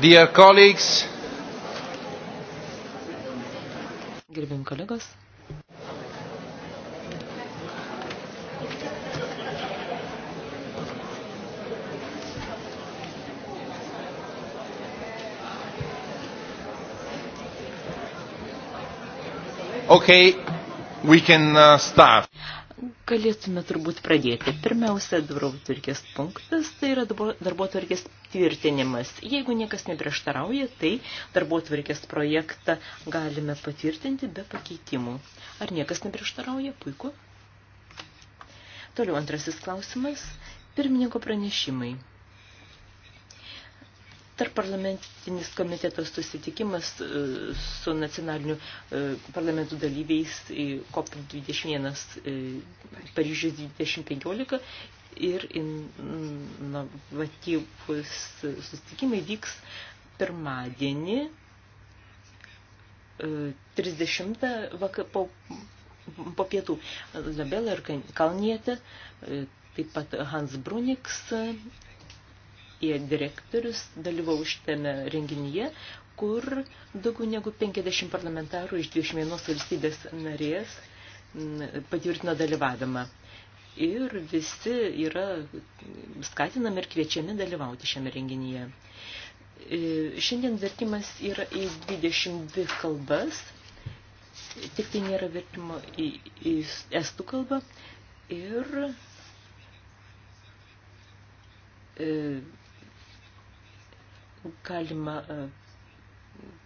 Dear colleagues. Gerbiam kolegos. Okay, we can uh, start. Galėtume turbūt pradėti. Pirmiausia, darbo tvarkės punktas, tai yra darbo tvarkės tvirtinimas. Jeigu niekas neprieštarauja, tai darbo tvarkės projektą galime patvirtinti be pakeitimų. Ar niekas neprieštarauja? Puiku. Toliau antrasis klausimas. Pirmininko pranešimai. Tarp parlamentinis komiteto susitikimas e, su nacionaliniu e, parlamentu dalyviais e, COP21 Paryžius 2015 ir inovatyvus susitikimai vyks pirmadienį 30 e, vakar, po, po pietų Labela ir Kalnietė, e, taip pat Hans Bruniks, jie direktorius dalyvau šitame renginyje, kur daugiau negu 50 parlamentarų iš 21 valstybės narės patvirtino dalyvavimą ir visi yra skatinami ir kviečiami dalyvauti šiame renginyje. E, šiandien vertimas yra į 22 kalbas, tik tai nėra vertimo į, į estų kalbą ir e, galima e,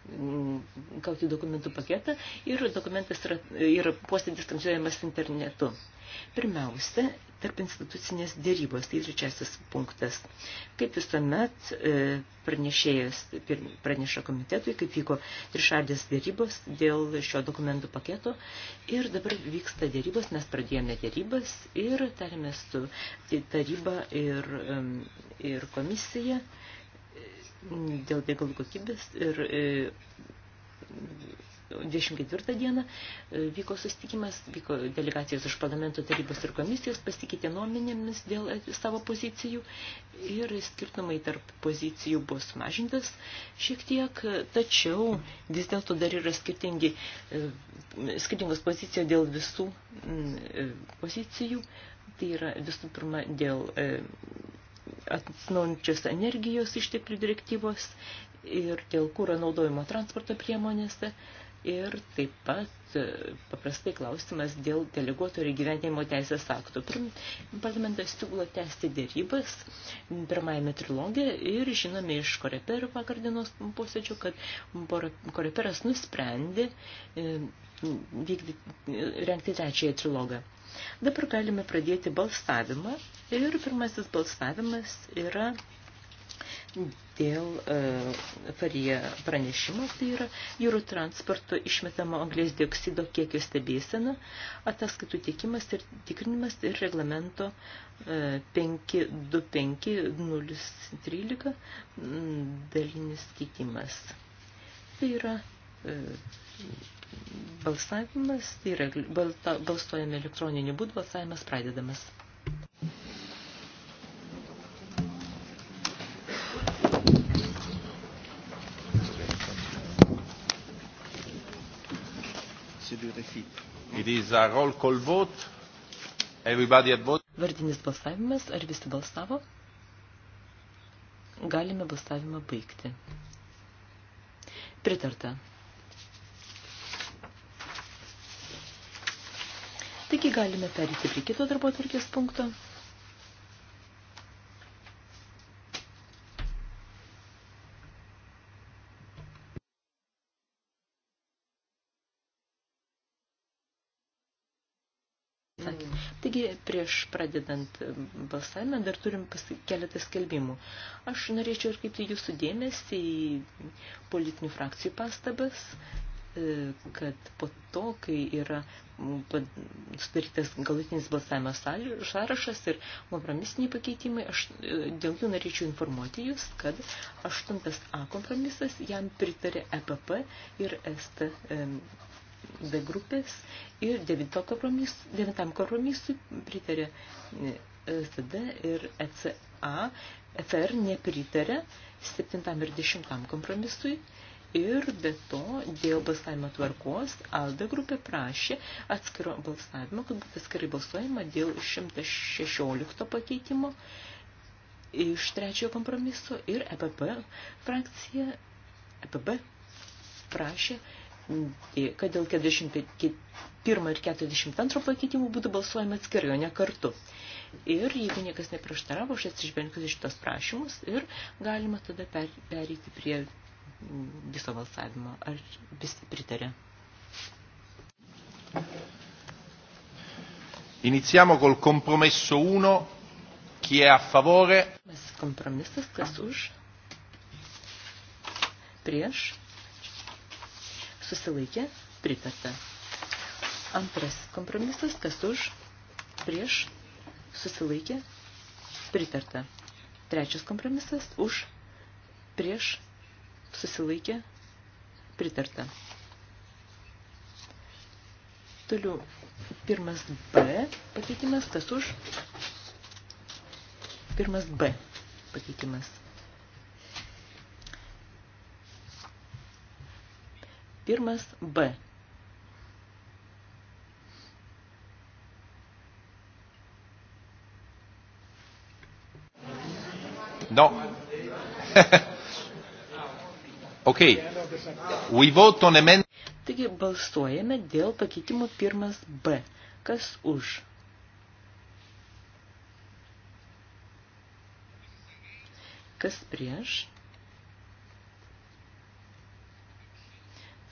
Mm, gauti dokumentų paketą ir dokumentas yra, yra posėdis transliuojamas internetu. Pirmiausia, tarp institucinės dėrybos, tai trečiasis punktas. Kaip visuomet e, pranešėjas praneša komitetui, kaip vyko trišaldės dėrybos dėl šio dokumentų paketo ir dabar vyksta dėrybos, mes pradėjome dėrybas ir tarėmės su taryba ir, ir komisija dėl degalų kokybės ir 24 e, dieną e, vyko sustikimas, vyko delegacijos iš parlamento tarybos ir komisijos, pasikeitė nuomenėmis dėl savo pozicijų ir skirtumai tarp pozicijų buvo sumažintas šiek tiek, tačiau vis dėlto dar yra skirtingi, e, skirtingos pozicijos dėl visų mm, pozicijų, tai yra visų pirma dėl atsinaujančios energijos išteklių direktyvos ir dėl kūro naudojimo transporto priemonėse. Ir taip pat e, paprastai klausimas dėl deleguoto ir gyvenimo teisės aktų. Parlamentas siūlo tęsti dėrybas pirmajame trilogė ir žinome iš Koreperų vakardienos posėdžio, kad Koreperas nusprendė e, vykdyti, e, rengti trečiąją trilogą. Dabar galime pradėti balsavimą ir pirmasis balsavimas yra dėl uh, e, farija pranešimo, tai yra jūrų transporto išmetamo anglės dioksido kiekio stebėsena, ataskaitų tiekimas ir tikrinimas ir reglamento e, uh, 525-013 dalinis keitimas. Tai yra uh, balsavimas, tai yra balsuojame elektroniniu būdu, balsavimas pradedamas. It is a roll call vote. Everybody at vote. Vardinis balsavimas, ar visi balsavo? Galime balsavimą baigti. Pritarta. Taigi galime perėti prie kito darbo atvarkės punkto. Taigi, prieš pradedant balsavimą, dar turim keletą skelbimų. Aš norėčiau ir kaip jūsų dėmesį į politinių frakcijų pastabas E, kad po to, kai yra sudarytas galutinis balsavimo sąrašas ir kompromisiniai pakeitimai, aš e, dėl jų norėčiau informuoti jūs, kad 8a kompromisas jam pritarė EPP ir ST B e, grupės ir 9 kompromisui, 9 kompromisui pritarė SD ir ECA, ECR nepritarė 7 ir 10 kompromisui ir be to dėl balsavimo tvarkos ALDE grupė prašė atskiro balsavimo, kad būtų atskirai balsuojama dėl 116 pakeitimo iš trečiojo kompromiso ir EPP frakcija EPP prašė, kad dėl 41 ir 42 pakeitimų būtų balsuojama atskirai, o ne kartu. Ir jeigu niekas neprieštaravo, aš atsižvelgiu į šitas prašymus ir galima tada pereiti prie viso balsavimo. Ar visi pritarė? Iniziamo col compromesso 1. Chi è a favore? Kompromisas, kas už? Prieš? Susilaikė? Pritarta. Antras kompromisas, kas už? Prieš? Susilaikė? Pritarta. Trečias kompromisas, už? Prieš? susilaikė, pritarta. Toliau, pirmas B pakeitimas, kas už? Pirmas B pakeitimas. Pirmas B. Non. Okay. We vote on amend... Taigi balsuojame dėl pakeitimų pirmas B. Kas už? Kas prieš?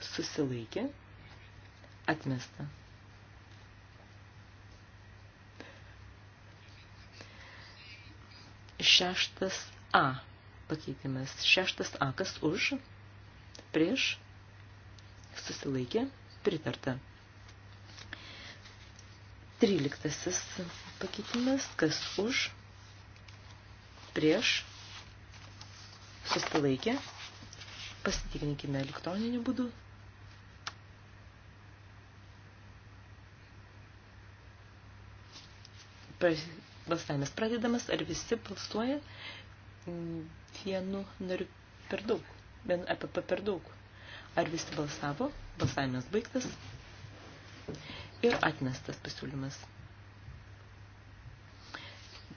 Susilaikė. Atmesta. Šeštas A pakeitimas. Šeštas A. Kas už? Kas už? prieš, susilaikė, pritarta. Tryliktasis pakeitimas, kas už, prieš, susilaikė, pasitikrinkime elektroniniu būdu. Balsavimas pradedamas, ar visi balsuoja mm, vienu nariu per daug vien EPP per daug. Ar visi balsavo? Balsavimas baigtas. Ir atmestas pasiūlymas.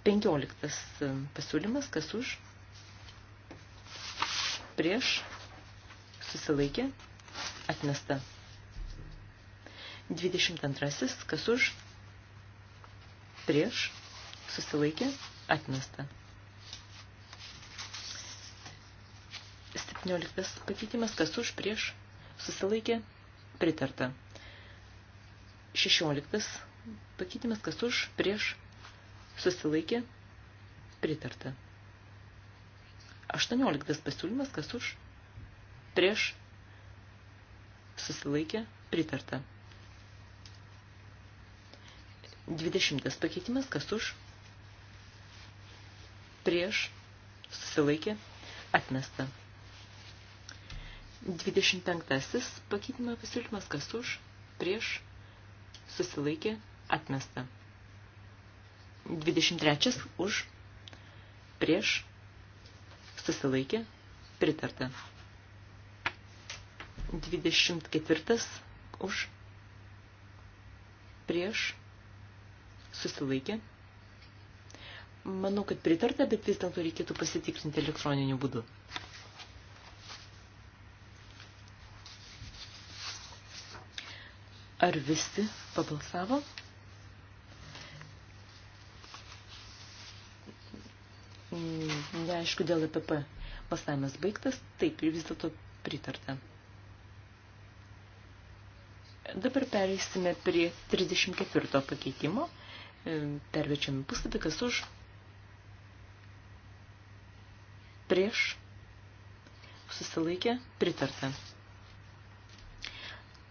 15 e, pasiūlymas, kas už, prieš, susilaikė, atmesta. 22, kas už, prieš, susilaikė, atmesta. 17 pakeitimas, kas už prieš susilaikė pritarta. 16 pakeitimas, kas už prieš susilaikė pritarta. 18 pasiūlymas, kas už prieš susilaikė pritarta. 20 pakeitimas, kas už prieš susilaikė atmesta. 25 pakeitimo pasiūlymas, kas už, prieš, susilaikė, atmesta. 23 už, prieš, susilaikė, pritarta. 24 už, prieš, susilaikė. Manau, kad pritarta, bet vis dėlto reikėtų pasitikrinti elektroniniu būdu. Ar visi pabalsavo? Neaišku, dėl EPP balsavimas baigtas, taip ir vis dėlto pritarta. Dabar pereisime prie 34 pakeitimo. E, Pervečiame puslapį, kas už prieš susilaikė pritarta.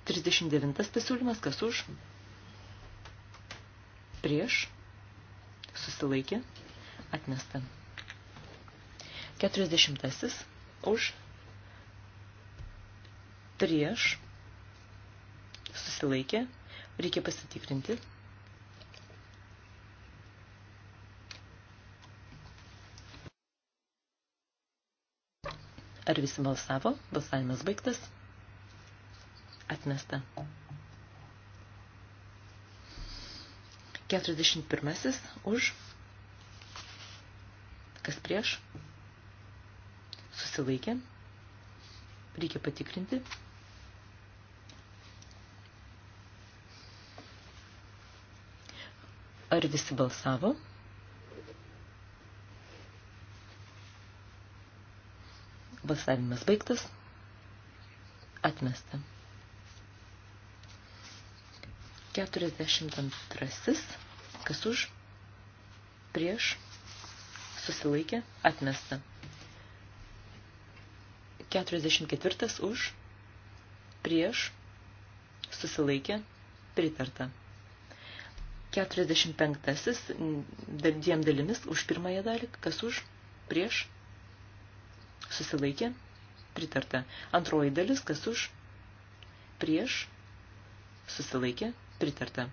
39 pasiūlymas, kas už, prieš, susilaikė, atmesta. 40 už, prieš, susilaikė, reikia pasitikrinti. Ar visi balsavo? Balsavimas baigtas. Atmesta. 41 už. Kas prieš? Susilaikė. Reikia patikrinti. Ar visi balsavo? Balsavimas baigtas. Atmesta. 42. Kas už? Prieš? Susilaikė? Atmesta. 44. Už? Prieš? Susilaikė? Pritarta. 45. Dviem dalimis už pirmąją dalį. Kas už? Prieš? Susilaikė? Pritarta. Antroji dalis. Kas už? Prieš? Susilaikė? Pritarta.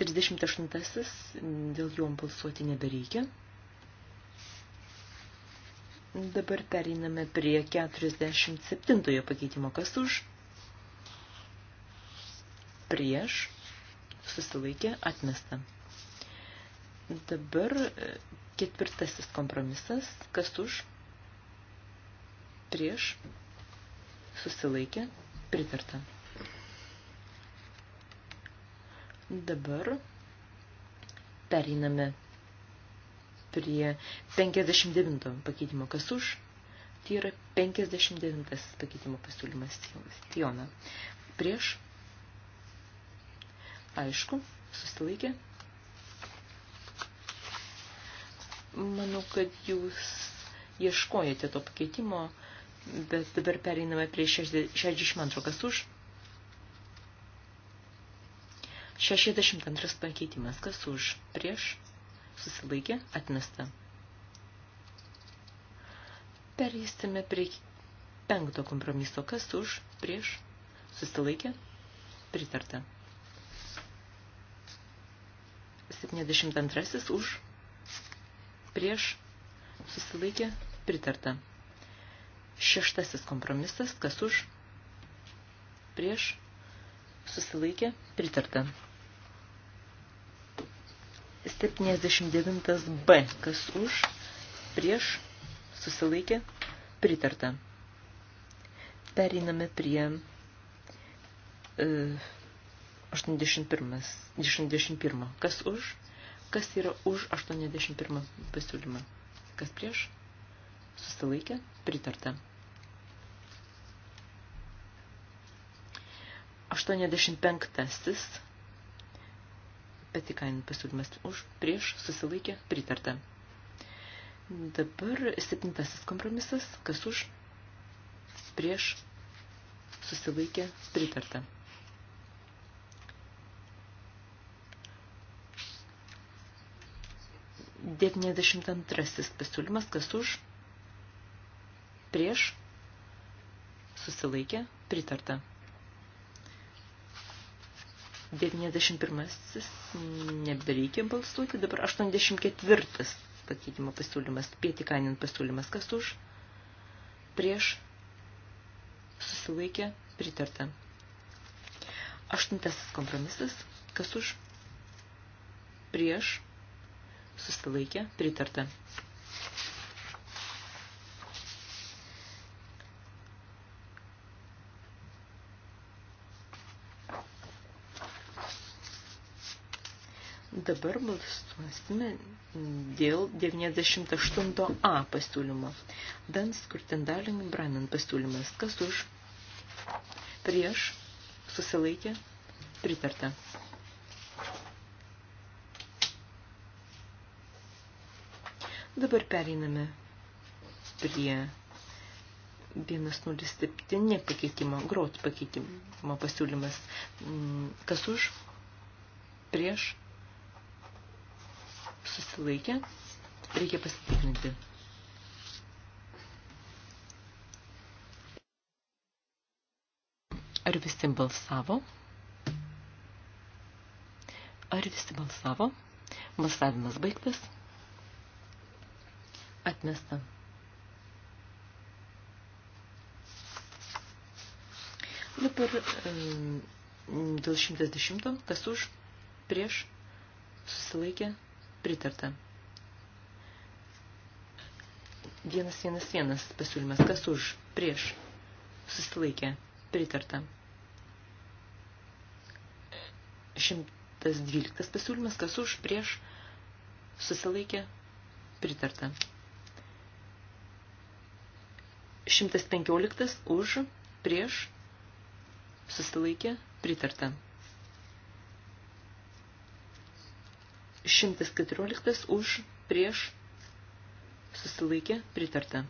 38. Dėl jo balsuoti nebereikia. Dabar pereiname prie 47 pakeitimo. Kas už? Prieš. Susilaikė. Atmesta. Dabar e, ketvirtasis kompromisas. Kas už? Prieš. Susilaikė. Pritarta. Dabar pereiname prie 59 pakeitimo. Kas už? Tai yra 59 pakeitimo pasiūlymas Tiona. Prieš? Aišku, susilaikė. Manau, kad jūs ieškojate to pakeitimo Bet dabar pereiname prie 62 kas už. 62 pakeitimas kas už. Prieš susilaikė atmesta. Perėsime prie penkto kompromiso kas už. Prieš susilaikė pritarta. 72 už. Prieš susilaikė pritarta. Šeštasis kompromisas, kas už, prieš, susilaikė, pritarta. 79b, kas už, prieš, susilaikė, pritarta. Pereiname prie e, 81, 81. Kas už, kas yra už 81 pasiūlymą, kas prieš, susilaikė, pritarta. 85. Petikain pasiūlymas už, prieš, susilaikė, pritarta. Dabar septintasis kompromisas, kas už, prieš, susilaikė, pritarta. Devyniasdešimt antrasis pasiūlymas, kas už, prieš, susilaikė, pritarta. 91 nebereikia balsuoti, dabar 84 pakeitimo pasiūlymas, pietikanin pasiūlymas, kas už, prieš, susilaikė, pritarta. Aštuntasis kompromisas, kas už, prieš, susilaikė, pritarta. Dabar balsuosime dėl 98a pasiūlymo. Dans Kurtendalin Branin pasiūlymas. Kas už? Prieš? Susilaikė? Pritarta. Dabar pereiname prie 107 pakeitimo, grot pakeitimo pasiūlymas. Mm, kas už? Prieš? susilaikė, reikia pasitikrinti. Ar visi balsavo? Ar visi balsavo? Balsavimas baigtas. Atmesta. Dabar dėl 110, kas už, prieš, susilaikė, Pritarta. 111 pasiūlymas. Kas už? Prieš. Susilaikė. Pritarta. 112 pasiūlymas. Kas už? Prieš. Susilaikė. Pritarta. 115 už. Prieš. Susilaikė. Pritarta. 114 už prieš susilaikė pritarta.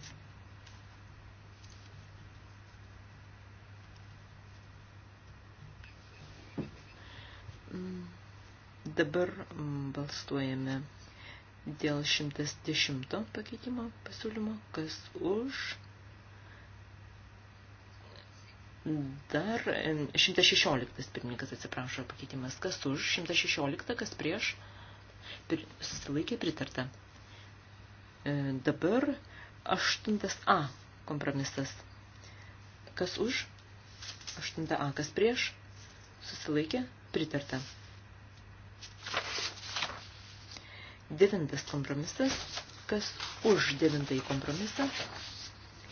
Dabar balsuojame dėl 110 pakeitimo pasiūlymo, kas už dar 116 pirmininkas atsiprašo pakeitimas, kas už 116, kas prieš susilaikė pritarta. E, dabar 8a kompromisas. Kas už? 8a. Kas prieš? Susilaikė pritarta. Devintas kompromisas. Kas už devintąjį kompromisą?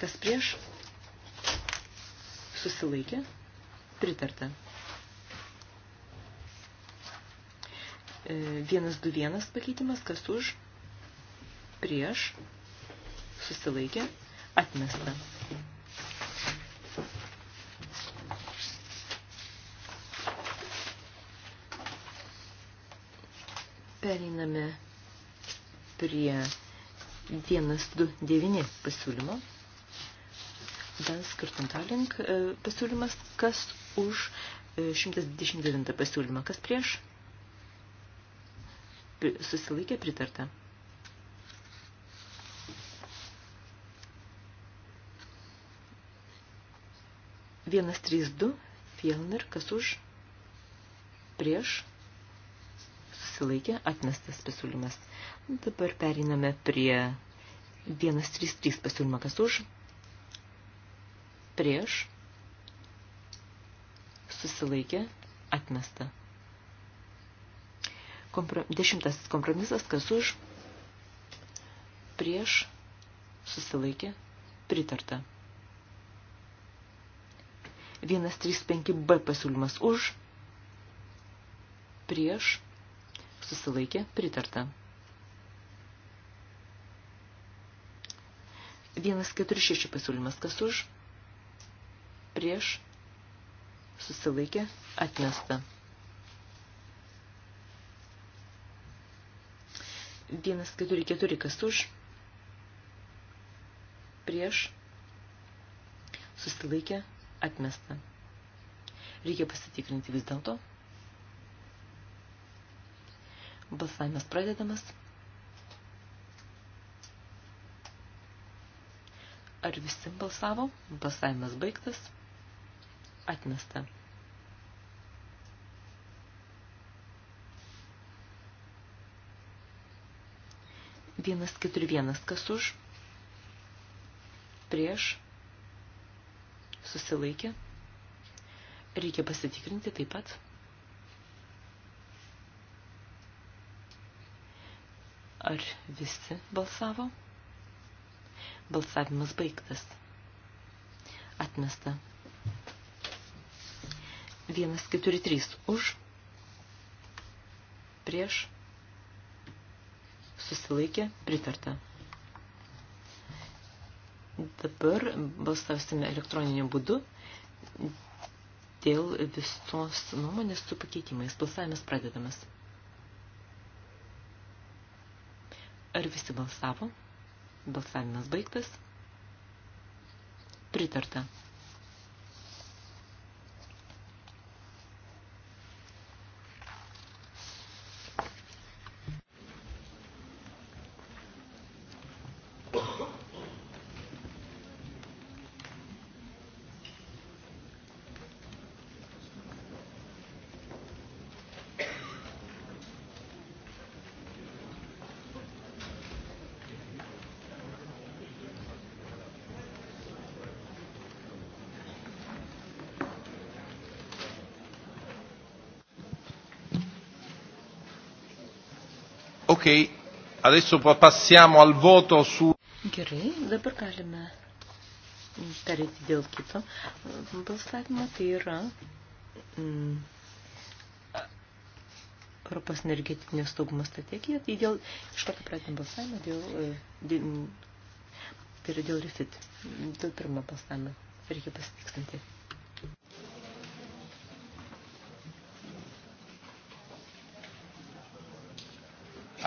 Kas prieš? Susilaikė pritarta. 121 e, pakeitimas, kas už, prieš, susilaikė, atmesta. Pereiname prie 129 pasiūlymo. Dan skirtantalink e, pasiūlymas, kas už 129 e, pasiūlymą, kas prieš susilaikė pritarta. Vienas, trys, du, Fielner, kas už, prieš, susilaikė, atmestas pasiūlymas. Dabar periname prie 133 pasiūlymą, kas už, prieš, susilaikė, atmesta. Komprom, dešimtasis kompromisas, kas už, prieš, susilaikė, pritarta. 135b pasiūlymas už, prieš, susilaikė, pritarta. 146 pasiūlymas kas už, prieš, susilaikė, atmesta. 144 kas už, prieš, susilaikė, atmesta. Reikia pasitikrinti vis dėlto. Balsavimas pradedamas. Ar visi balsavo? Balsavimas baigtas. Atmesta. 141. Kas už? Prieš? Susilaikė? Reikia pasitikrinti taip pat. Ar visi balsavo? Balsavimas baigtas. Atmesta. 1, 4, 3. Už. Prieš susilaikė, pritarta. Dabar balsavsime elektroniniu būdu dėl visos nuomonės su pakeitimais. Balsavimas pradedamas. Ar visi balsavo? Balsavimas baigtas. Pritarta. che adesso passiamo al voto su. Gerai, dabar galime perėti dėl kito mm, balsavimo, tai yra mm, Europos energetinės saugumo strategija, tai dėl, iš karto pradėm balsavimą, dėl, e, dėl, mm, tai yra dėl refit, dėl pirmo balsavimo, reikia pasitikstinti.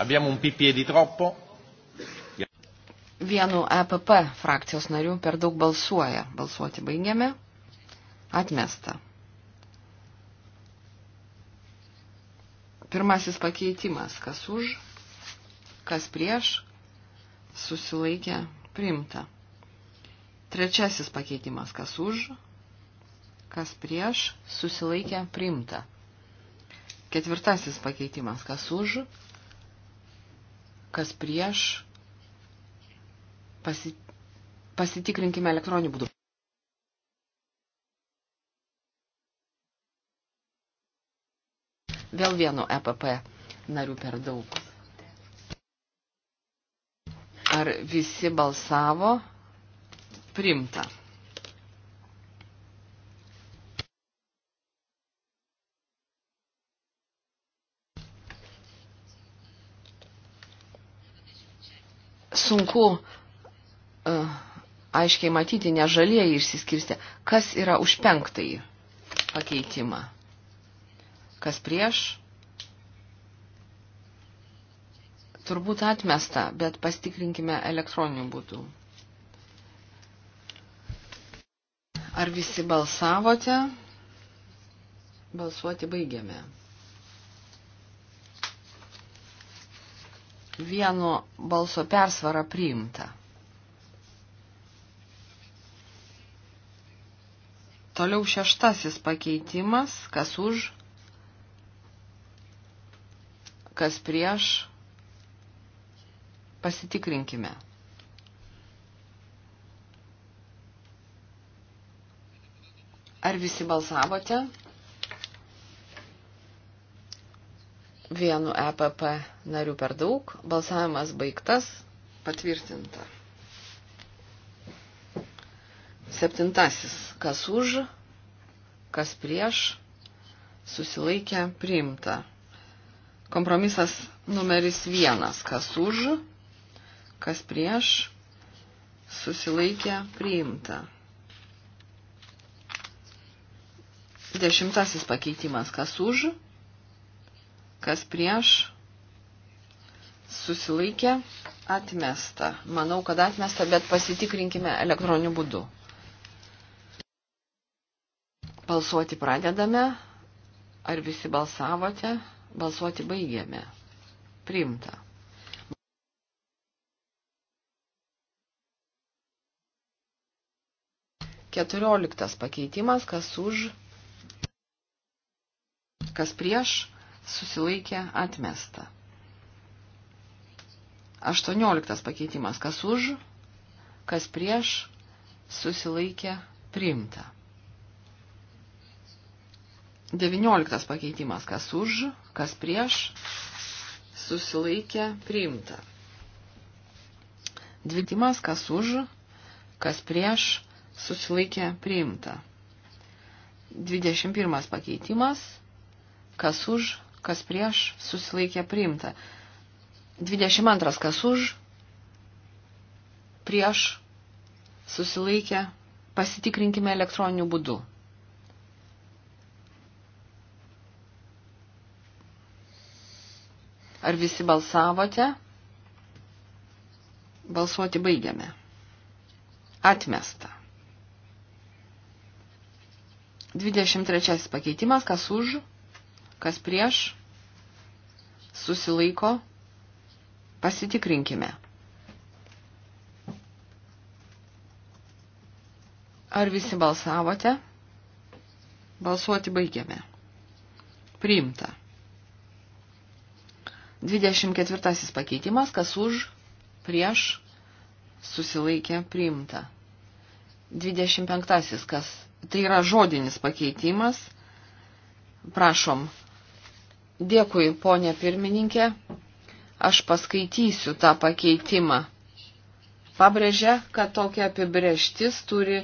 Abbiamo un PPE di troppo. Vienu EPP frakcijos narių per daug balsuoja. Balsuoti baigiame. Atmesta. Pirmasis pakeitimas. Kas už, kas prieš, susilaikė, priimta. Trečiasis pakeitimas. Kas už, kas prieš, susilaikė, priimta. Ketvirtasis pakeitimas. Kas už, kas prieš, pasi, pasitikrinkime elektroniniu būdu. Vėl vienu EPP narių per daug. Ar visi balsavo? Primta. sunku uh, aiškiai matyti, nes žalieji išsiskirstė, kas yra už penktąjį pakeitimą. Kas prieš? Turbūt atmesta, bet pastikrinkime elektroniniu būdu. Ar visi balsavote? Balsuoti baigiame. vieno balso persvara priimta. Toliau šeštasis pakeitimas, kas už, kas prieš, pasitikrinkime. Ar visi balsavote? vienu EPP nariu per daug. Balsavimas baigtas. Patvirtinta. Septintasis. Kas už, kas prieš, susilaikė priimta. Kompromisas numeris vienas. Kas už, kas prieš, susilaikė priimta. Dešimtasis pakeitimas. Kas už, kas prieš, susilaikė, atmesta. Manau, kad atmesta, bet pasitikrinkime elektroniniu būdu. Balsuoti pradedame. Ar visi balsavote? Balsuoti baigėme. Priimta. Keturioliktas pakeitimas, kas už, kas prieš, susilaikė atmesta. 18 pakeitimas, kas už, kas prieš, susilaikė priimta. 19 pakeitimas, kas už, kas prieš, susilaikė priimta. Dvidimas, kas už, kas prieš, susilaikė priimta. 21 pakeitimas, kas už, kas prieš, susilaikė priimta. 22 kas už, prieš, susilaikė, pasitikrinkime elektroniniu būdu. Ar visi balsavote? Balsuoti baigiame. Atmesta. 23 pakeitimas, kas už, kas prieš, susilaiko, pasitikrinkime. Ar visi balsavote? Balsuoti baigiame. Priimta. 24 pakeitimas, kas už, prieš, susilaikė, priimta. 25 kas, tai yra žodinis pakeitimas, prašom Dėkui, ponė pirmininkė. Aš paskaitysiu tą pakeitimą. Pabrėžia, kad tokia apibrėžtis turi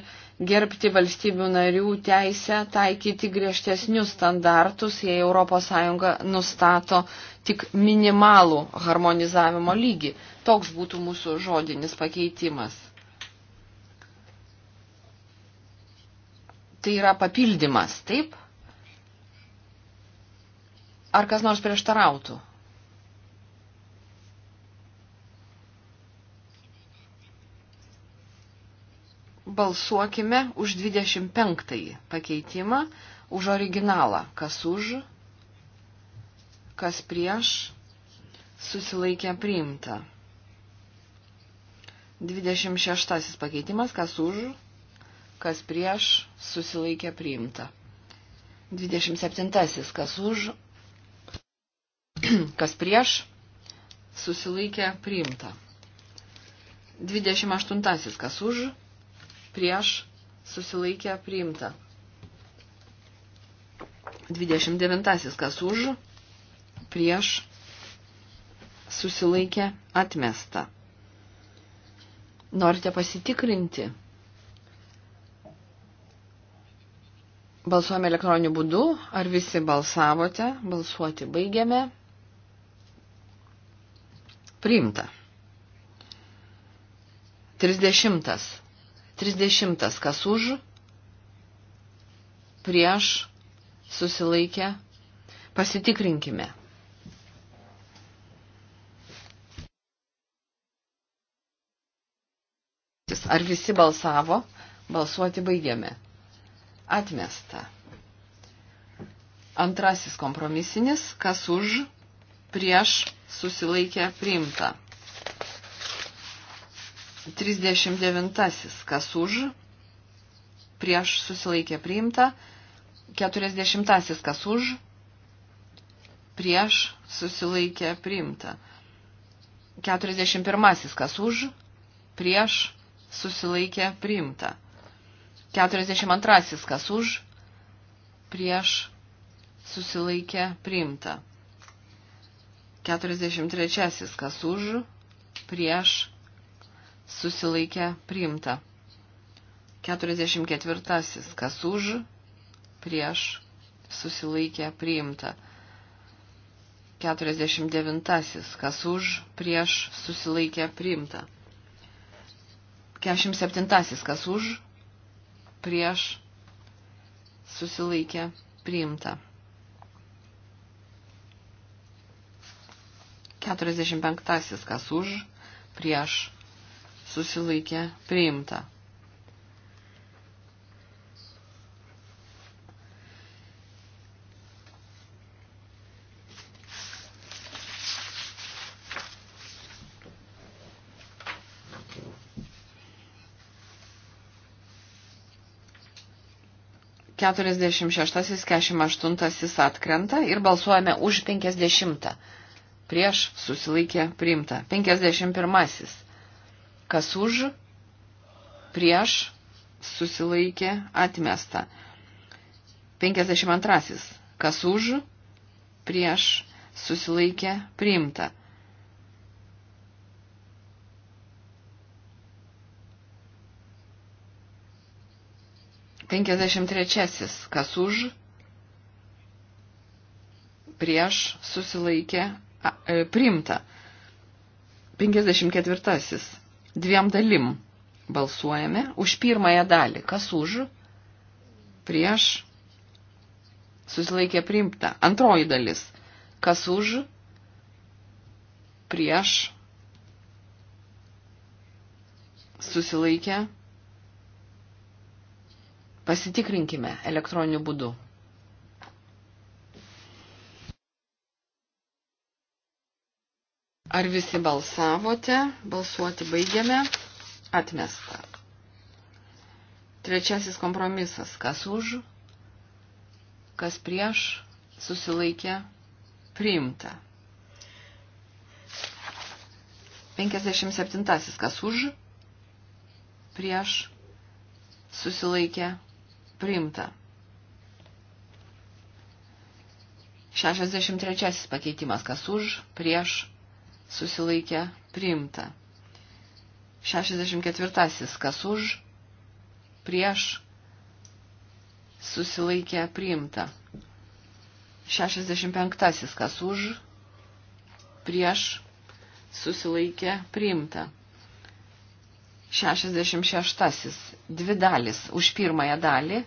gerbti valstybių narių teisę taikyti griežtesnius standartus, jei ES nustato tik minimalų harmonizavimo lygį. Toks būtų mūsų žodinis pakeitimas. Tai yra papildymas, taip? Ar kas nors prieštarautų? Balsuokime už 25 pakeitimą, už originalą. Kas už, kas prieš, susilaikė priimta. 26 pakeitimas, kas už, kas prieš, susilaikė priimta. 27 kas už, kas prieš, susilaikė priimta. 28. Kas už, prieš, susilaikė priimta. 29. Kas už, prieš, susilaikė atmesta. Norite pasitikrinti? Balsuojame elektroniniu būdu, ar visi balsavote, balsuoti baigiame. Priimta. 30. 30. Kas už? Prieš susilaikę. Pasitikrinkime. Ar visi balsavo? Balsuoti baigiame. Atmesta. Antrasis kompromisinis. Kas už? Prieš susilaikę priimta. 39. Kas už, prieš susilaikė priimta. 40. Kas už, prieš susilaikė priimta. 41. Kas už, prieš susilaikė priimta. 42. Kas už, prieš susilaikė priimta. 43. Kas už, prieš, susilaikė, priimta. 44. Kas už, prieš, susilaikė, priimta. 49. Kas už, prieš, susilaikė, priimta. 47. Kas už, prieš, susilaikė, priimta. 45 kas už, prieš, susilaikė, priimta. Keturiasdešimt šeštasis, keturiasdešimt aštuntasis atkrenta ir balsuojame už penkiasdešimtą prieš susilaikė priimta. 51. Kas už, prieš susilaikė atmesta. 52. Kas už, prieš susilaikė priimta. Penkiasdešimt trečiasis. Kas už? Prieš susilaikė E, priimta. 54. Dviem dalim balsuojame už pirmąją dalį. Kas už? Prieš susilaikė priimta. Antroji dalis. Kas už? Prieš susilaikė. Pasitikrinkime elektroniniu būdu. Ar visi balsavote? Balsuoti baigiame. Atmesta. Trečiasis kompromisas. Kas už, kas prieš, susilaikė, priimta. 57. Kas už, prieš, susilaikė, priimta. 63. Pakeitimas. Kas už, prieš, susilaikė priimta. 64. Kas už, prieš, susilaikė priimta. 65. Kas už, prieš, susilaikė priimta. 66. Dvi dalis už pirmąją dalį,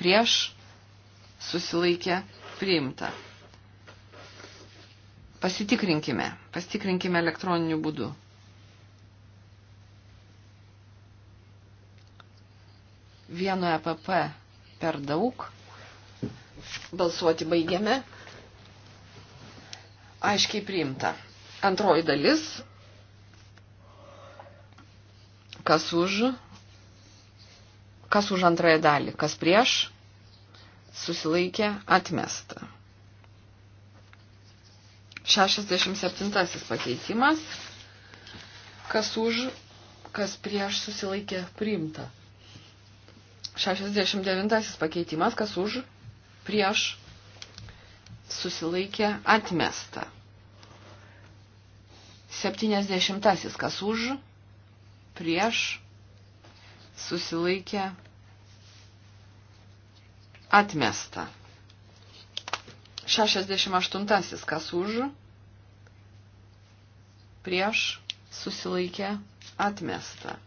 prieš, susilaikė priimta. Pasitikrinkime, pasitikrinkime elektroniniu būdu. Vieno EPP per daug. Balsuoti baigiame. Aiškiai priimta. Antroji dalis. Kas už? Kas už antrąją dalį? Kas prieš? Susilaikė atmesta. 67 pakeitimas. Kas už, kas prieš susilaikė priimta. 69 pakeitimas. Kas už, prieš susilaikė atmesta. 70 kas už, prieš susilaikė atmesta. 68 kas už, prieš susilaikė atmesta.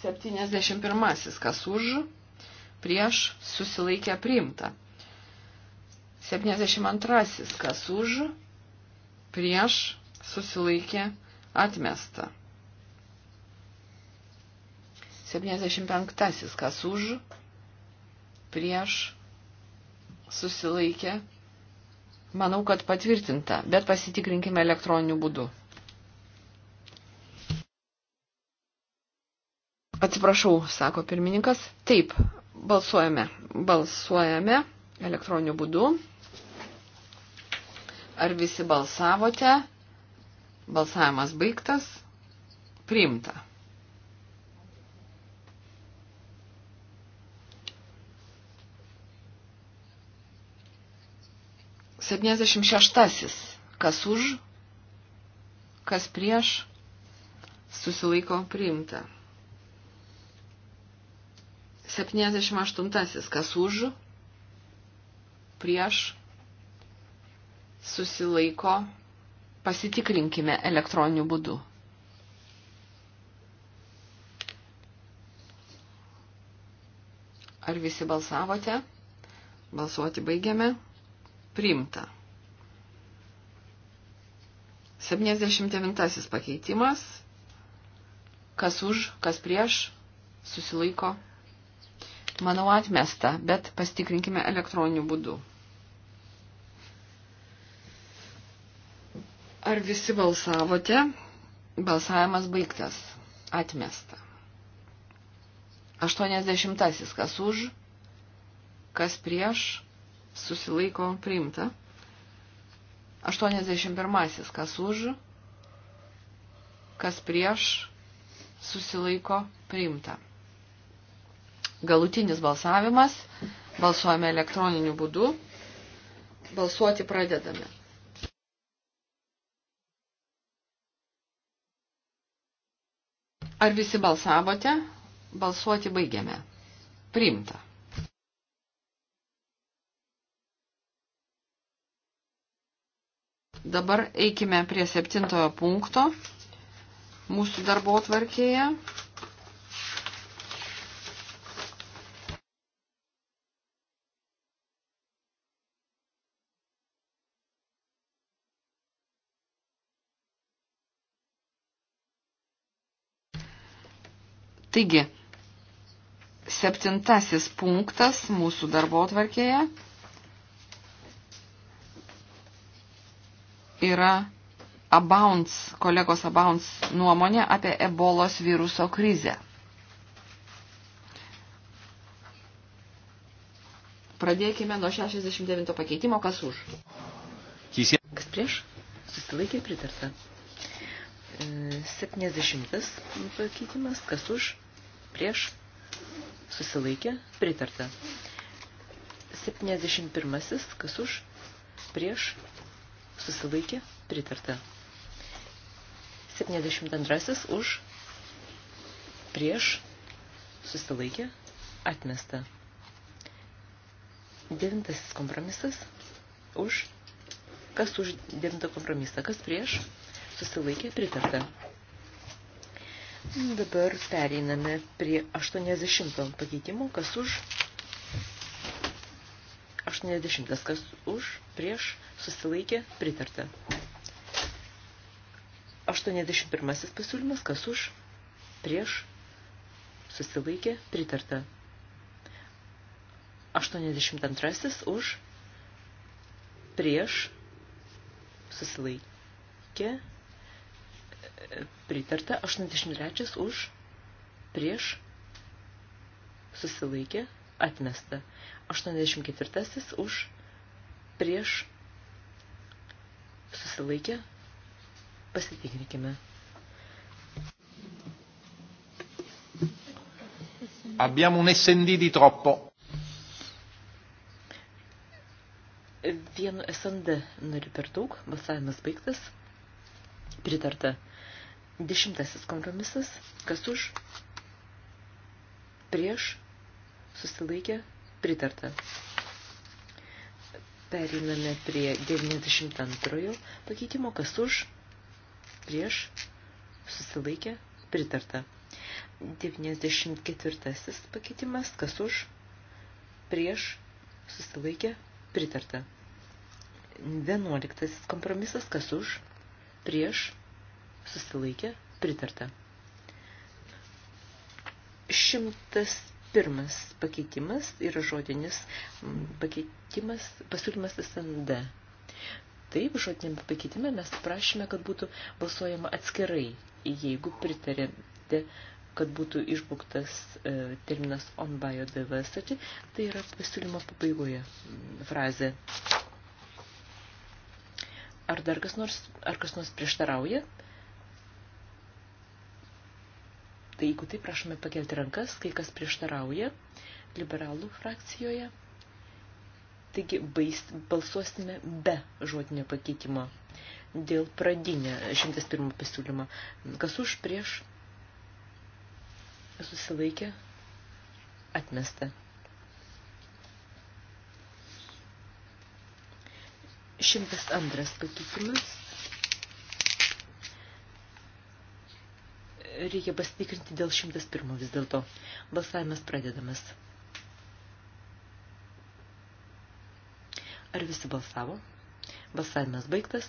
71 kas už, prieš susilaikė priimta. 72 kas už, prieš susilaikė atmesta. 75 kas už, prieš susilaikė. Manau, kad patvirtinta, bet pasitikrinkime elektroniniu būdu. Atsiprašau, sako pirmininkas. Taip, balsuojame. Balsuojame elektroniniu būdu. Ar visi balsavote? Balsavimas baigtas. Priimta. 76. Kas už, kas prieš, susilaiko priimta. 78. Kas už, prieš, susilaiko, pasitikrinkime elektroniniu būdu. Ar visi balsavote? Balsuoti baigiame. Primta. 79 pakeitimas. Kas už, kas prieš, susilaiko. Manau atmesta, bet pastikrinkime elektroniniu būdu. Ar visi balsavote? Balsavimas baigtas. Atmesta. 80. Kas už, kas prieš, susilaiko priimta. 81. Kas už, kas prieš, susilaiko priimta. Galutinis balsavimas. Balsuojame elektroniniu būdu. Balsuoti pradedame. Ar visi balsavote? Balsuoti baigiame. Priimta. Dabar eikime prie septintojo punkto mūsų darbo tvarkėje. Taigi, septintasis punktas mūsų darbo tvarkėje yra Abounds, kolegos Abounds nuomonė apie ebolos viruso krizę. Pradėkime nuo 69 pakeitimo, kas už. Kas prieš? Susilaikė pritarta. 70 e, pakeitimas, kas už, prieš, susilaikė, pritarta. 71, kas už, prieš, susilaikė, pritarta. 72 už, prieš, susilaikė, atmesta. Devintasis kompromisas už, kas už devintą kompromisą, kas prieš, susilaikė, pritarta. Dabar pereiname prie 80 pakeitimo, kas už 80, kas už, prieš, susilaikė, pritarta. 81 pasiūlymas, kas už, prieš, susilaikė, pritarta. 82 už, prieš, susilaikė, pritarta. 83 už, prieš, susilaikė, atmesta. 84 už, prieš, susilaikė susilaikė, pasitikrinkime. Abbiamo un SND di troppo. Vienu SND nariu per daug, balsavimas baigtas. Pritarta. Dešimtasis kompromisas. Kas už? Prieš. Susilaikė. Pritarta. Periname prie 92 pakeitimo, kas už, prieš, susilaikė, pritarta. 94 pakeitimas, kas už, prieš, susilaikė, pritarta. 11 kompromisas, kas už, prieš, susilaikė, pritarta. 100 Pirmas pakeitimas yra žodinis pakeitimas, pasiūlymas SND. Taip, žodiniam pakeitime mes prašome, kad būtų balsuojama atskirai, jeigu pritarėte, kad būtų išbūktas e, terminas on bio diversity, tai yra pasiūlymo pabaigoje frazė. Ar dar kas nors, ar kas nors prieštarauja? Tai jeigu taip, prašome pakelti rankas, kai kas prieštarauja liberalų frakcijoje. Taigi bais, balsuosime be žodinio pakeitimo dėl pradinę 101 pasiūlymą. Kas už prieš susilaikė atmesta. 102 pakeitimas Reikia pasitikrinti dėl 101 vis dėlto. Balsavimas pradedamas. Ar visi balsavo? Balsavimas baigtas.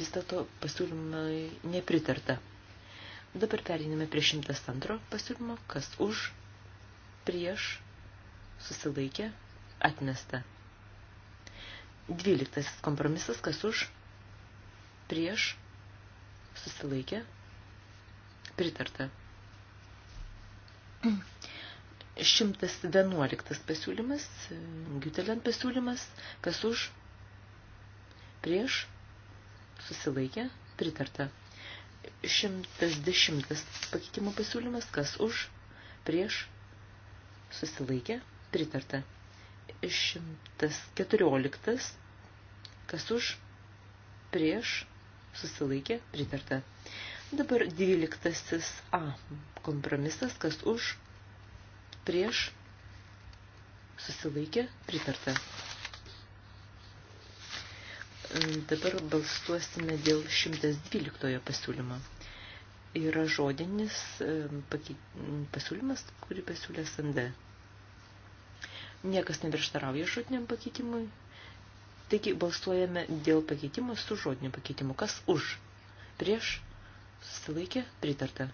Vis dėlto pasiūlymai nepritarta. Dabar periname prie 102 pasiūlymo, kas už, prieš, susilaikė, atmesta. 12 kompromisas, kas už, prieš, susilaikė, pritarta. 111 pasiūlymas, Gutelent pasiūlymas, kas už, prieš, susilaikė, pritarta. 110 pakeitimo pasiūlymas, kas už, prieš, susilaikė, pritarta. 114, kas už, prieš, susilaikė, pritarta. Dabar dvyliktasis A kompromisas, kas už, prieš, susilaikė, pritarta. Dabar balsuosime dėl 112 pasiūlymo. Yra žodinis e, pasiūlymas, kurį pasiūlė SND. Niekas neprieštarauja žodiniam pakeitimui, Taigi balsuojame dėl pakeitimų su žodiniu pakeitimu. Kas už? Prieš? Susilaikė? Pritarta.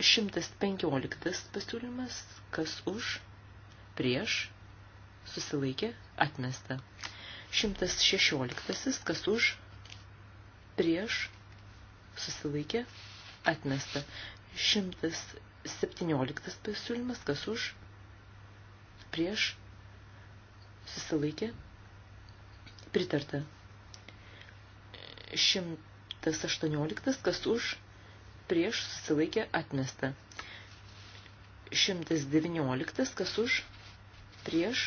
115 pasiūlymas. Kas už? Prieš? Susilaikė? Atmesta. 116. Kas už? Prieš? Susilaikė? Atmesta. 117 pasiūlymas. Kas už? Prieš? susilaikė, pritarta. 118, kas už, prieš, susilaikė, atmesta. 119, kas už, prieš,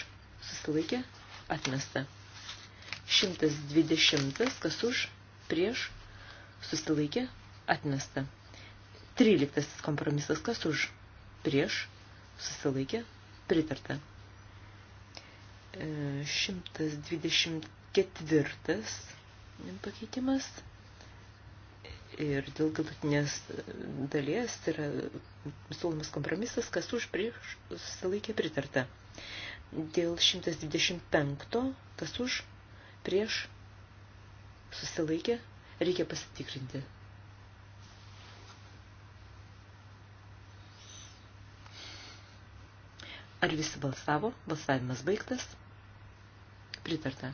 susilaikė, atmesta. 120, kas už, prieš, susilaikė, atmesta. 13 kompromisas, kas už, prieš, susilaikė, pritarta. 124 pakeitimas ir dėl galutinės dalies yra siūlomas kompromisas, kas už prieš susilaikė pritarta. Dėl 125, kas už prieš susilaikė, reikia pasitikrinti. Ar visi balsavo? Balsavimas baigtas. Pritarta.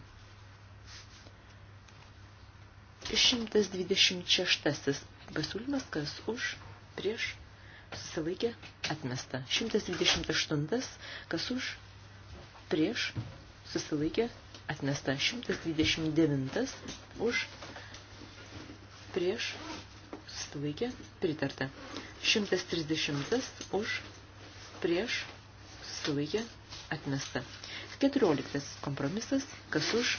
126 pasiūlymas, kas už, prieš, susilaikė, atmesta. 128, kas už, prieš, susilaikė, atmesta. 129, už, prieš, susilaikė, pritarta. 130, už, prieš, susilaikė atmesta. 14 kompromisas, kas už,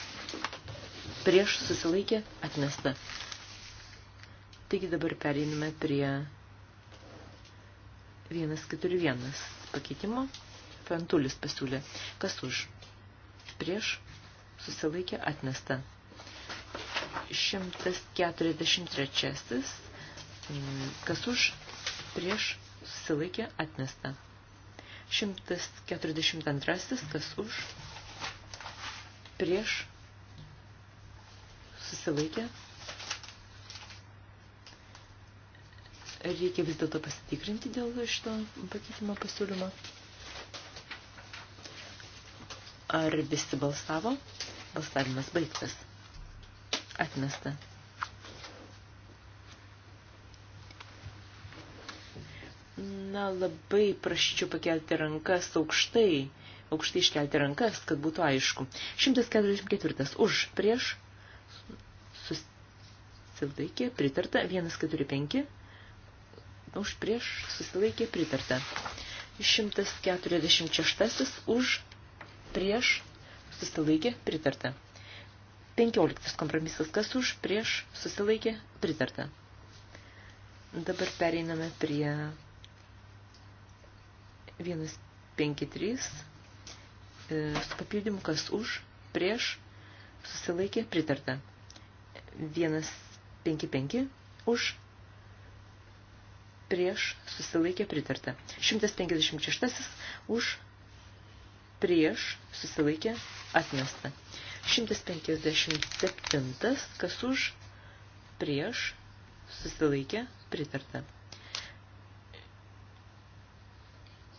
prieš susilaikė atmesta. Taigi dabar pereiname prie 141 pakeitimo. Fantulis pasiūlė, kas už, prieš susilaikė atmesta. 143 kas už, prieš susilaikė atmesta. 142, kas už, prieš, susilaikė. Reikia vis dėlto pasitikrinti dėl šito pakeitimo pasiūlymo. Ar visi balsavo? Balsavimas baigtas. Atmesta. Na, labai prašyčiau pakelti rankas aukštai, aukštai iškelti rankas, kad būtų aišku. 144. Už, prieš, susilaikė, pritarta. 145. Už, prieš, susilaikė, pritarta. 146. Už, prieš, susilaikė, pritarta. 15 kompromisas, kas už, prieš, susilaikė, pritarta. Dabar pereiname prie 153 e, su papildymu, kas už, prieš, susilaikė, pritarta. 155 už, prieš, susilaikė, pritarta. 156 už, prieš, susilaikė, atmesta. 157 kas už, prieš, susilaikė, pritarta.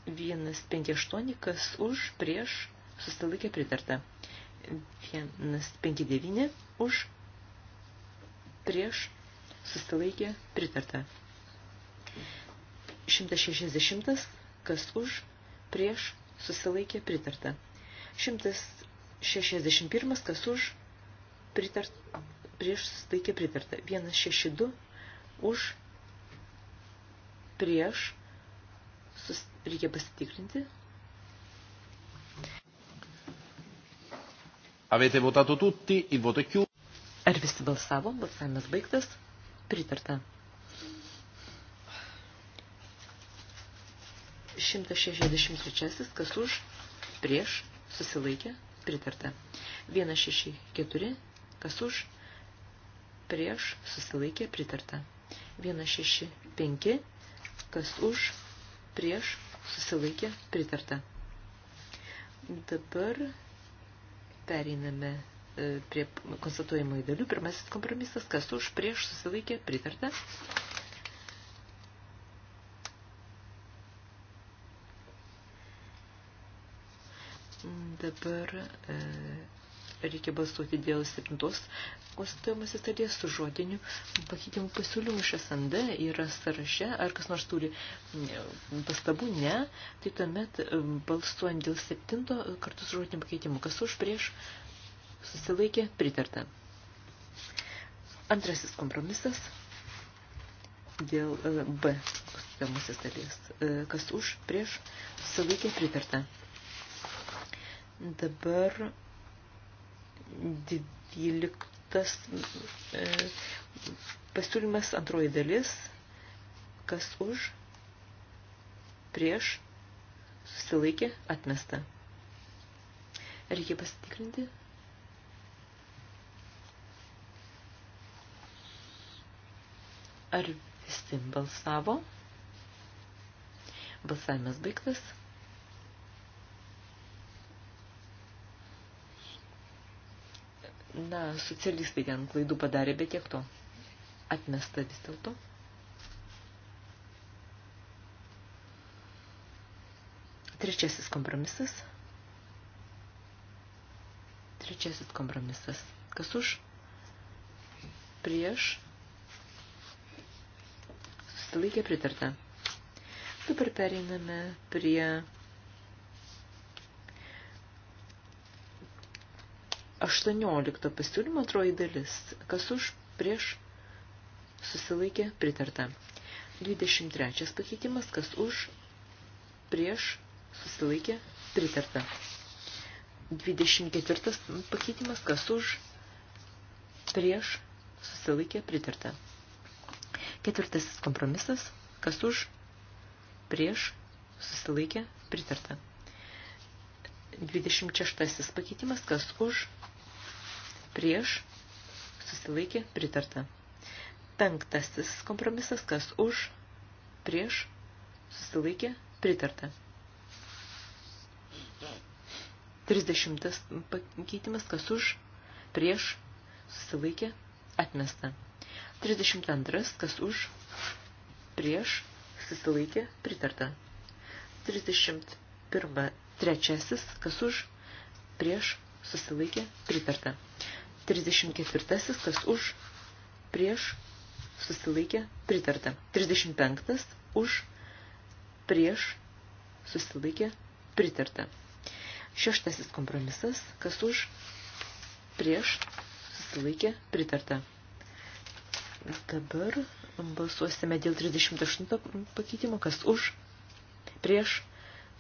158, kas už, prieš, susilaikė pritarta. 159, už, prieš, susilaikė pritarta. 160, kas už, prieš, susilaikė pritarta. 161, kas už, pritart, prieš, susilaikė pritarta. 162, už, prieš, Reikia pasitikrinti. Avete votato tutti, il voto è chiuso. Ar visi balsavo? Balsavimas baigtas. Pritarta. 163, kas už, prieš, susilaikė, pritarta. 164, kas už, prieš, susilaikė, pritarta. 165, kas už, prieš, susilaikė, pritarta. Dabar pereiname e, prie konstatuojimo į dalių. Pirmasis kompromisas, kas už prieš susilaikė, pritarta. Dabar e, reikia balsuoti dėl 7 konstatuojamasis dalies su žodiniu pakeitimu pasiūlymu iš SND yra sąraše, ar kas nors turi mm, pastabų, ne, tai tuomet mm, balsuojant dėl 7 kartu su žodiniu pakeitimu, kas už prieš susilaikė pritarta. Antrasis kompromisas dėl e, B konstatuojamasis dalies, e, kas už prieš susilaikė pritarta. Dabar 12 e, pasiūlymas antroji dalis, kas už, prieš, susilaikė, atmesta. Reikia pasitikrinti. Ar visi balsavo? Balsavimas baigtas. Na, socialistai ten klaidų padarė, bet tiek to. Atmesta vis dėlto. Trečiasis kompromisas. Trečiasis kompromisas. Kas už? Prieš. Susilaikė pritarta. Dabar pereiname prie 18 pasiūlymo atroji dalis. Kas už, prieš, susilaikė, pritarta. 23 pakeitimas, kas už, prieš, susilaikė, pritarta. 24 pakeitimas, kas už, prieš, susilaikė, pritarta. Ketvirtasis kompromisas, kas už, prieš, susilaikė, pritarta. 26 pakeitimas, kas už, prieš, prieš, susilaikė, pritarta. Penktasis kompromisas, kas už, prieš, susilaikė, pritarta. Trisdešimtas pakeitimas, kas už, prieš, susilaikė, atmesta. Trisdešimt antras, kas už, prieš, susilaikė, pritarta. Trisdešimt pirma, trečiasis, kas už, prieš, susilaikė, pritarta. 34. Kas už, prieš, susilaikė, pritarta. 35. Už, prieš, susilaikė, pritarta. Šeštasis kompromisas. Kas už, prieš, susilaikė, pritarta. Dabar balsuosime dėl 38 pakeitimo. Kas už, prieš,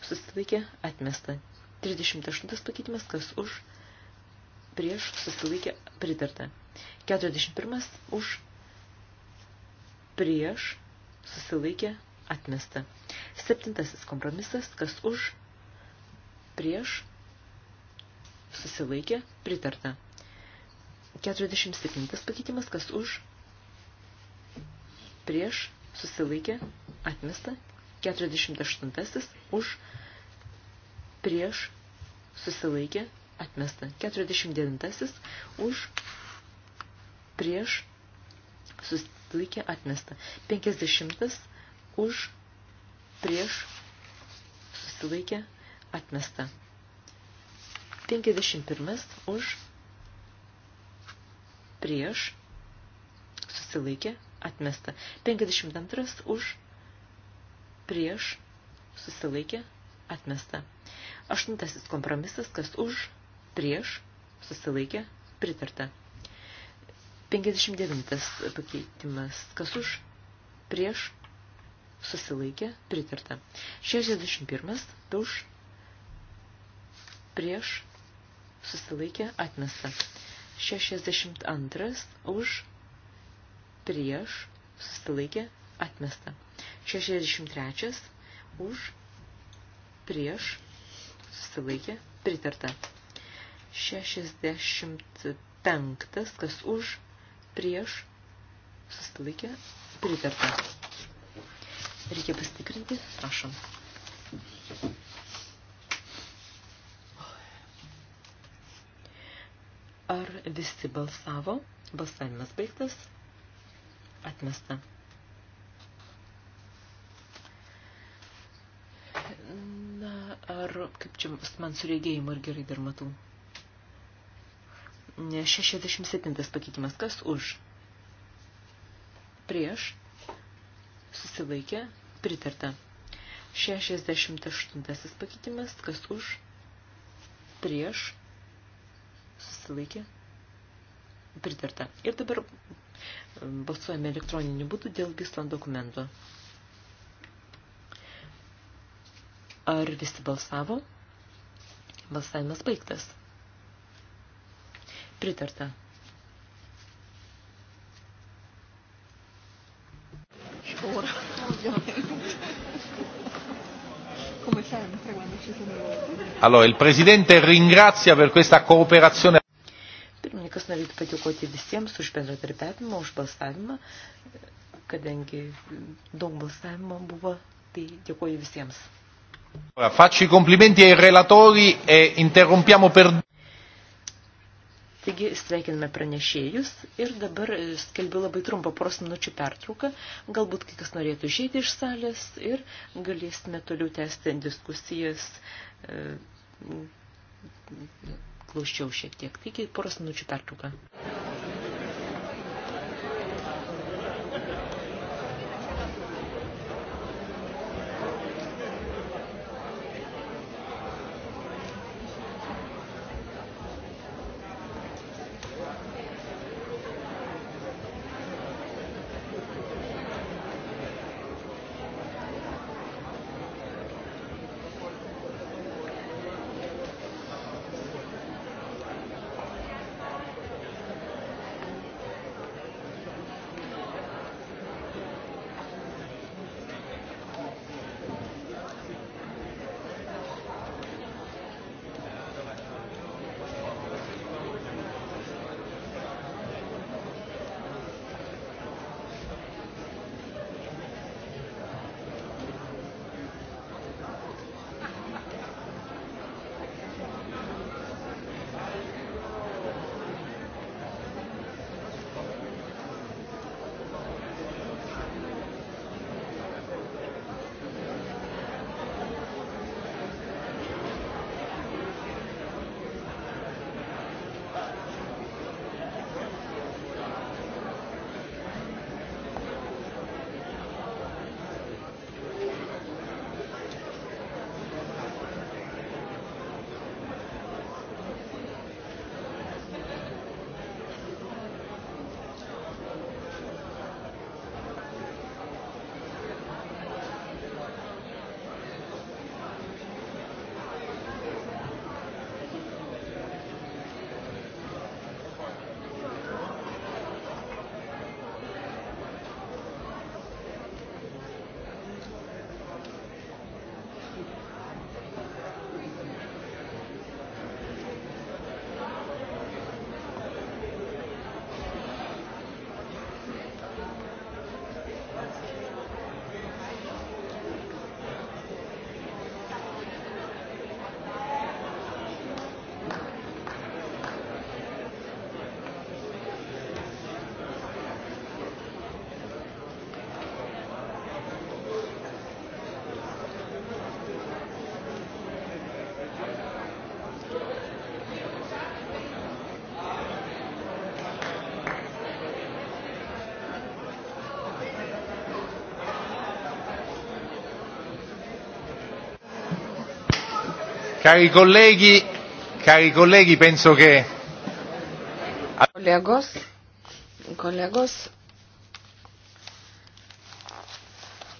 susilaikė, atmesta. 38 pakeitimas. Kas už, prieš prieš susilaikė pritarta. 41 už prieš susilaikė atmesta. Septintasis kompromisas, kas už prieš susilaikė pritarta. 47 pakeitimas, kas už prieš susilaikė atmesta. 48 už prieš susilaikė atmesta. 49 už prieš susilaikė atmesta. 50 už prieš susilaikė atmesta. 51 už prieš susilaikė atmesta. 52 už prieš susilaikė atmesta. Aštuntasis kompromisas, kas už prieš, susilaikė, pritarta. 59 pakeitimas, kas už, prieš, susilaikė, pritarta. 61 už, prieš, susilaikė, atmesta. 62 už, prieš, susilaikė, atmesta. 63 už, prieš, susilaikė, pritarta. 65, kas už, prieš, susilaikė, pritarta. Reikia pasitikrinti, prašom. Ar visi balsavo? Balsavimas baigtas. Atmesta. Na, ar kaip čia man su regėjimu ir gerai dar matau? Ne 67 pakeitimas. Kas už? Prieš. Susilaikė. Pritarta. 68 pakeitimas. Kas už? Prieš. Susilaikė. Pritarta. Ir dabar um, balsuojame elektroniniu būdu dėl viso dokumento. Ar visi balsavo? Balsavimas baigtas. Pritarta. Allora, il Presidente ringrazia per questa cooperazione. Pirmininkas norėtų patikoti visiems už bendradarbiavimą, už balsavimą, kadangi daug balsavimo buvo, tai dėkoju visiems. Ora, faccio i complimenti ai relatori e interrompiamo per... Taigi sveikiname pranešėjus ir dabar skelbiu labai trumpą poros minučių pertrauką. Galbūt kai kas norėtų išėti iš salės ir galėsime toliau tęsti diskusijas. Klausiau šiek tiek. Taigi poros minučių pertrauką. Cari colleghi, cari colleghi, penso che. Kolegos, kolegos,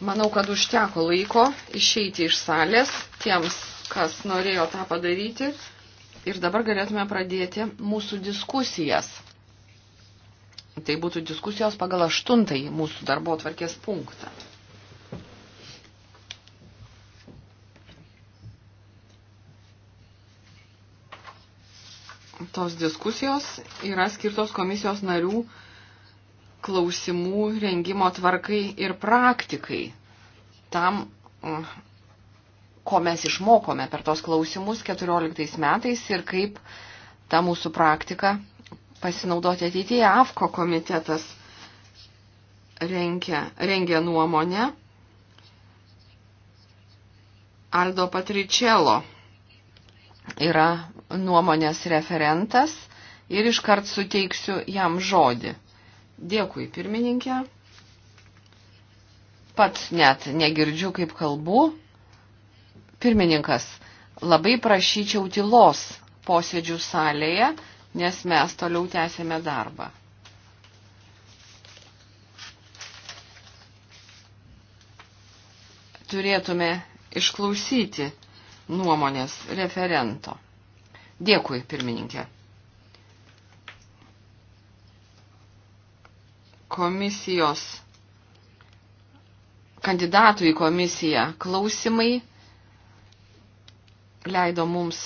manau, kad užteko laiko išeiti iš salės tiems, kas norėjo tą padaryti. Ir dabar galėtume pradėti mūsų diskusijas. Tai būtų diskusijos pagal aštuntąjį mūsų darbo tvarkės punktą. tos diskusijos yra skirtos komisijos narių klausimų rengimo tvarkai ir praktikai. Tam, mm, ko mes išmokome per tos klausimus 14 metais ir kaip tą mūsų praktiką pasinaudoti ateityje. AFKO komitetas rengia, rengia nuomonę. Aldo Patričelo yra nuomonės referentas ir iškart suteiksiu jam žodį. Dėkui, pirmininkė. Pats net negirdžiu, kaip kalbu. Pirmininkas, labai prašyčiau tylos posėdžių salėje, nes mes toliau tęsėme darbą. Turėtume išklausyti nuomonės referento. Dėkui, pirmininkė. Komisijos kandidatų į komisiją klausimai leido mums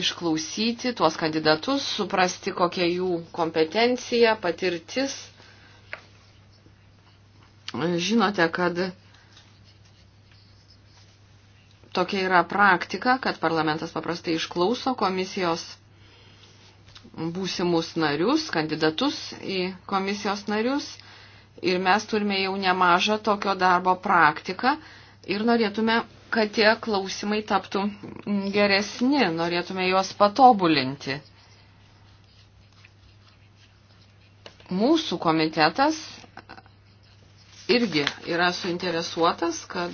išklausyti tuos kandidatus, suprasti, kokia jų kompetencija, patirtis. Žinote, kad Tokia yra praktika, kad parlamentas paprastai išklauso komisijos būsimus narius, kandidatus į komisijos narius ir mes turime jau nemažą tokio darbo praktiką ir norėtume, kad tie klausimai taptų geresni, norėtume juos patobulinti. Mūsų komitetas irgi yra suinteresuotas, kad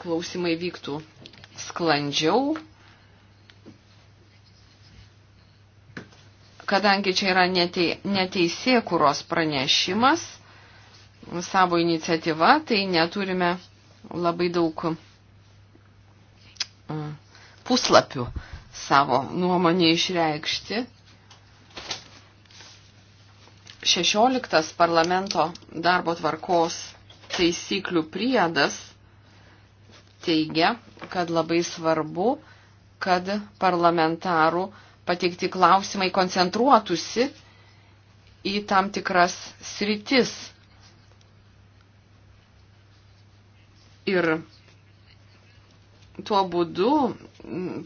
klausimai vyktų sklandžiau, kadangi čia yra netei, neteisėkuros pranešimas, savo iniciatyva, tai neturime labai daug puslapių savo nuomonį išreikšti. 16 parlamento darbo tvarkos taisyklių priedas teigia, kad labai svarbu, kad parlamentarų pateikti klausimai koncentruotųsi į tam tikras sritis. Ir tuo būdu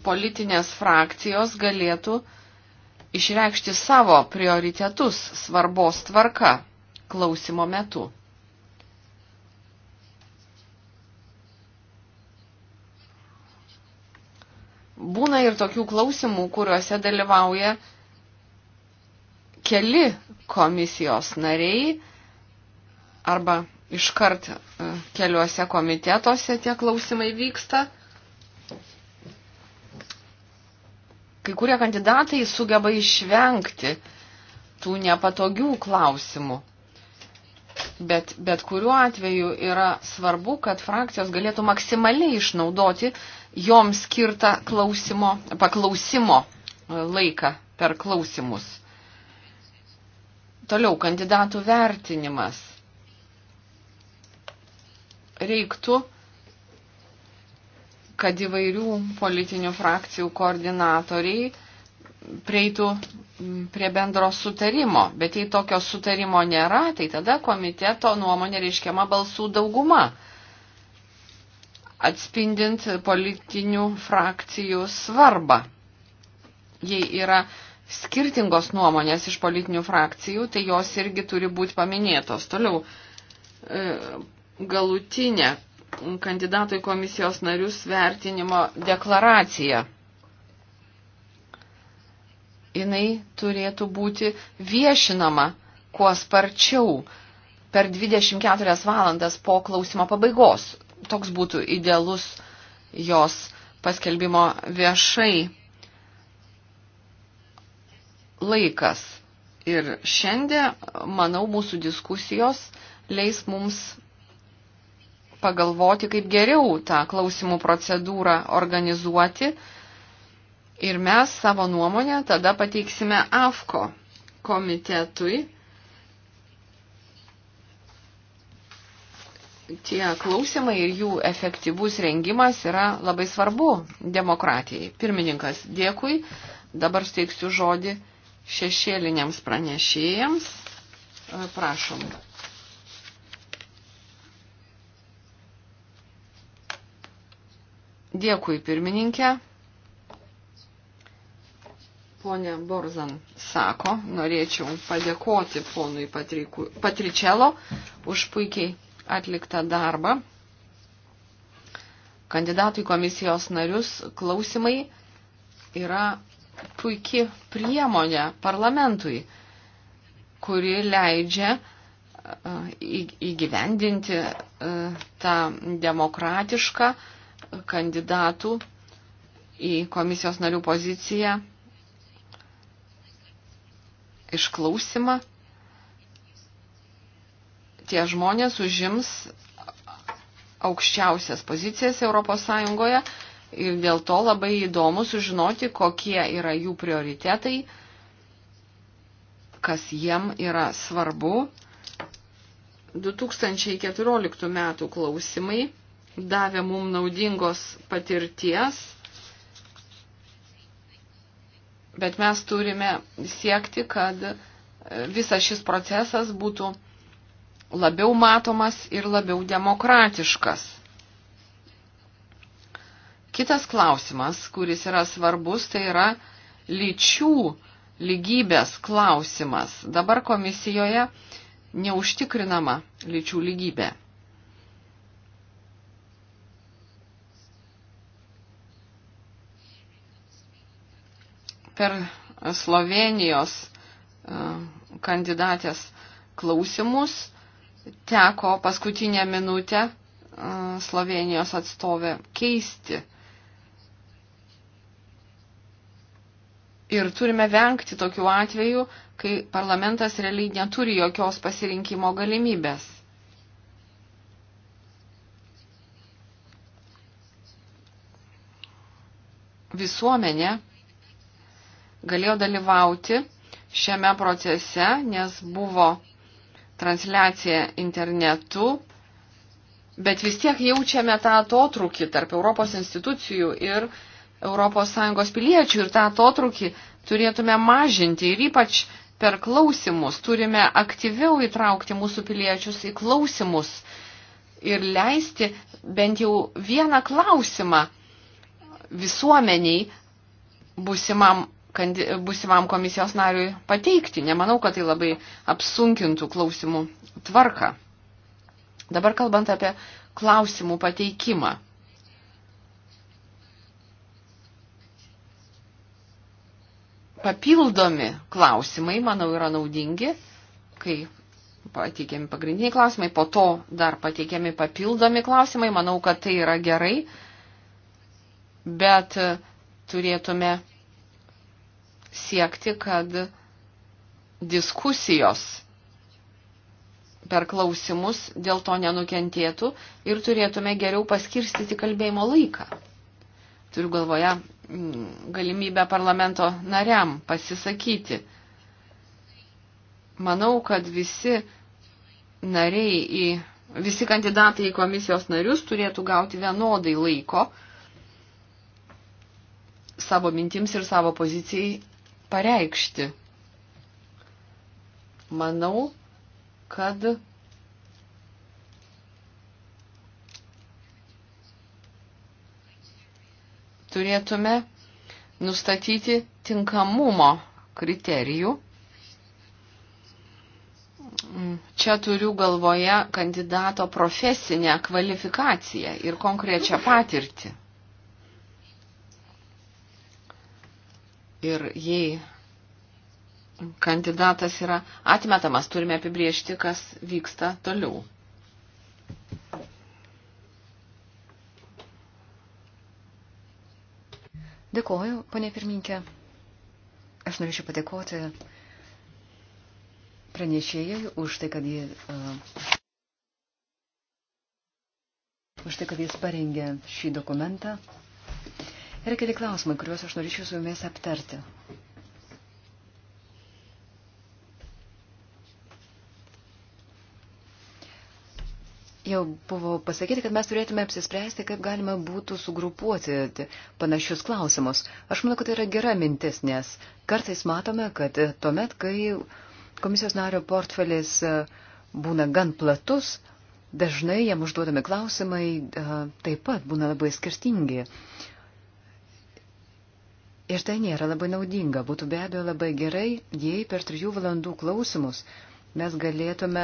politinės frakcijos galėtų išreikšti savo prioritetus svarbos tvarka klausimo metu. būna ir tokių klausimų, kuriuose dalyvauja keli komisijos nariai arba iškart e, keliuose komitetuose tie klausimai vyksta. Kai kurie kandidatai sugeba išvengti tų nepatogių klausimų. Bet, bet kuriuo atveju yra svarbu, kad frakcijos galėtų maksimaliai išnaudoti joms skirtą klausimo, paklausimo laiką per klausimus. Toliau kandidatų vertinimas. Reiktų, kad įvairių politinių frakcijų koordinatoriai prieitų mm, prie bendro sutarimo. Bet jei tokio sutarimo nėra, tai tada komiteto nuomonė reiškiama balsų dauguma, atspindint politinių frakcijų svarbą. Jei yra skirtingos nuomonės iš politinių frakcijų, tai jos irgi turi būti paminėtos. Toliau e, galutinė kandidatų į komisijos narius vertinimo deklaracija jinai turėtų būti viešinama kuo sparčiau per 24 valandas po klausimo pabaigos. Toks būtų idealus jos paskelbimo viešai laikas. Ir šiandien, manau, mūsų diskusijos leis mums pagalvoti, kaip geriau tą klausimų procedūrą organizuoti Ir mes savo nuomonę tada pateiksime AFKO komitetui. Tie klausimai ir jų efektyvus rengimas yra labai svarbu demokratijai. Pirmininkas, dėkui. Dabar steiksiu žodį šešėliniams pranešėjams. E, prašom. Dėkui, pirmininkė ponė Borzan sako, norėčiau padėkoti ponui Patriku, Patričelo už puikiai atliktą darbą. Kandidatui komisijos narius klausimai yra puikia priemonė parlamentui, kuri leidžia įgyvendinti tą demokratišką kandidatų į komisijos narių poziciją išklausimą. Tie žmonės užims aukščiausias pozicijas ES ir dėl to labai įdomu sužinoti, kokie yra jų prioritetai, kas jiem yra svarbu. 2014 metų klausimai davė mums naudingos patirties Bet mes turime siekti, kad e, visas šis procesas būtų labiau matomas ir labiau demokratiškas. Kitas klausimas, kuris yra svarbus, tai yra lyčių lygybės klausimas. Dabar komisijoje neužtikrinama lyčių lygybė. per Slovenijos e, kandidatės klausimus teko paskutinę minutę e, Slovenijos atstovę keisti. Ir turime vengti tokių atvejų, kai parlamentas realiai neturi jokios pasirinkimo galimybės. Visuomenė galėjo dalyvauti šiame procese, nes buvo transliacija internetu, bet vis tiek jaučiame tą atotrukį tarp Europos institucijų ir ES piliečių ir tą atotrukį turėtume mažinti ir ypač per klausimus turime aktyviau įtraukti mūsų piliečius į klausimus ir leisti bent jau vieną klausimą visuomeniai busimam busimam komisijos nariui pateikti. Nemanau, kad tai labai apsunkintų klausimų tvarką. Dabar kalbant apie klausimų pateikimą. Papildomi klausimai, manau, yra naudingi, kai pateikiami pagrindiniai klausimai, po to dar pateikiami papildomi klausimai, manau, kad tai yra gerai, bet turėtume siekti, kad diskusijos per klausimus dėl to nenukentėtų ir turėtume geriau paskirstyti kalbėjimo laiką. Turiu galvoje mm, galimybę parlamento nariam pasisakyti. Manau, kad visi nariai į, visi kandidatai į komisijos narius turėtų gauti vienodai laiko savo mintims ir savo pozicijai pareikšti. Manau, kad turėtume nustatyti tinkamumo kriterijų. Čia turiu galvoje kandidato profesinę kvalifikaciją ir konkrečią patirtį. Ir jei kandidatas yra atmetamas, turime apibriežti, kas vyksta toliau. Dėkoju, ponė pirminkė. Aš norėčiau padėkoti pranešėjai už tai, kad jie. Uh, už tai, kad jis parengė šį dokumentą. Yra keli klausimai, kuriuos aš norėčiau su jumis aptarti. Jau buvo pasakyti, kad mes turėtume apsispręsti, kaip galima būtų sugrupuoti panašius klausimus. Aš manau, kad tai yra gera mintis, nes kartais matome, kad tuomet, kai komisijos nario portfelis e, būna gan platus, dažnai jam užduodami klausimai e, taip pat būna labai skirtingi. Uh, Ir tai nėra labai naudinga. Būtų be abejo labai gerai, jei per trijų valandų klausimus mes galėtume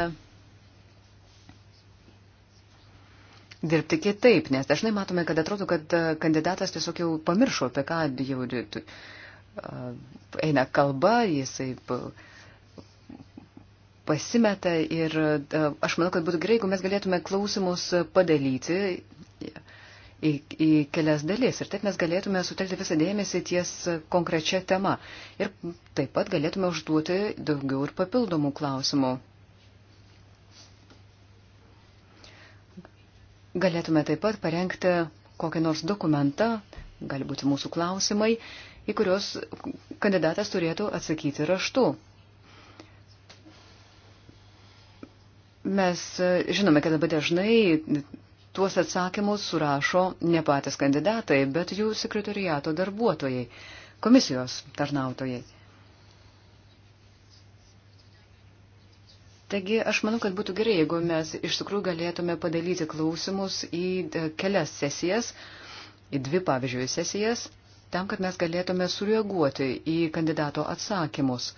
dirbti kitaip, nes dažnai matome, kad atrodo, kad e, kandidatas tiesiog jau pamiršo, apie ką jau e, e, eina kalba, jisai pasimeta ir aš manau, kad būtų gerai, jeigu mes galėtume klausimus padalyti į, į kelias dalis. Ir taip mes galėtume sutelkti visą dėmesį ties konkrečia tema. Ir taip pat galėtume užduoti daugiau ir papildomų klausimų. Galėtume taip pat parengti kokį nors dokumentą, gali būti mūsų klausimai, į kuriuos kandidatas turėtų atsakyti raštu. Mes žinome, kad labai dažnai Tuos atsakymus surašo ne patys kandidatai, bet jų sekretoriato darbuotojai, komisijos tarnautojai. Taigi aš manau, kad būtų gerai, jeigu mes iš tikrųjų galėtume padalyti klausimus į e, kelias sesijas, į dvi, pavyzdžiui, sesijas, tam, kad mes galėtume sureaguoti į kandidato atsakymus.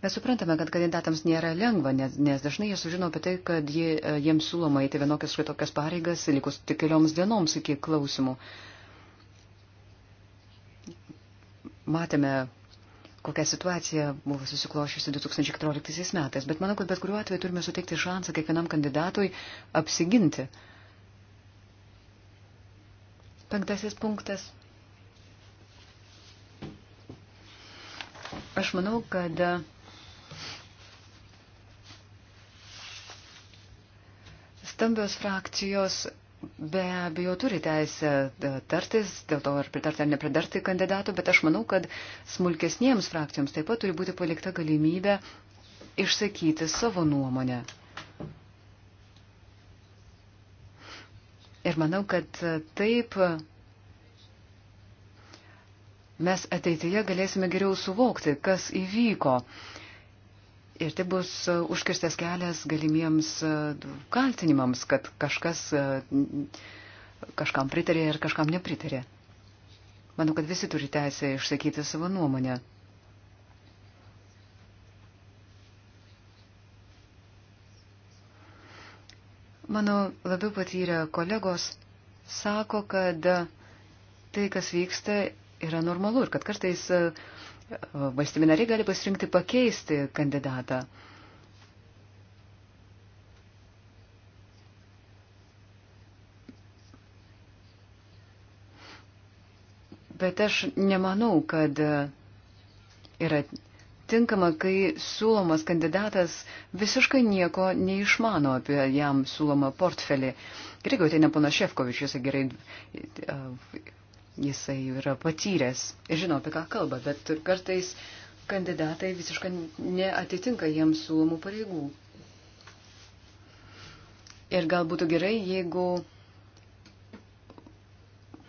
Mes suprantame, kad kandidatams nėra lengva, nes, nes dažnai jie sužino apie tai, kad jie, e, jiems siūloma eiti vienokias ar tokias pareigas, likus tik kelioms dienoms iki klausimų. Matėme, kokia situacija buvo susiklošiusi 2014 metais, bet manau, kad bet kuriuo atveju turime suteikti šansą kiekvienam kandidatui apsiginti. Penktasis punktas. Aš manau, kad e, Stambios frakcijos be abejo turi teisę e, tartis, dėl to ar pritarti ar nepritarti kandidatų, bet aš manau, kad smulkesniems frakcijoms taip pat turi būti palikta galimybė išsakyti savo nuomonę. Ir manau, kad e, taip mes ateityje galėsime geriau suvokti, kas įvyko. Uh, Ir tai bus užkirstas kelias galimiems e, kaltinimams, kad kažkas e, kažkam pritarė ir kažkam nepritarė. Manau, kad visi turi teisę išsakyti savo nuomonę. Mano labiau patyrę kolegos sako, kad tai, kas vyksta, yra normalu ir kad kartais uh, valstybė nariai gali pasirinkti pakeisti kandidatą. Bet aš nemanau, kad yra tinkama, kai siūlomas kandidatas visiškai nieko neišmano apie jam siūlomą portfelį. Ir jeigu tai ne pana Šefkovičius, jis gerai jisai yra patyręs ir žino, apie ką kalba, bet kartais kandidatai visiškai neatitinka jiems siūlomų pareigų. Ir gal būtų gerai, jeigu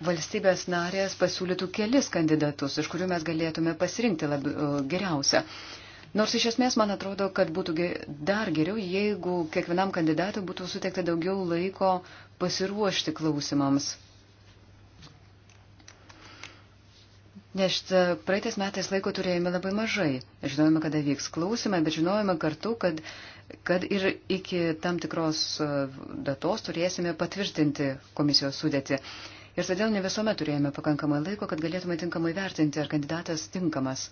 valstybės narės pasiūlytų kelis kandidatus, iš kurių mes galėtume pasirinkti lab, geriausią. Nors iš esmės man atrodo, kad būtų dar geriau, jeigu kiekvienam kandidatui būtų suteikta daugiau laiko pasiruošti klausimams. Nes e, praeitais metais laiko turėjome labai mažai. Žinojome, kada vyks klausimai, bet žinojome kartu, kad, kad ir iki tam tikros e, datos turėsime patvirtinti komisijos sudėtį. Ir todėl ne visuomet turėjome pakankamai laiko, kad galėtume tinkamai vertinti, ar kandidatas tinkamas.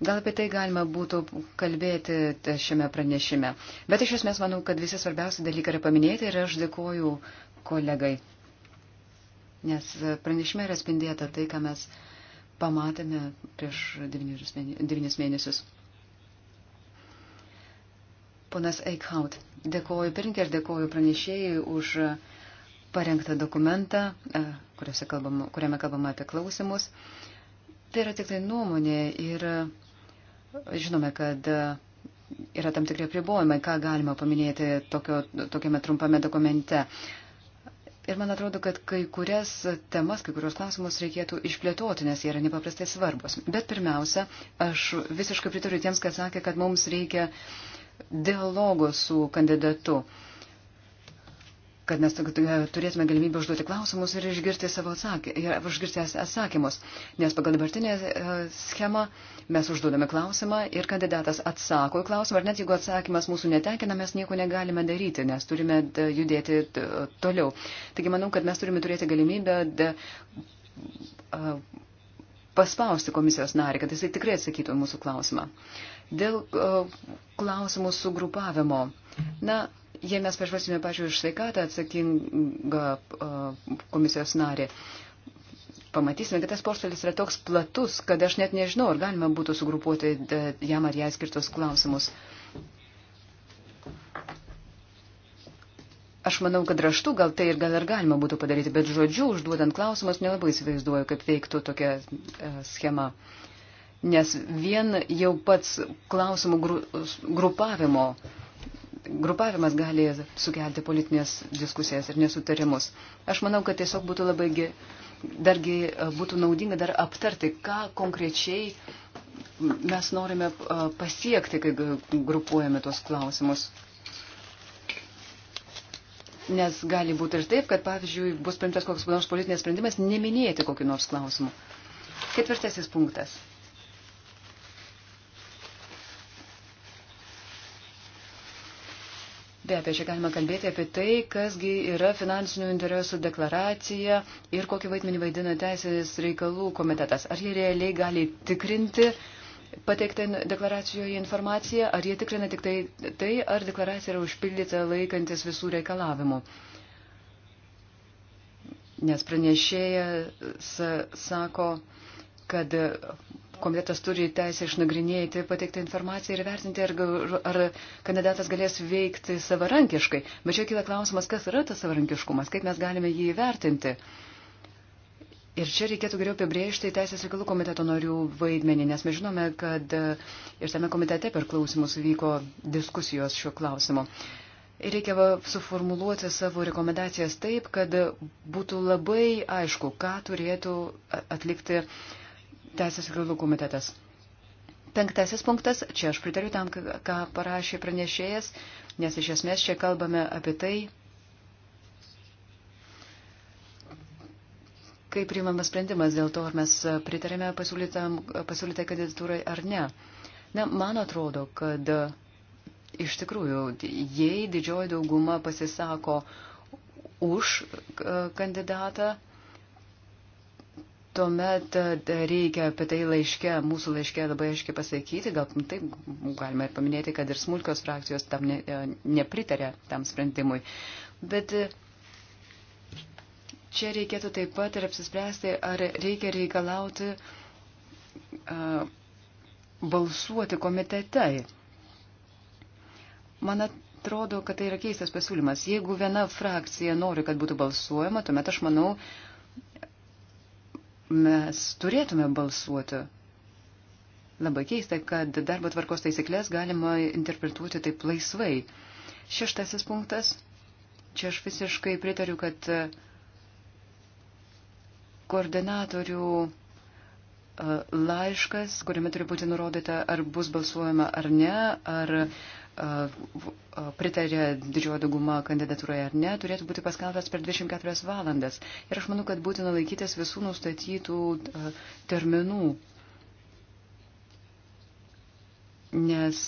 Gal apie tai galima būtų kalbėti e, šiame pranešime. Bet iš esmės manau, kad visi svarbiausi dalykai yra paminėti ir aš dėkoju kolegai nes pranešime yra spindėta tai, ką mes pamatėme prieš devynis mėnesius. Ponas Eichhaut, dėkoju pirinkė ir dėkoju pranešėjai už parengtą dokumentą, e, kalbam, kuriame kalbama apie klausimus. Tai yra tik tai nuomonė ir e, žinome, kad e, yra tam tikri pribojimai, ką galima paminėti tokio, tokiame trumpame dokumente. Ir man atrodo, kad kai kurias temas, kai kurios klausimus reikėtų išplėtoti, nes jie yra nepaprastai svarbus. Bet pirmiausia, aš visiškai pritariu tiems, kad sakė, kad mums reikia dialogo su kandidatu. Uh, kad mes e, turėtume galimybę užduoti klausimus ir išgirsti, savo atsakį, ir išgirsti atsakymus. Nes pagal dabartinę e, schemą mes užduodame klausimą ir kandidatas atsako į klausimą, ar net jeigu atsakymas mūsų netenkina, mes nieko negalime daryti, nes turime judėti toliau. Taigi manau, kad mes turime turėti galimybę paspausti komisijos narį, kad jisai tikrai atsakytų mūsų klausimą. Dėl klausimų sugrupavimo. Na, Jei mes pažvelgsime, pažiūrėjau, už sveikatą atsakingą komisijos narį, pamatysime, kad tas portfelis yra toks platus, kad aš net nežinau, ar galima būtų sugrupuoti jam ar jai skirtus klausimus. Aš manau, kad raštu gal tai ir gal ir galima būtų padaryti, bet žodžiu užduodant klausimus nelabai įsivaizduoju, kaip veiktų tokia e, schema. Nes vien jau pats klausimų grupavimo uh, grupavimas gali sukelti politinės diskusijas ir nesutarimus. Aš manau, kad tiesiog būtų labai, dargi e, būtų naudinga dar aptarti, ką konkrečiai mes norime e, pasiekti, kai grupuojame tuos klausimus. Nes gali būti ir taip, kad, pavyzdžiui, bus primtas koks nors politinės sprendimas neminėti kokiu nors klausimu. Ketvirtasis punktas. Be abejo, čia galima kalbėti apie tai, kasgi yra finansinių interesų deklaracija ir kokį vaidmenį vaidina Teisės reikalų komitetas. Ar jie realiai gali tikrinti pateiktą deklaracijoje informaciją, ar jie tikrina tik tai, tai ar deklaracija yra užpildyta laikantis visų reikalavimų. Nes pranešėjas e, sako, kad komitetas turi teisę išnagrinėti pateiktą informaciją ir vertinti, ar, ar kandidatas galės veikti savarankiškai. Bet čia kyla klausimas, kas yra tas savarankiškumas, kaip mes galime jį įvertinti. Ir čia reikėtų geriau apibrėžti Teisės reikalų komiteto norių vaidmenį, nes mes žinome, kad e, ir tame komitete per klausimus vyko diskusijos šiuo klausimu. Ir reikia suformuluoti savo rekomendacijas taip, kad būtų labai aišku, ką turėtų atlikti uh, Teisės reikalų komitetas. Penktasis punktas, čia aš pritariu tam, ką parašė pranešėjas, nes iš esmės čia kalbame apie tai, kaip priimamas sprendimas dėl to, ar mes pritarėme pasiūlytai kandidatūrai ar ne. Na, man atrodo, kad iš tikrųjų, jei didžioji dauguma pasisako už kandidatą, tuomet e, reikia apie tai laiške, mūsų laiške labai aiškiai pasakyti, gal taip galima ir paminėti, kad ir smulkios frakcijos tam ne, e, nepritarė tam sprendimui. Bet e, čia reikėtų taip pat ir apsispręsti, ar reikia reikalauti a, balsuoti komitetai. Man atrodo, kad tai yra keistas pasiūlymas. Jeigu viena frakcija nori, kad būtų balsuojama, tuomet aš manau, mes turėtume balsuoti. Labai keista, kad darbo tvarkos taisyklės galima interpretuoti taip laisvai. Šeštasis punktas. Čia aš visiškai pritariu, kad e, koordinatorių e, laiškas, kuriame turi būti nurodyta, ar bus balsuojama ar ne, ar pritarė didžioji dauguma kandidatūroje ar ne, turėtų būti paskelbtas per 24 valandas. Ir aš manau, kad būtina laikytis visų nustatytų terminų. Nes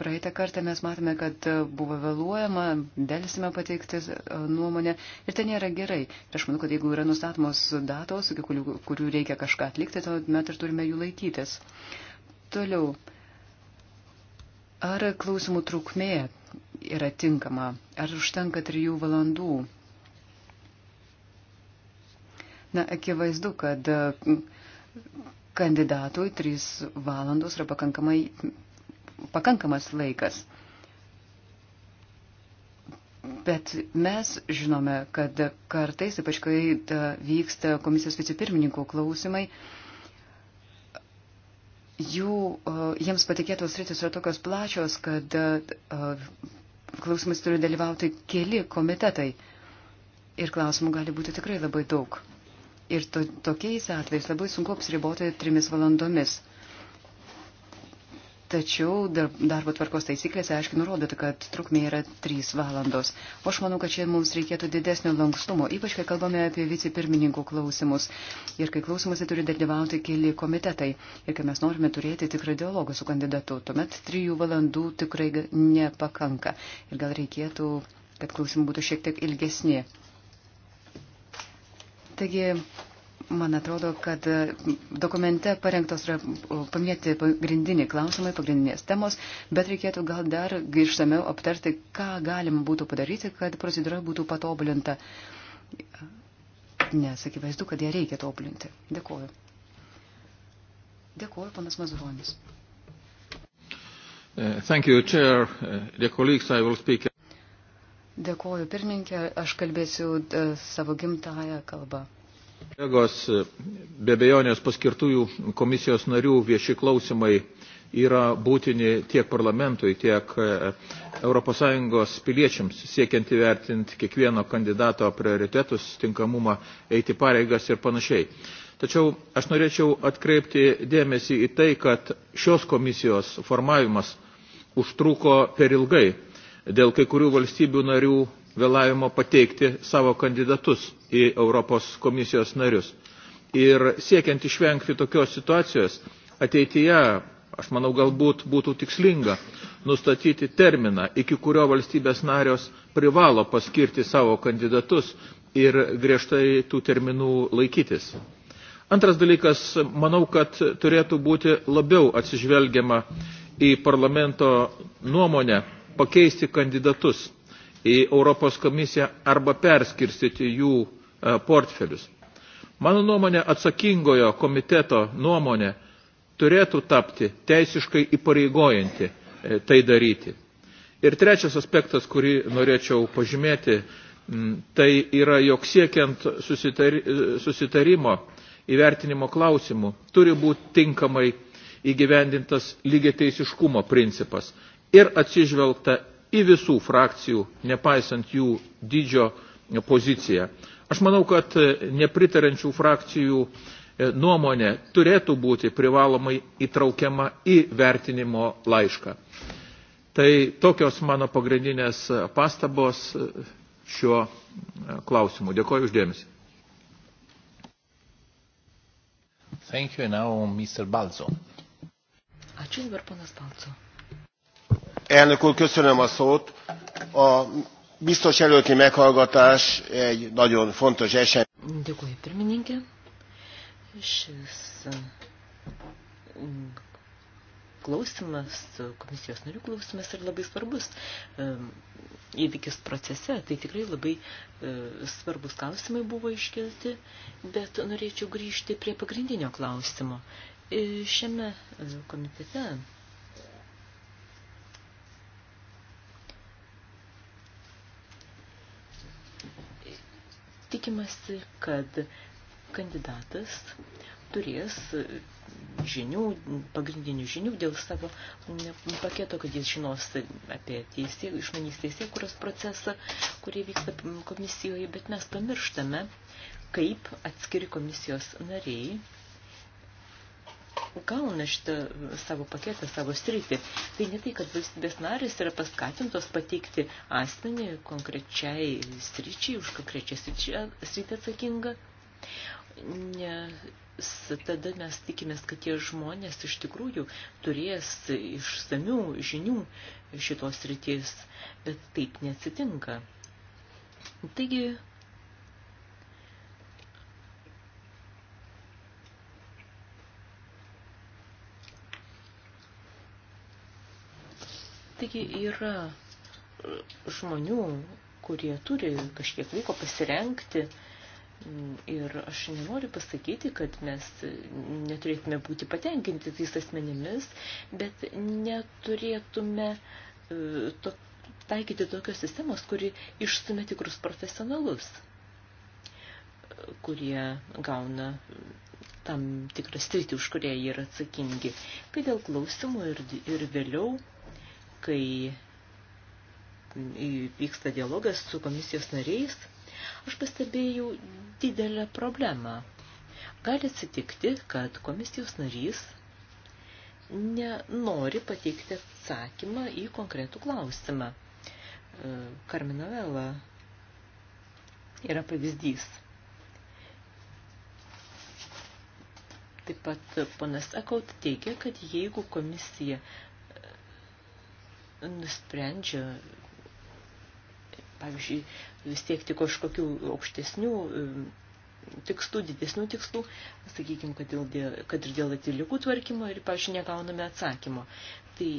praeitą kartą mes matome, kad buvo vėluojama, dėlsime pateikti nuomonę ir tai nėra gerai. Ir aš manau, kad jeigu yra nustatomos datos, iki kurių, kurių reikia kažką atlikti, tuomet ir turime jų laikytis. Toliau. Ar klausimų trukmė yra tinkama? Ar užtenka trijų valandų? Na, akivaizdu, kad mm, kandidatui trys valandos yra pakankamai, pakankamas laikas. Bet mes žinome, kad kartais, ypač kai vyksta komisijos vicepirmininkų klausimai, uh, jų, jiems patikėtos rytis yra tokios plačios, kad klausimais turi dalyvauti keli komitetai. Ir klausimų gali būti tikrai labai daug. Ir to, tokiais atvejais labai sunku apsiriboti trimis valandomis. Tačiau darbo tvarkos taisyklėse aiškiai nurodyta, kad trukmė yra 3 valandos. O aš manau, kad čia mums reikėtų didesnio lankstumo, ypač kai kalbame apie vicepirmininkų klausimus. Ir kai klausimuose turi dalyvauti keli komitetai. Ir kai mes norime turėti tikrą dialogą su kandidatu, tuomet 3 valandų tikrai nepakanka. Ir gal reikėtų, kad klausimai būtų šiek tiek ilgesni. Taigi, Man atrodo, kad e, dokumente parengtos yra paminėti pagrindiniai klausimai, pagrindinės temos, bet reikėtų gal dar grįžtamiau aptarti, ką galima būtų padaryti, kad procedūra būtų patobulinta. Nes akivaizdu, kad ją reikia tobulinti. Dėkuoju. Dėkuoju, panas Mazuronis. Uh, thank you, chair. Uh, dear colleagues, I will speak. Dėkuoju, pirmininkė. Aš kalbėsiu uh, savo gimtają kalbą. Kolegos, be bejonės paskirtųjų komisijos narių vieši klausimai yra būtini tiek parlamentui, tiek ES piliečiams, siekiant įvertinti kiekvieno kandidato prioritetus, tinkamumą, eiti pareigas ir panašiai. Tačiau aš norėčiau atkreipti dėmesį į tai, kad šios komisijos formavimas užtruko per ilgai dėl kai kurių valstybių narių vėlavimo pateikti savo kandidatus į Europos komisijos narius. Ir siekiant išvengti tokios situacijos, ateityje, aš manau, galbūt būtų tikslinga nustatyti terminą, iki kurio valstybės narios privalo paskirti savo kandidatus ir griežtai tų terminų laikytis. Antras dalykas, manau, kad turėtų būti labiau atsižvelgiama į parlamento nuomonę pakeisti kandidatus į Europos komisiją arba perskirstyti jų e, portfelius. Mano nuomonė atsakingojo komiteto nuomonė turėtų tapti teisiškai įpareigojanti e, tai daryti. Ir trečias aspektas, kurį norėčiau pažymėti, tai yra, jog siekiant e, susitarimo įvertinimo klausimų turi būti tinkamai įgyvendintas lygiateisiškumo principas ir atsižvelgta į visų frakcijų, nepaisant jų dydžio poziciją. Aš manau, kad e, nepritarančių frakcijų e, nuomonė turėtų būti privalomai įtraukiama į vertinimo laišką. Tai tokios mano pagrindinės e, pastabos šiuo klausimu. Dėkoju uždėmesi. Thank you. Now, Mr. Balzo. Ačiū dabar, ponas Balzo elnök úr köszönöm a szót. a biztos előtti meghallgatás egy nagyon fontos esemény. Dėkuoju pirmininkė. Šis mm, klausimas, komisijos narių klausimas yra labai svarbus mm, įvykis procese. Tai tikrai labai mm, svarbus klausimai buvo iškelti, bet norėčiau grįžti prie pagrindinio klausimo. Šiame komitete Tikimasi, kad kandidatas turės žinių, pagrindinių žinių dėl savo paketo, kad jis žinos apie teisė, išmanys teisė, kurios procesą, kurie vyksta komisijoje, bet mes pamirštame, kaip atskiri komisijos nariai gauna šitą savo paketą, savo sritį. Tai ne tai, kad valstybės narės yra paskatintos pateikti asmenį konkrečiai sričiai, už konkrečią sritį atsakingą. Nes tada mes tikimės, kad tie žmonės iš tikrųjų turės išsamių žinių šitos srities, bet taip neatsitinka. Taigi, Taigi yra žmonių, kurie turi kažkiek laiko pasirenkti ir aš nenoriu pasakyti, kad mes neturėtume būti patenkinti tais asmenimis, bet neturėtume e, to, taikyti tokios sistemos, kuri išstumia tikrus profesionalus, kurie gauna tam tikrą sritį, už kurią jie yra atsakingi. Kai dėl klausimų ir, ir vėliau kai vyksta dialogas su komisijos nariais, aš pastebėjau didelę problemą. Gali atsitikti, kad komisijos narys nenori pateikti atsakymą į konkretų klausimą. Karminovela e, yra pavyzdys. Taip pat ponas Ekaut teigia, kad jeigu komisija nusprendžia, pavyzdžiui, vis tiekti kažkokių aukštesnių e, tikslų, didesnių tikslų, sakykime, kad, dėl, kad ir dėl atliekų tvarkymo ir, pavyzdžiui, negauname atsakymo. Tai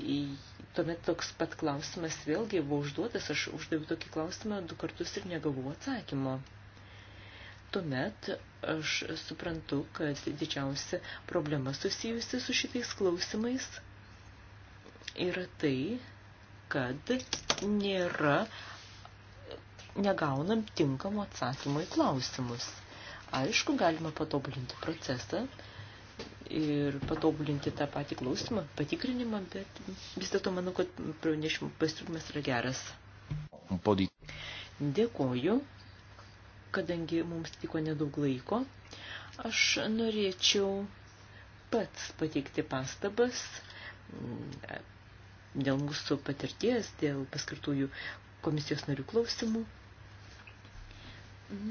tuomet toks pat klausimas vėlgi buvo užduotas, aš uždaviau tokį klausimą du kartus ir negavau atsakymo. Tuomet aš suprantu, kad didžiausia problema susijusi su šitais klausimais yra tai, kad nėra, negaunam tinkamo atsakymo į klausimus. Aišku, galima patobulinti procesą ir patobulinti tą patį klausimą, patikrinimą, bet vis dėlto manau, kad pranešimų pasiūlymas yra geras. Dėkoju, kadangi mums tiko nedaug laiko, aš norėčiau pats pateikti pastabas dėl mūsų patirties, dėl paskirtųjų komisijos narių klausimų.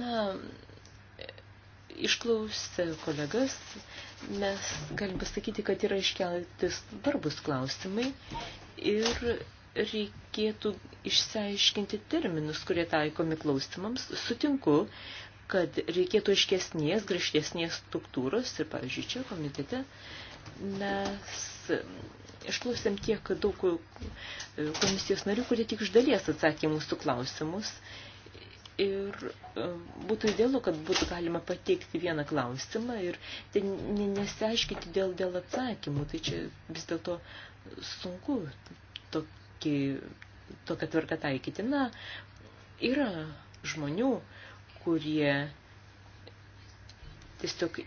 Na, išklausę kolegas, mes galim pasakyti, kad yra iškelti svarbus klausimai ir reikėtų išsiaiškinti terminus, kurie taikomi klausimams. Sutinku, kad reikėtų aiškesnės, grįžtesnės struktūros ir, pavyzdžiui, čia komitete mes e, išklausėm tiek daug e, komisijos narių, kurie tik iš dalies atsakė mūsų klausimus. Ir e, būtų idealu, kad būtų galima pateikti vieną klausimą ir tai nesiaiškinti dėl, dėl atsakymų. Tai čia vis dėlto sunku tokį, tokią tvarką taikyti. Na, yra žmonių, kurie tiesiog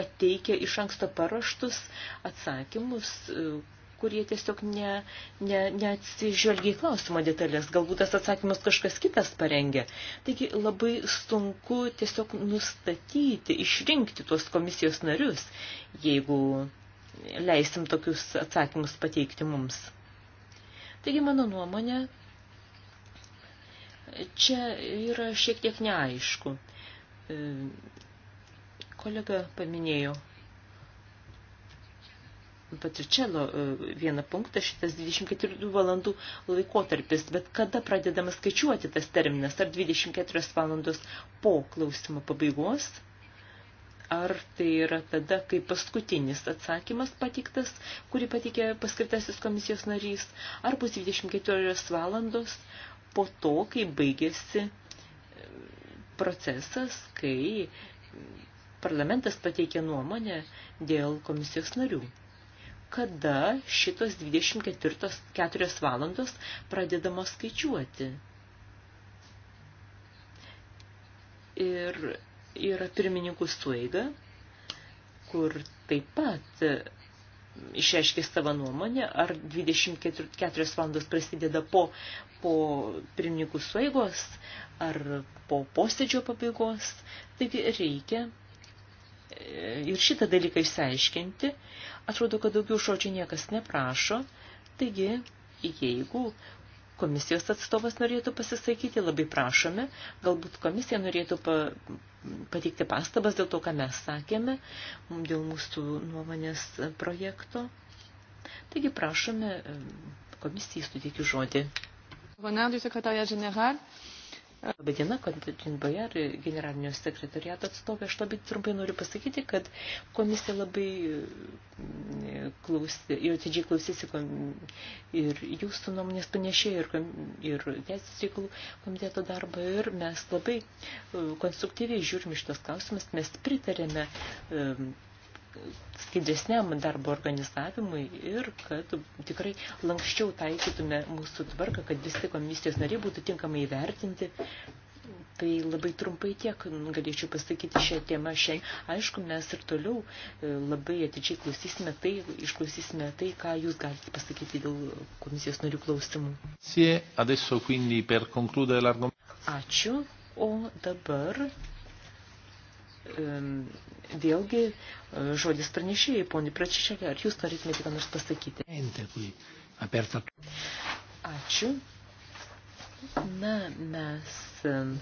pateikia iš anksto paruoštus atsakymus, e, kurie tiesiog ne, ne, neatsižvelgia į klausimo detalės. Galbūt tas atsakymas kažkas kitas parengė. Taigi labai sunku tiesiog nustatyti, išrinkti tuos komisijos narius, jeigu leisim tokius atsakymus pateikti mums. Taigi, mano nuomonė, čia yra šiek tiek neaišku e, Kolega paminėjo Patričelo e, vieną punktą, šitas 24 valandų laikotarpis, bet kada pradedama skaičiuoti tas terminas, ar 24 valandos po klausimo pabaigos, ar tai yra tada, kai paskutinis atsakymas patiktas, kurį patikė paskirtasis komisijos narys, ar bus 24 valandos po to, kai baigėsi e, procesas, kai parlamentas pateikė nuomonę dėl komisijos narių. Kada šitos 24 valandos pradedamos skaičiuoti? Ir yra pirmininkų suiga, kur taip pat išreiškė savo nuomonę, ar 24 valandos prasideda po, po pirmininkų sueigos, ar po posėdžio pabaigos. Taigi reikia ir šitą dalyką išsiaiškinti. Atrodo, kad daugiau žodžių niekas neprašo, taigi jeigu komisijos atstovas norėtų pasisakyti, labai prašome, galbūt komisija norėtų pa, pateikti pastabas dėl to, ką mes sakėme, dėl mūsų nuomonės projekto. Taigi prašome e, komisijai suteikti žodį. Bonardui, sekretarija general. Labai diena, Konstantin Bajar, generalinio sekretariato atstovė. Aš labai trumpai noriu pasakyti, kad komisija labai mm, klausė, ir atidžiai klausėsi ir jūsų nuomonės panešėjo ir, ir teisės reikalų komiteto darbą. Ir mes labai e, konstruktyviai žiūrim iš tos klausimas, mes pritarėme um, skaidresniam darbo organizavimui ir kad tikrai lankščiau taikytume mūsų tvarką, kad visi komisijos nariai būtų tinkamai įvertinti. Tai labai trumpai tiek galėčiau pasakyti šią temą šiandien. Aišku, mes ir toliau e, labai atidžiai klausysime tai, išklausysime tai, ką jūs galite pasakyti dėl komisijos narių klausimų. Ačiū, o dabar vėlgi e, žodis pranešėjai, poni Pračišekė, ar jūs norėtumėte ką nors pasakyti? Ačiū. Na, mes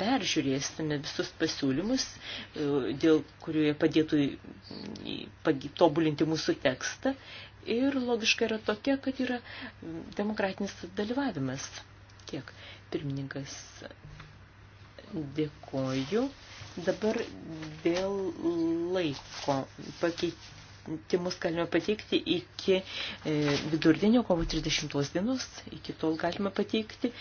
peržiūrėsime visus pasiūlymus, e, dėl kurių jie padėtų tobulinti mūsų tekstą. Ir logiška yra tokia, kad yra demokratinis dalyvavimas. Tiek pirmininkas Dėkoju. Dabar dėl laiko pakeitimus galime pateikti iki e, vidurdienio kovo 30 dienos. Iki tol galime pateikti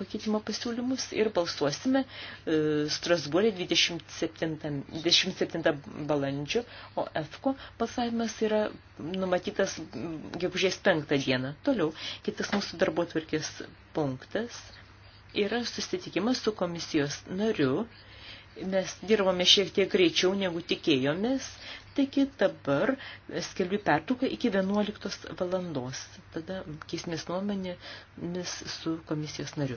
pakeitimo pasiūlymus ir balsuosime e, Strasbūrė 27, 27 balandžio, o EFKO balsavimas yra numatytas gegužės 5 dieną. Toliau, kitas mūsų darbo tvarkės punktas – yra susitikimas su komisijos nariu. Mes dirbome šiek tiek greičiau negu tikėjomės, taigi dabar skelbiu pertrauką iki 11 valandos. Tada keismės nuomenėmis su komisijos nariu.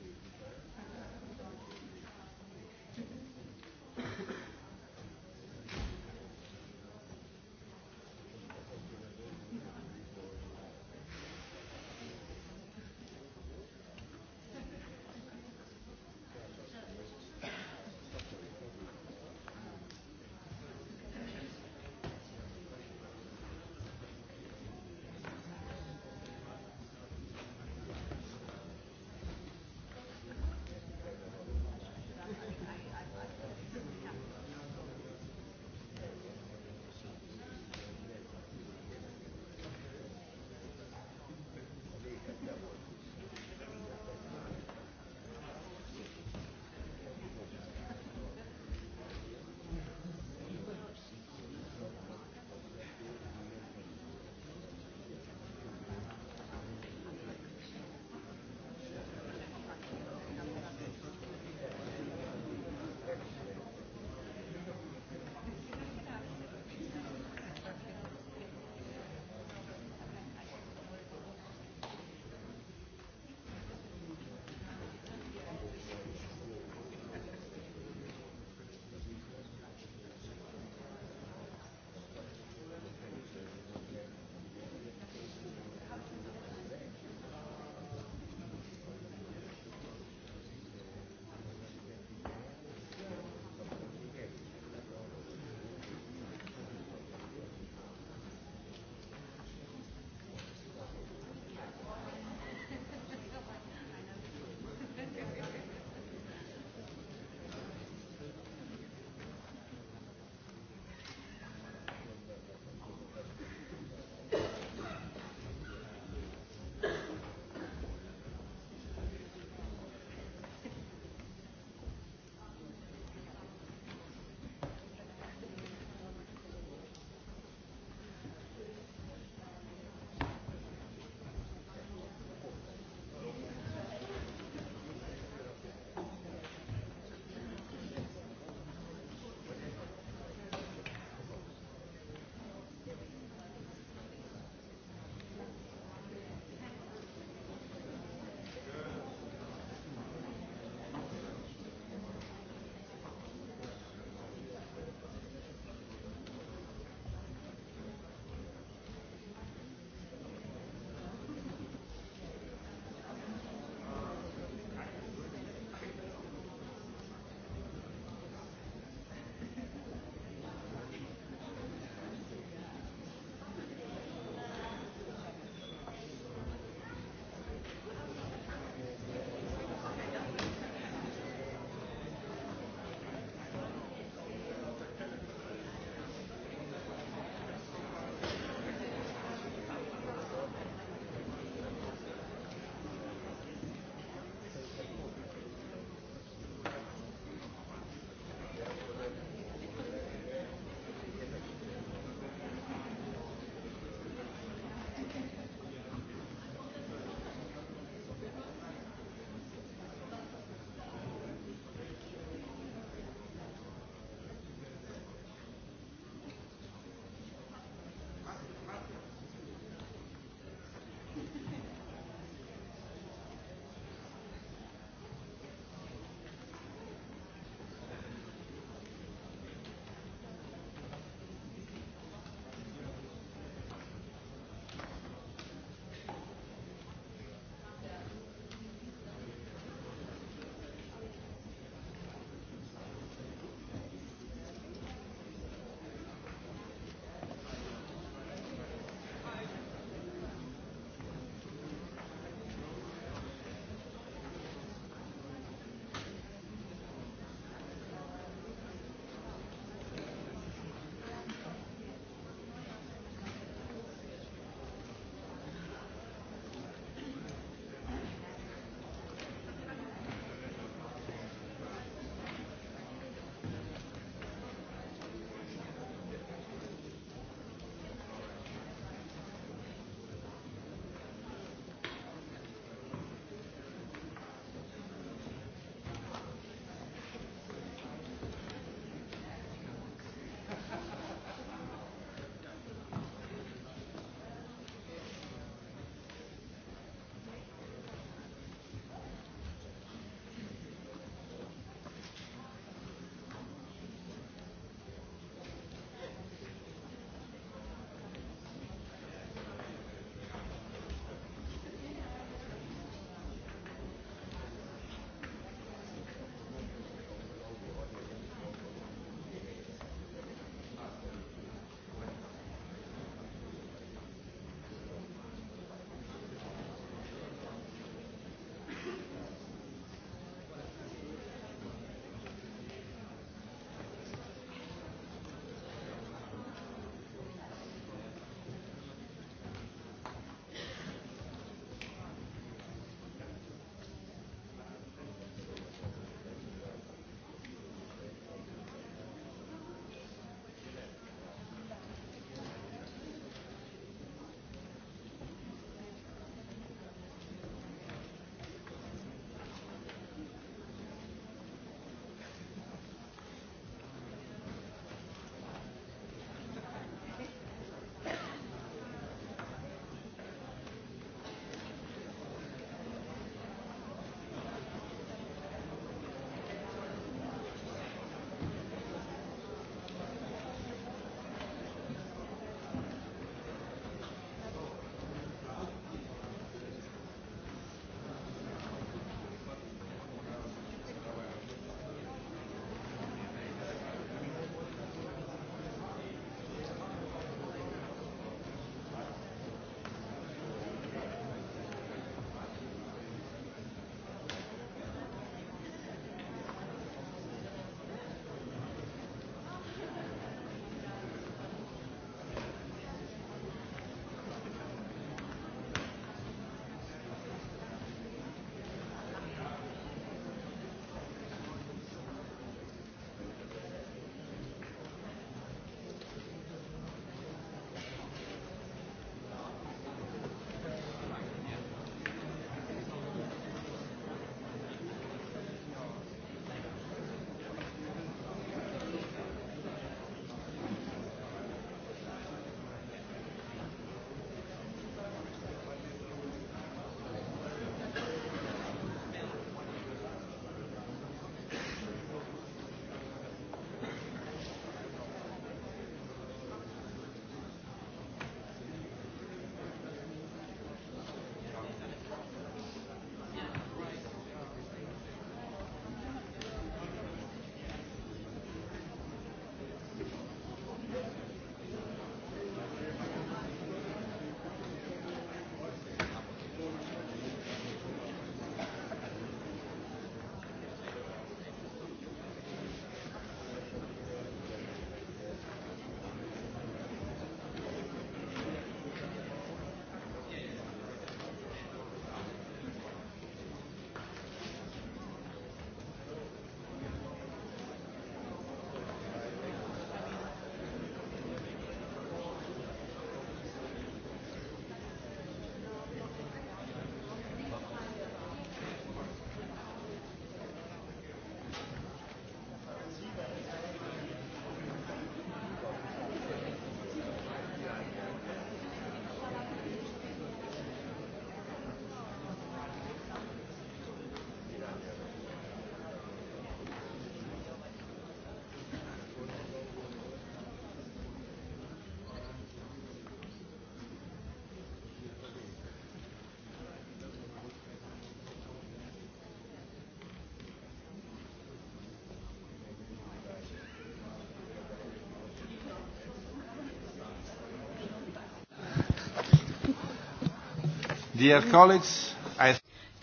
I...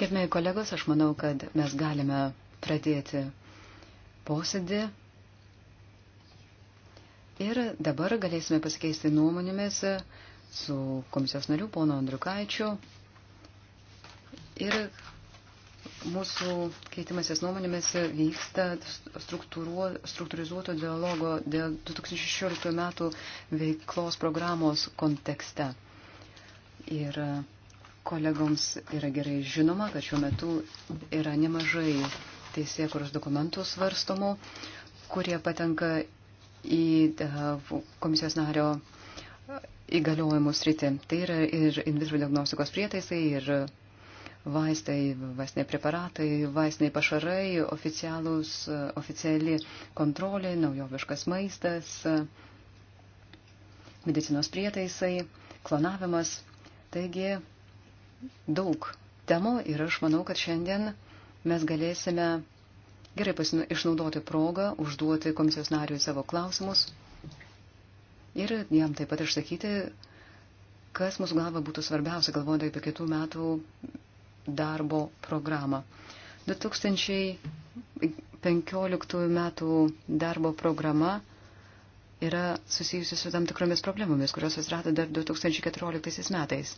Gerbėjai kolegos, aš manau, kad mes galime pradėti posėdį. Ir dabar galėsime pasikeisti nuomonėmis su komisijos nariu pono Andriukaičiu. Ir mūsų keitimasis nuomonėmis vyksta struktūrizuoto dialogo dėl 2016 metų veiklos programos kontekste. Ir uh, Kolegoms yra gerai žinoma, kad šiuo metu yra nemažai teisėkuros dokumentų svarstomų, kurie patenka į e, komisijos nario įgaliojimų sritį. Tai yra ir in vitro diagnostikos prietaisai, ir vaistai, vaistiniai preparatai, vaistiniai pašarai, oficialus, oficiali kontrolė, naujoviškas maistas, medicinos prietaisai, klonavimas. Taigi daug temų ir aš manau, kad šiandien mes galėsime gerai pasinu, išnaudoti progą, užduoti komisijos nariui savo klausimus ir jam taip pat išsakyti, kas mūsų galva būtų svarbiausia, galvojant apie kitų metų darbo programą. 2015 metų darbo programa yra susijusi su tam tikromis problemomis, kurios atsirado dar 2014 metais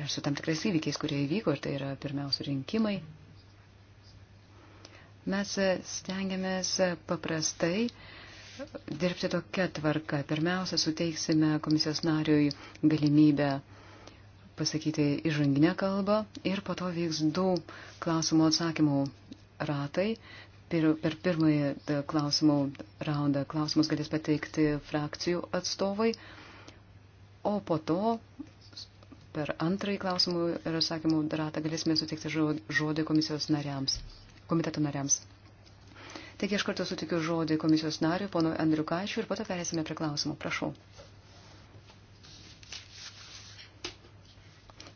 ir su tam tikrais įvykiais, kurie įvyko, ir tai yra pirmiausia rinkimai. Mes stengiamės paprastai dirbti tokia tvarka. Pirmiausia, suteiksime komisijos nariui galimybę pasakyti įžanginę kalbą ir po to vyks du klausimų atsakymų ratai. Per, per pirmąjį klausimų raundą klausimus galės pateikti frakcijų atstovai, o po to Per antrąjį klausimų ir atsakymų ratą galėsime sutikti žodį komisijos nariams, komiteto nariams. Taigi aš kartu sutikiu žodį komisijos nariui, ponui Andriukaičiu, ir po to perėsime prie klausimų. Prašau.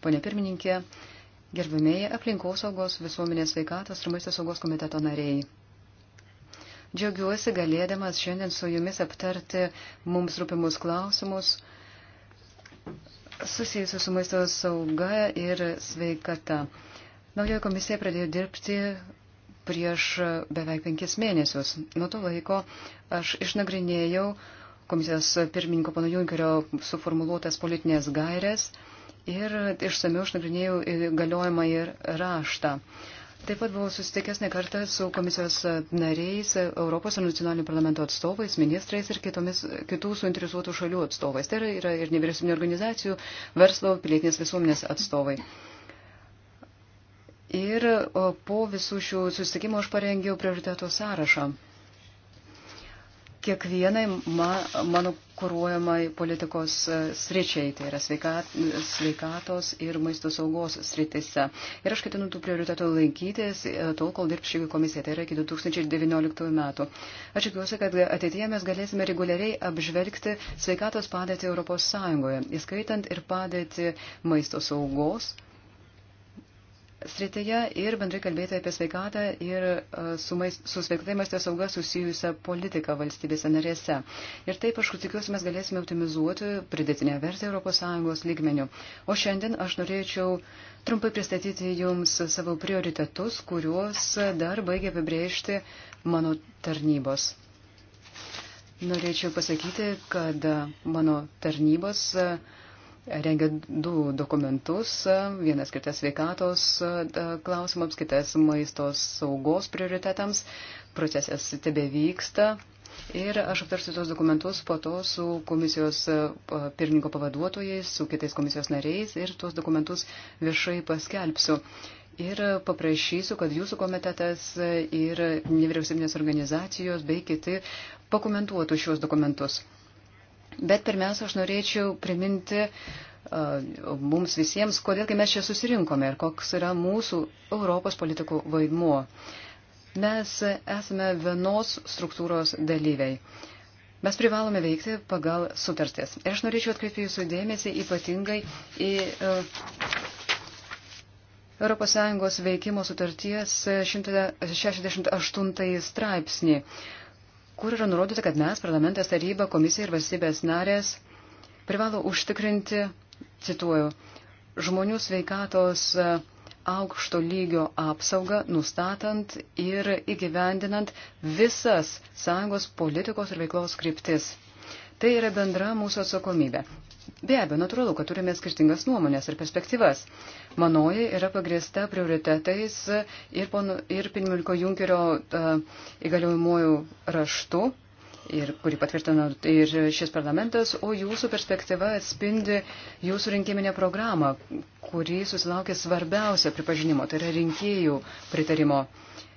Pone pirmininkė, gerbimieji aplinkosaugos visuomenės sveikatos ir maisto saugos komiteto nariai. Džiaugiuosi galėdamas šiandien su jumis aptarti mums rūpimus klausimus, susijusių su maisto sauga ir sveikata. Naujoji komisija pradėjo dirbti prieš beveik penkis mėnesius. Nuo to laiko aš išnagrinėjau komisijos pirmininko pana Junkerio suformuluotas politinės gairės ir išsamiau išnagrinėjau galiojimą ir raštą. Uh, Taip pat buvau susitikęs ne kartą su komisijos nariais, Europos ir nacionalinių parlamento atstovais, ministrais ir kitomis, kitų suinteresuotų šalių atstovais. Tai yra, yra ir nevyriausybinio organizacijų, verslo, pilietinės visuomenės atstovai. Ir po visų šių susitikimų aš parengiau prioritetų sąrašą kiekvienai ma, mano kūruojamai politikos e, sričiai, tai yra sveikat, sveikatos ir maisto saugos sritise. Ir aš ketinu tų prioritetų laikytis e, tol, kol dirbs šį komisiją, tai yra iki 2019 metų. Aš tikiuosi, kad ateityje mes galėsime reguliariai apžvelgti sveikatos padėtį Europos Sąjungoje, įskaitant ir padėtį maisto saugos srityje ir bendrai kalbėti apie sveikatą ir e, su, maist, su sveikatai maisto sauga susijusią politiką valstybėse narėse. Ir taip, aš tikiuosi, mes galėsime optimizuoti pridėtinę vertę ES lygmenių. O šiandien aš norėčiau trumpai pristatyti Jums savo prioritetus, kuriuos dar baigia apibrėžti mano tarnybos. Norėčiau pasakyti, kad mano tarnybos uh, rengia du dokumentus, vienas skirtas sveikatos e, klausimams, kitas maisto saugos prioritetams. Procesas tebe vyksta. Ir aš aptarsiu tos dokumentus po to su komisijos e, pirmininko pavaduotojais, su kitais komisijos nariais ir tuos dokumentus viešai paskelbsiu. Ir paprašysiu, kad jūsų komitetas e, ir nevyriausybinės organizacijos bei kiti pakomentuotų šios dokumentus. Bet pirmiausia, aš norėčiau priminti uh, mums visiems, kodėlgi mes čia susirinkome ir koks yra mūsų Europos politikų vaidmuo. Mes esame vienos struktūros dalyviai. Mes privalome veikti pagal sutartis. Ir aš norėčiau atkreipti jūsų dėmesį ypatingai į uh, ES veikimo sutarties 168 uh, straipsnį, kur yra nurodyta, kad mes, parlamentas, taryba, komisija ir valstybės narės privalo užtikrinti, cituoju, žmonių sveikatos e, aukšto lygio apsaugą, nustatant ir įgyvendinant visas sąjungos politikos ir veiklos kryptis. Tai yra bendra mūsų atsakomybė. Be abejo, natūralu, kad turime skirtingas nuomonės ir perspektyvas. Manoji yra pagrįsta prioritetais ir, ponu, ir pirmininko Junkerio uh, e, įgaliojimuoju raštu, ir, kurį patvirtino ir šis parlamentas, o jūsų perspektyva atspindi jūsų rinkiminę programą, kuri susilaukė svarbiausio pripažinimo, tai yra rinkėjų pritarimo. Uh,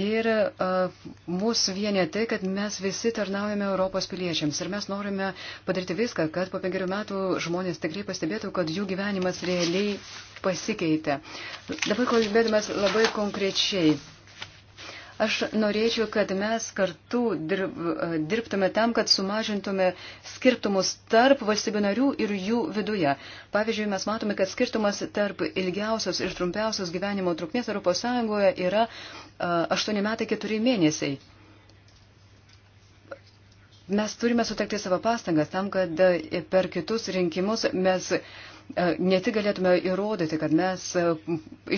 Ir uh, mūsų vienė tai, kad mes visi tarnaujame Europos piliečiams ir mes norime padaryti viską, kad po penkerių metų žmonės tikrai pastebėtų, kad jų gyvenimas realiai pasikeitė. Dabar kalbėdamas labai konkrečiai, Aš norėčiau, kad mes kartu dirb, e, dirbtume tam, kad sumažintume skirtumus tarp valstybių narių ir jų viduje. Pavyzdžiui, mes matome, kad skirtumas tarp ilgiausios ir trumpiausios gyvenimo trukmės ES yra 8 e, metai 4 mėnesiai mes turime sutekti savo pastangas tam, kad e, per kitus rinkimus mes e, ne tik galėtume įrodyti, kad mes e,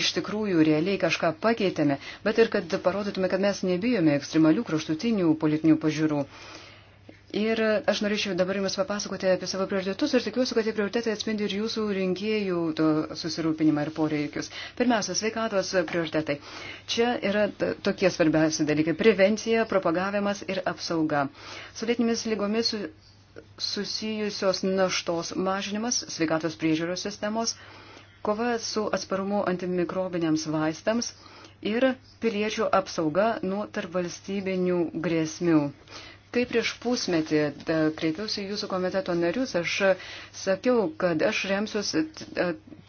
iš tikrųjų realiai kažką pakeitėme, bet ir kad parodytume, kad mes nebijome ekstremalių kraštutinių politinių pažiūrų. Uh, Ir aš norėčiau dabar Jums papasakoti apie savo prioritetus ir tikiuosi, kad tie prioritetai atspindi ir Jūsų rinkėjų susirūpinimą ir poreikius. Pirmiausia, sveikatos prioritetai. Čia yra tokie svarbiausi dalykai - prevencija, propagavimas ir apsauga. Su lėtinėmis lygomis susijusios naštos mažinimas, sveikatos priežiūros sistemos, kova su atsparumu antimikrobiniams vaistams ir piliečių apsauga nuo tarpvalstybinių grėsmių. Kai prieš pusmetį kreipiausi jūsų komiteto narius, aš sakiau, kad aš remsiuosi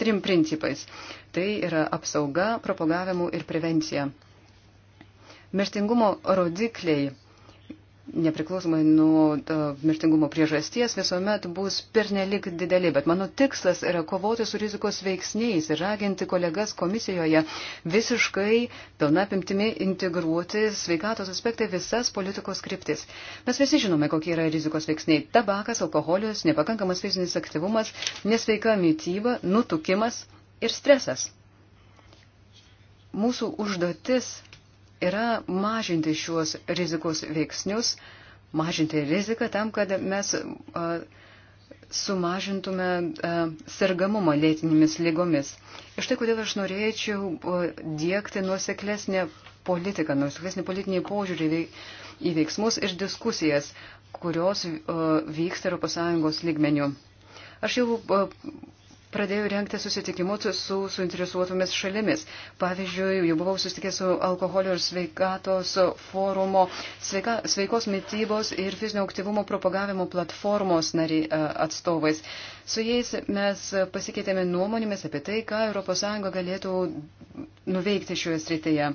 trim principais. Tai yra apsauga, propagavimu ir prevencija. Mirtingumo rodikliai nepriklausomai nuo mirtingumo priežasties, visuomet bus pernelik dideli. Bet mano tikslas yra kovoti su rizikos veiksniais ir raginti kolegas komisijoje visiškai pilna pimtimi integruoti sveikatos aspektai visas politikos kryptis. Mes visi žinome, kokie yra rizikos veiksniai. Tabakas, alkoholius, nepakankamas fizinis aktyvumas, nesveika mytyba, nutukimas ir stresas. Mūsų užduotis yra mažinti šiuos rizikos veiksnius, mažinti riziką tam, kad mes sumažintume sergamumą lėtinėmis lygomis. Iš tai, kodėl aš norėčiau dėkti nuoseklesnę politiką, nuoseklesnį politinį požiūrį į veiksmus ir diskusijas, kurios vyksta ES lygmenių. Aš jau pradėjau renkti susitikimus su suinteresuotomis šalimis. Pavyzdžiui, jau buvau susitikęs su alkoholio ir sveikatos forumo, sveika, sveikos mytybos ir fizinio aktyvumo propagavimo platformos nariai e, atstovais. Su jais mes pasikeitėme nuomonėmis apie tai, ką ES galėtų nuveikti šioje srityje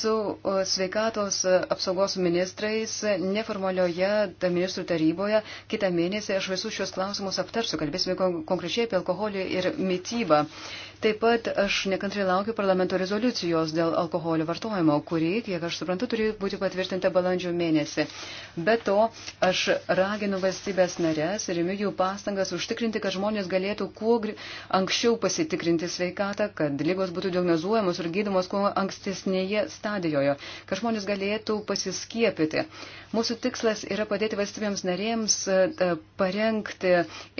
su sveikatos e, apsaugos ministrais neformalioje ministrų taryboje. Kitą mėnesį aš visus šios klausimus aptarsiu, kalbėsime konkrečiai apie alkoholį ir mytybą. Taip pat aš nekantrai laukiu parlamento rezoliucijos dėl alkoholio vartojimo, kuri, kiek aš suprantu, turi būti patvirtinta balandžio mėnesį. Be to, aš raginu valstybės narės ir imiu jų pastangas užtikrinti, kad žmonės galėtų kuo anksčiau pasitikrinti sveikatą, kad lygos būtų diagnozuojamos ir gydomos kuo ankstesnėje stadijoje, kad žmonės galėtų pasiskiepyti. Mūsų tikslas yra padėti valstybėms narėms e, parengti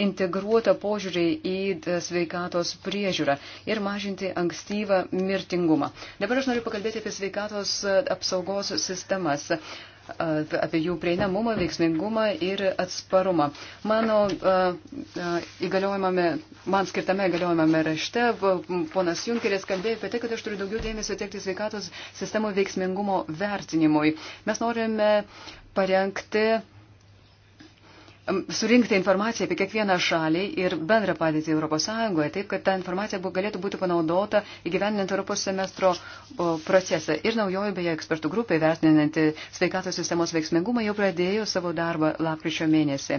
integruotą požiūrį į e, sveikatos priežiūrą ir mažinti ankstyvą mirtingumą. Dabar aš noriu pakalbėti apie sveikatos apsaugos sistemas apie jų prieinamumą, veiksmingumą ir atsparumą. Mano įgaliojimame, man skirtame įgaliojimame rašte ponas Junkeris kalbėjo apie tai, kad aš turiu daugiau dėmesio tiekti sveikatos sistemų veiksmingumo vertinimui. Mes norime parengti Um, surinkti informaciją apie kiekvieną šalį ir bendrą padėtį ES, taip kad ta informacija galėtų būti panaudota įgyvendinant Europos semestro procesą. Ir naujoji beje ekspertų grupė, vertinanti sveikatos sistemos veiksmingumą, jau pradėjo savo darbą lapkričio mėnesį.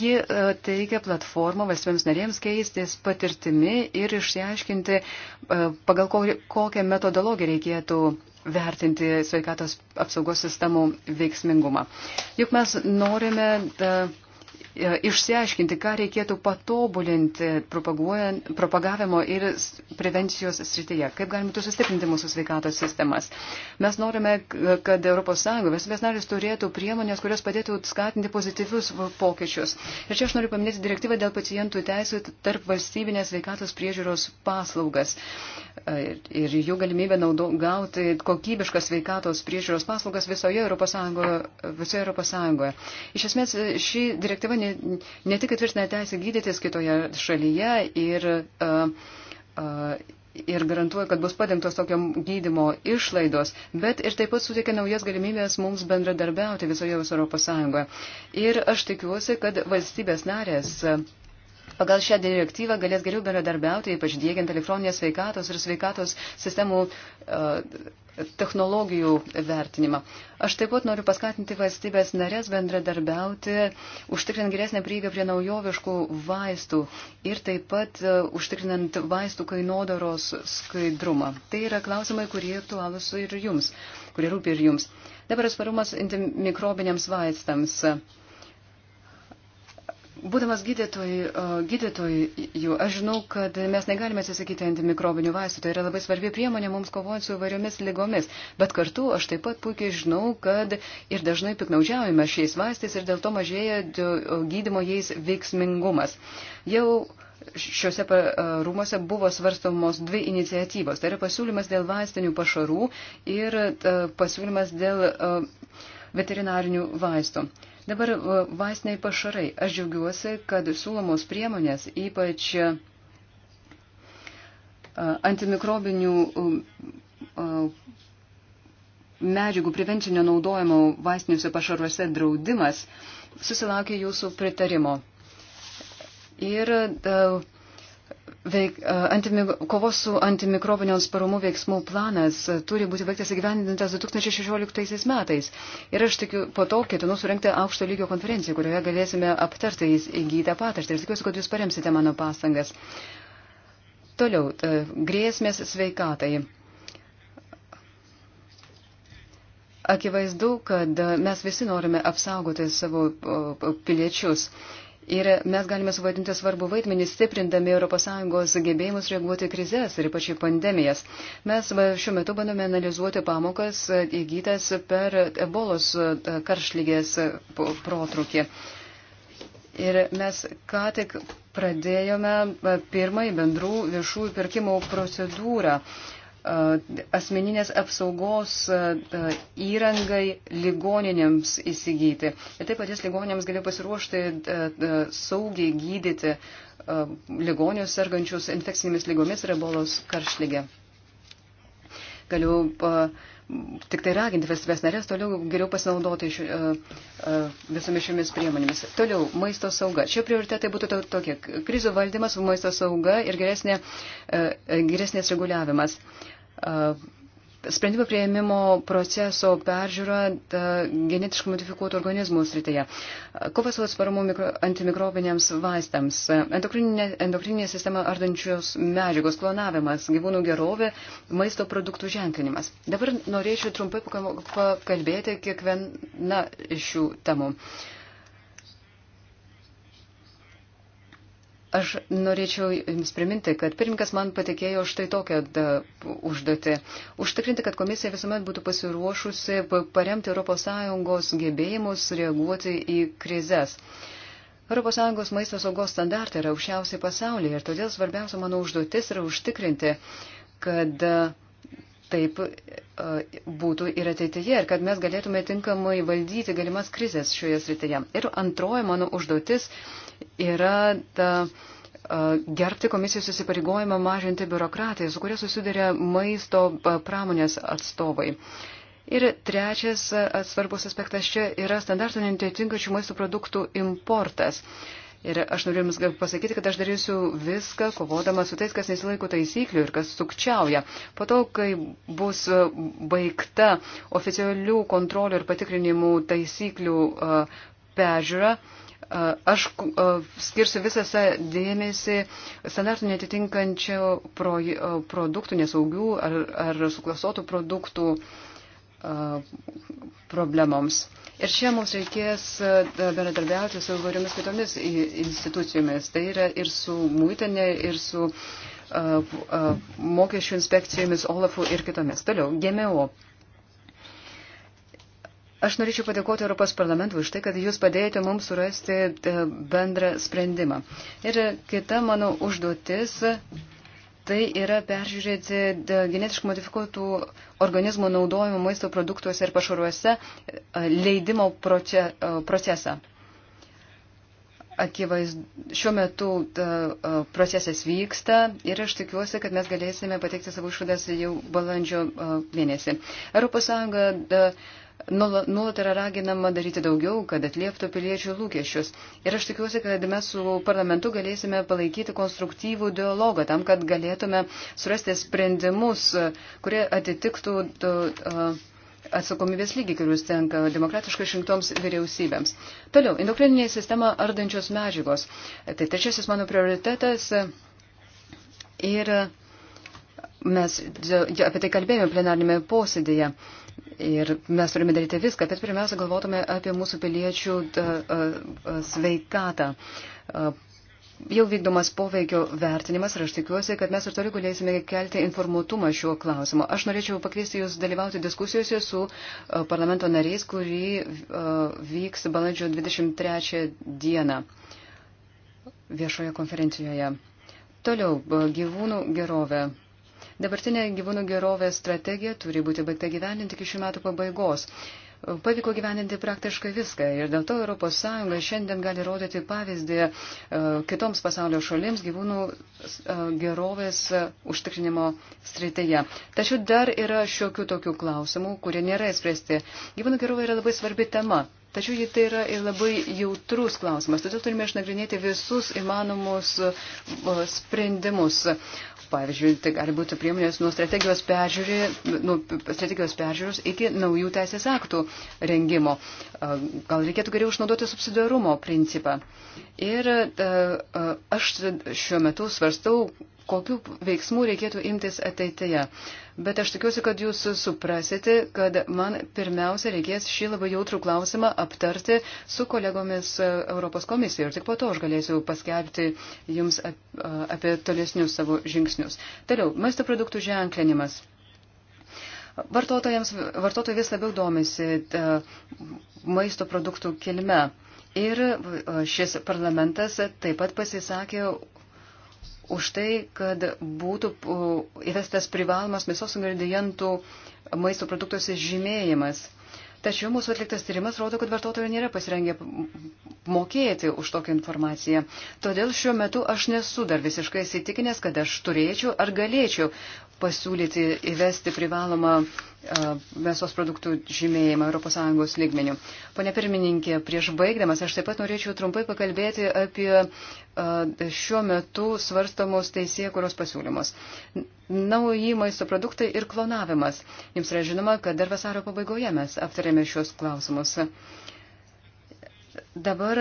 Ji e, teikia platformą valstybėms narėms keistis patirtimi ir išsiaiškinti, e, pagal kokią metodologiją reikėtų vertinti sveikatos apsaugos sistemų veiksmingumą. Juk mes norime da, E, išsiaiškinti, ką reikėtų patobulinti propagavimo ir prevencijos srityje, kaip galime sustiprinti mūsų sveikatos sistemas. Mes norime, kad ES valstybės narės turėtų priemonės, kurios padėtų skatinti pozityvius pokyčius. Ir čia aš noriu paminėti direktyvą dėl pacientų teisų tarp valstybinės sveikatos priežiūros paslaugas e, ir jų galimybę naudo, gauti kokybiškas sveikatos priežiūros paslaugas visoje ES. Visoje ES. Iš esmės, e, ši direktyva direktyva ne, ne tik atvirtina teisę gydytis kitoje šalyje ir, ir garantuoja, kad bus padengtos tokio gydimo išlaidos, bet ir taip pat suteikia naujas galimybės mums bendradarbiauti visoje Europos Sąjungoje. Ir aš tikiuosi, kad valstybės narės pagal šią direktyvą galės geriau bendradarbiauti, ypač dėgiant elektroninės sveikatos ir sveikatos sistemų e, technologijų vertinimą. Aš taip pat noriu paskatinti valstybės narės bendradarbiauti, užtikrinant geresnę prieigą prie naujoviškų vaistų ir taip pat e, užtikrinant vaistų kainodaros skaidrumą. Tai yra klausimai, kurie aktualūs ir jums, kurie rūpi ir jums. Dabar atsparumas mikrobiniams vaistams. Būdamas gydytojų, aš žinau, kad mes negalime atsisakyti antimikrobinių vaistų. Tai yra labai svarbi priemonė mums kovojant su įvairiomis lygomis. Bet kartu aš taip pat puikiai žinau, kad ir dažnai piknaudžiaujame šiais vaistais ir dėl to mažėja gydimo jais veiksmingumas. Jau šiuose rūmose buvo svarstomos dvi iniciatyvos. Tai yra pasiūlymas dėl vaistinių pašarų ir e, pasiūlymas dėl veterinarinių vaistų. Dabar e, vaistiniai pašarai. Aš džiaugiuosi, kad siūlomos priemonės, ypač e, antimikrobinių e, medžiagų prevencinio naudojimo vaistiniuose pašaruose draudimas, susilaukė jūsų pritarimo. Ir uh, Veik, antimig, kovos su antimikrobinio atsparumu veiksmų planas turi būti baigtas įgyvendintas 2016 metais. Ir aš tikiu, po to ketinu surinkti aukšto lygio konferenciją, kurioje galėsime aptarti įgytą patirtį. Ir tikiuosi, kad jūs paremsite mano pastangas. Toliau, grėsmės sveikatai. Akivaizdu, kad mes visi norime apsaugoti savo piliečius. Ir mes galime suvaidinti svarbu vaidmenį, stiprindami ES gebėjimus reaguoti krizės ir ypač į pandemijas. Mes šiuo metu bandome analizuoti pamokas įgytas per ebolos e, karšlygės protrukį. Ir mes ką tik pradėjome e, pirmąjį bendrų viešųjų pirkimų procedūrą asmeninės apsaugos įrangai ligoninėms įsigyti. Ir taip pat jis ligoninėms gali pasiruošti saugiai gydyti ligonius sergančius infekcinėmis lygomis ir ebolos karšlygė. Galiu tik tai raginti valstybės narės toliau geriau pasinaudoti ši, visomis šiomis priemonėmis. Toliau, maisto sauga. Šie prioritetai būtų to, tokie. Krizių valdymas, maisto sauga ir geresnė, geresnės reguliavimas sprendimų prieimimo proceso peržiūra genetiškai modifikuotų organizmų srityje. Kovas su atsparumu mikro, antimikrobiniams vaistams, endokrininė, endokrininė sistema ardančios medžiagos klonavimas, gyvūnų gerovė, maisto produktų ženklinimas. Dabar norėčiau trumpai pakalbėti kiekvieną iš šių temų. Uh, Aš norėčiau Jums priminti, kad pirmininkas man patikėjo štai tokią užduotį. Užtikrinti, kad komisija visuomet būtų pasiruošusi paremti ES gebėjimus reaguoti į krizes. ES maisto saugos standartai yra aukščiausiai pasaulyje ir todėl svarbiausia mano užduotis yra užtikrinti, kad taip būtų ir ateityje, ir kad mes galėtume tinkamai valdyti galimas krizės šioje srityje. Ir antroji mano užduotis yra ta, gerbti komisijos įsipareigojimą mažinti biurokratiją, su kuria susiduria maisto pramonės atstovai. Ir trečias svarbus aspektas čia yra standartų netitinkačių maisto produktų importas. Ir aš noriu Jums pasakyti, kad aš darysiu viską, kovodama su tais, kas nesilaiko taisyklių ir kas sukčiauja. Po to, kai bus baigta oficialių kontrolių ir patikrinimų taisyklių pežiūra, uh, Aš skirsiu visą dėmesį standartų netitinkančių pro, produktų, nesaugių ar, ar suklasotų produktų problemoms. Ir čia mums reikės bendradarbiauti su įvairiomis kitomis institucijomis. Tai yra ir su muitinė, ir su uh, uh, mokesčių inspekcijomis, OLAFu ir kitomis. Toliau, GMO. Aš norėčiau padėkoti Europos parlamentui už tai, kad jūs padėjote mums surasti e, bendrą sprendimą. Ir kita mano užduotis tai yra peržiūrėti e, genetiškai modifikuotų organizmų naudojimo maisto produktuose ir pašaruose e, leidimo procesą. Akivaizdu, šiuo metu procesas vyksta ir aš tikiuosi, kad mes galėsime pateikti savo išvadas jau balandžio mėnesį. Europos Sąjunga nuolat yra raginama daryti daugiau, kad atlieptų piliečių lūkesčius. Ir aš tikiuosi, kad mes su parlamentu galėsime palaikyti konstruktyvų dialogą tam, kad galėtume surasti sprendimus, kurie atitiktų atsakomybės lygį, kurius tenka demokratiškai išrinktoms vyriausybėms. Toliau, endokrininė sistema ardančios medžiagos. Tai trečiasis mano prioritetas. Ir mes apie tai kalbėjome plenarnėme posėdėje. Uh, Ir mes turime daryti viską, kad pirmiausia galvotume apie mūsų piliečių sveikatą. Jau vykdomas poveikio vertinimas ir aš tikiuosi, kad mes ir toliau galėsime kelti informuotumą šiuo klausimu. Aš norėčiau pakviesti Jūs dalyvauti diskusijose su parlamento nariais, kuri vyks balandžio 23 dieną viešoje konferencijoje. Toliau gyvūnų gerovė. Dabartinė gyvūnų gerovės strategija turi būti baigta gyveninti iki šių metų pabaigos. Pavyko gyveninti praktiškai viską ir dėl to ES šiandien gali rodyti pavyzdį e, kitoms pasaulio šalims gyvūnų e, gerovės e, užtikrinimo srityje. Tačiau dar yra šiokių tokių klausimų, kurie nėra įspręsti. Gyvūnų gerovė yra labai svarbi tema. Tačiau tai yra ir labai jautrus klausimas. Todėl turime išnagrinėti visus įmanomus sprendimus. Pavyzdžiui, tai gali būti priemonės nuo strategijos, peržiūrė, nuo strategijos peržiūros iki naujų teisės aktų rengimo. Gal reikėtų geriau išnaudoti subsidiarumo principą. Ir aš šiuo metu svarstau, kokiu veiksmu reikėtų imtis ateityje. Bet aš tikiuosi, kad jūs suprasite, kad man pirmiausia reikės šį labai jautrų klausimą aptarti su kolegomis e, Europos komisijoje ir tik po to aš galėsiu paskelbti jums apie tolesnius savo žingsnius. Toliau, maisto produktų ženklinimas. Vartotojams, vartotojai vis labiau domisi e, maisto produktų kilme. Ir e, šis parlamentas taip pat pasisakė už tai, kad būtų įvestas privalomas mėsos ingredientų maisto produktuose žymėjimas. Tačiau mūsų atliktas tyrimas rodo, kad vartotojai nėra pasirengę mokėti už tokią informaciją. Todėl šiuo metu aš nesu dar visiškai įsitikinęs, kad aš turėčiau ar galėčiau pasiūlyti įvesti privalomą mėsos produktų žymėjimą ES lygmenių. Pone pirmininkė, prieš baigdamas aš taip pat norėčiau trumpai pakalbėti apie šiuo metu svarstamos teisėkuros pasiūlymus. Nauji maisto produktai ir klonavimas. Jums yra žinoma, kad dar vasario pabaigoje mes aptarėme šios klausimus. Dabar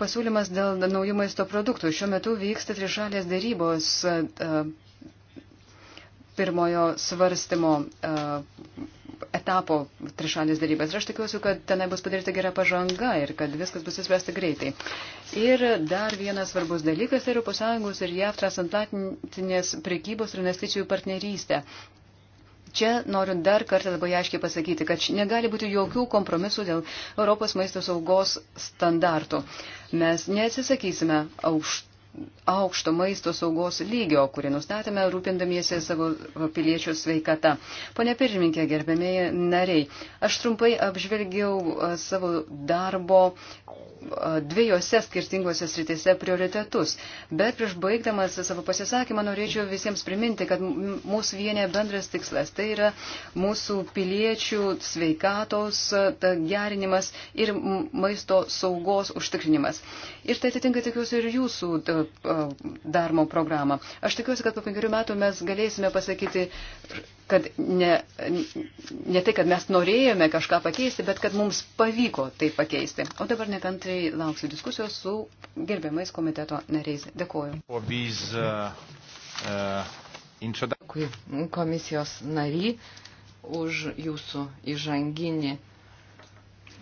pasiūlymas dėl naujų maisto produktų. Šiuo metu vyksta trišalės darybos pirmojo svarstymo e, etapo trišalės darybas. Ir aš tikiuosi, kad tenai bus padaryta gera pažanga ir kad viskas bus įspręsta greitai. Ir dar vienas svarbus dalykas tai - ES ir JAV transatlantinės prekybos ir investicijų partnerystė. Čia noriu dar kartą labai aiškiai pasakyti, kad negali būti jokių kompromisų dėl Europos maisto saugos standartų. Mes neatsisakysime aukštų aukšto maisto saugos lygio, kurį nustatėme rūpindamiesi savo piliečių sveikata. Pone pirmininkė, gerbėmėjai nariai, aš trumpai apžvelgiau savo darbo dviejose skirtingose sritise prioritetus, bet prieš baigdamas savo pasisakymą norėčiau visiems priminti, kad mūsų vienė bendras tikslas tai yra mūsų piliečių sveikatos gerinimas ir maisto saugos užtikrinimas. Ir tai atitinka tikiuosi ir jūsų darbo programą. Aš tikiuosi, kad po penkerių metų mes galėsime pasakyti, kad ne, ne tai, kad mes norėjome kažką pakeisti, bet kad mums pavyko tai pakeisti. O dabar nekantriai lauksiu diskusijos su gerbiamais komiteto nariais. Dėkuoju. Uh, uh, Dėkui komisijos nary už jūsų įžanginį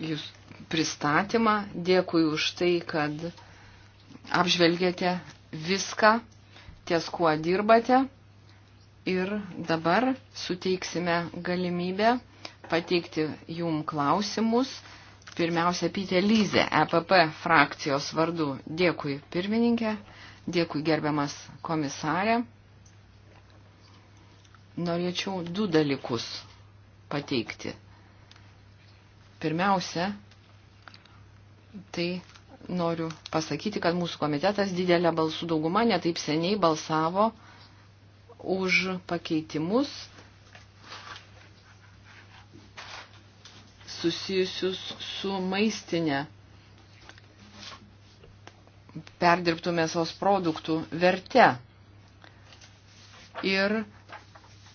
jūs pristatymą. Dėkui už tai, kad apžvelgėte viską, ties kuo dirbate. Ir dabar suteiksime galimybę pateikti jum klausimus. Pirmiausia, Pytė Lyzė, EPP frakcijos vardu. Dėkui pirmininkė, dėkui gerbiamas komisarė. Norėčiau du dalykus pateikti. Pirmiausia, tai noriu pasakyti, kad mūsų komitetas didelę balsų daugumą netaip seniai balsavo už pakeitimus susijusius su maistinė perdirbtų mėsos produktų verte. Ir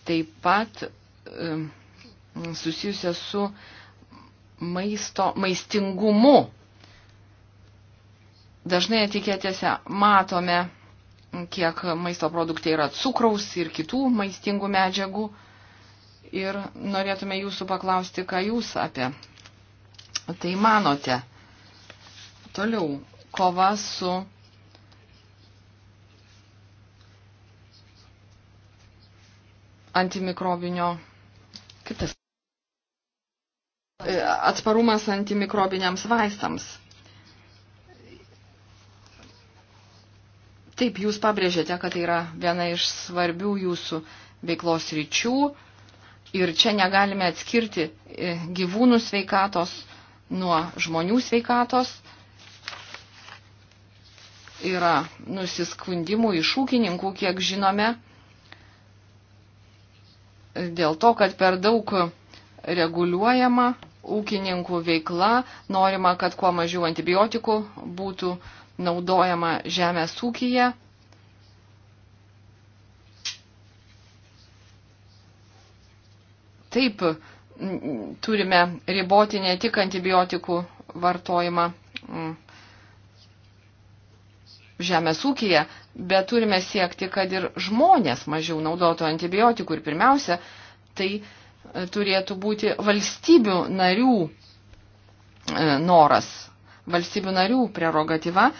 taip pat susijusia su maisto maistingumu Dažnai etiketėse matome, kiek maisto produktai yra cukraus ir kitų maistingų medžiagų. Ir norėtume jūsų paklausti, ką jūs apie tai manote. Toliau, kova su antimikrobinio kitas. Atsparumas antimikrobiniams vaistams. Taip, jūs pabrėžėte, kad tai yra viena iš svarbių jūsų veiklos ryčių ir čia negalime atskirti e, gyvūnų sveikatos nuo žmonių sveikatos. Yra nusiskundimų iš ūkininkų, kiek žinome, dėl to, kad per daug reguliuojama ūkininkų veikla, norima, kad kuo mažiau antibiotikų būtų naudojama žemės ūkyje. Taip, turime riboti ne tik antibiotikų vartojimą žemės ūkyje, bet turime siekti, kad ir žmonės mažiau naudotų antibiotikų ir pirmiausia, tai e, turėtų būti valstybių narių e, noras valstybių narių prerogatyva,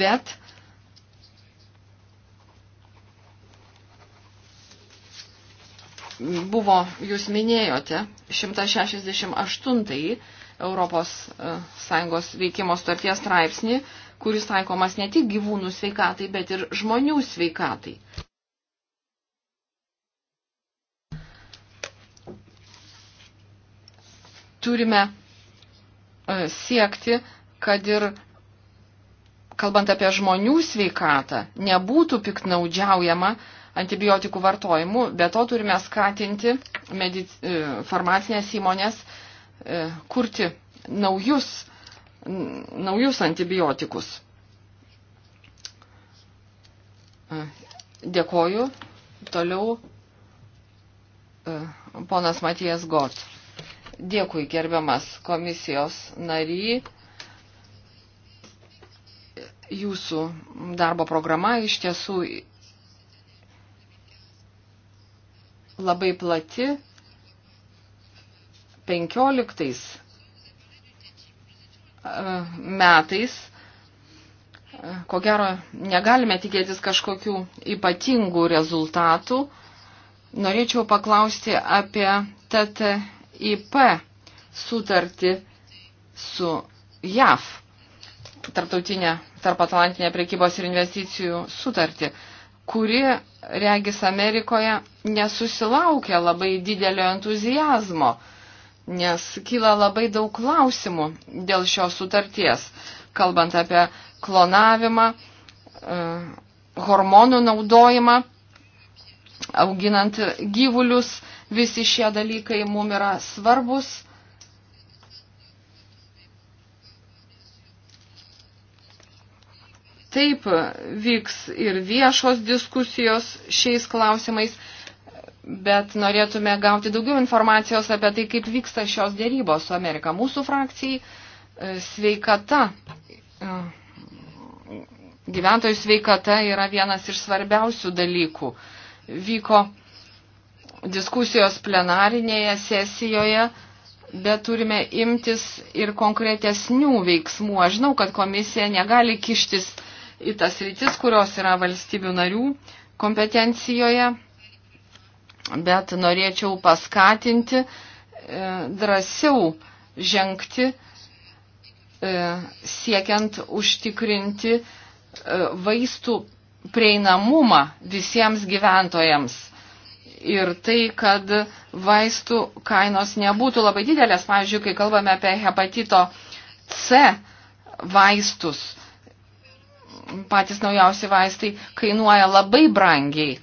bet buvo, jūs minėjote, 168 Europos e, Sąjungos veikimo starties straipsnį, kuris taikomas ne tik gyvūnų sveikatai, bet ir žmonių sveikatai. Turime e, siekti kad ir kalbant apie žmonių sveikatą, nebūtų piknaudžiaujama antibiotikų vartojimu, bet to turime skatinti medic... E, farmacinės įmonės e, kurti naujus, naujus antibiotikus. E, dėkoju. Toliau ponas Matijas Got. Dėkui, gerbiamas komisijos nary jūsų darbo programa iš tiesų labai plati. 15 e, metais, e, ko gero, negalime tikėtis kažkokių ypatingų rezultatų. Norėčiau paklausti apie TTIP sutartį su JAV tarptautinę, tarpatlantinę prekybos ir investicijų sutartį, kuri, regis, Amerikoje nesusilaukia labai didelio entuzijazmo, nes kyla labai daug klausimų dėl šios sutarties, kalbant apie klonavimą, e, hormonų naudojimą, auginant gyvulius, visi šie dalykai mum yra svarbus Taip vyks ir viešos diskusijos šiais klausimais, bet norėtume gauti daugiau informacijos apie tai, kaip vyksta šios dėrybos su Amerika. Mūsų frakcijai e, sveikata, e, gyventojų sveikata yra vienas iš svarbiausių dalykų. Vyko diskusijos plenarinėje sesijoje, bet turime imtis ir konkretesnių veiksmų. Aš žinau, kad komisija negali kištis į tas rytis, kurios yra valstybių narių kompetencijoje, bet norėčiau paskatinti e, drąsiau žengti e, siekiant užtikrinti e, vaistų prieinamumą visiems gyventojams. Ir tai, kad vaistų kainos nebūtų labai didelės, pavyzdžiui, kai kalbame apie hepatito C vaistus, patys naujausi vaistai kainuoja labai brangiai.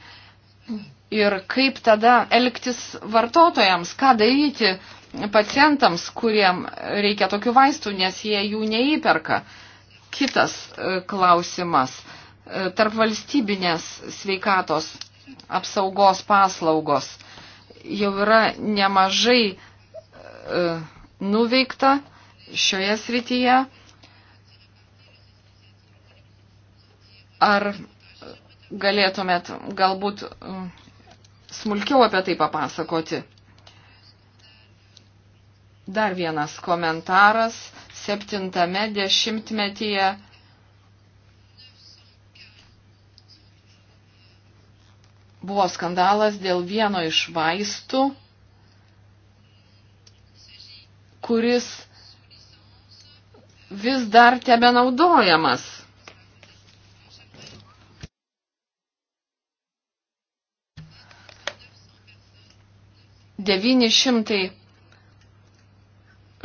Ir kaip tada elgtis vartotojams, ką daryti pacientams, kuriem reikia tokių vaistų, nes jie jų neįperka. Kitas e, klausimas e, - tarp valstybinės sveikatos apsaugos paslaugos. Jau yra nemažai e, nuveikta šioje srityje Ar galėtumėt galbūt um, smulkiau apie tai papasakoti? Dar vienas komentaras. Septintame dešimtmetyje buvo skandalas dėl vieno iš vaistų, kuris vis dar tebe naudojamas. 900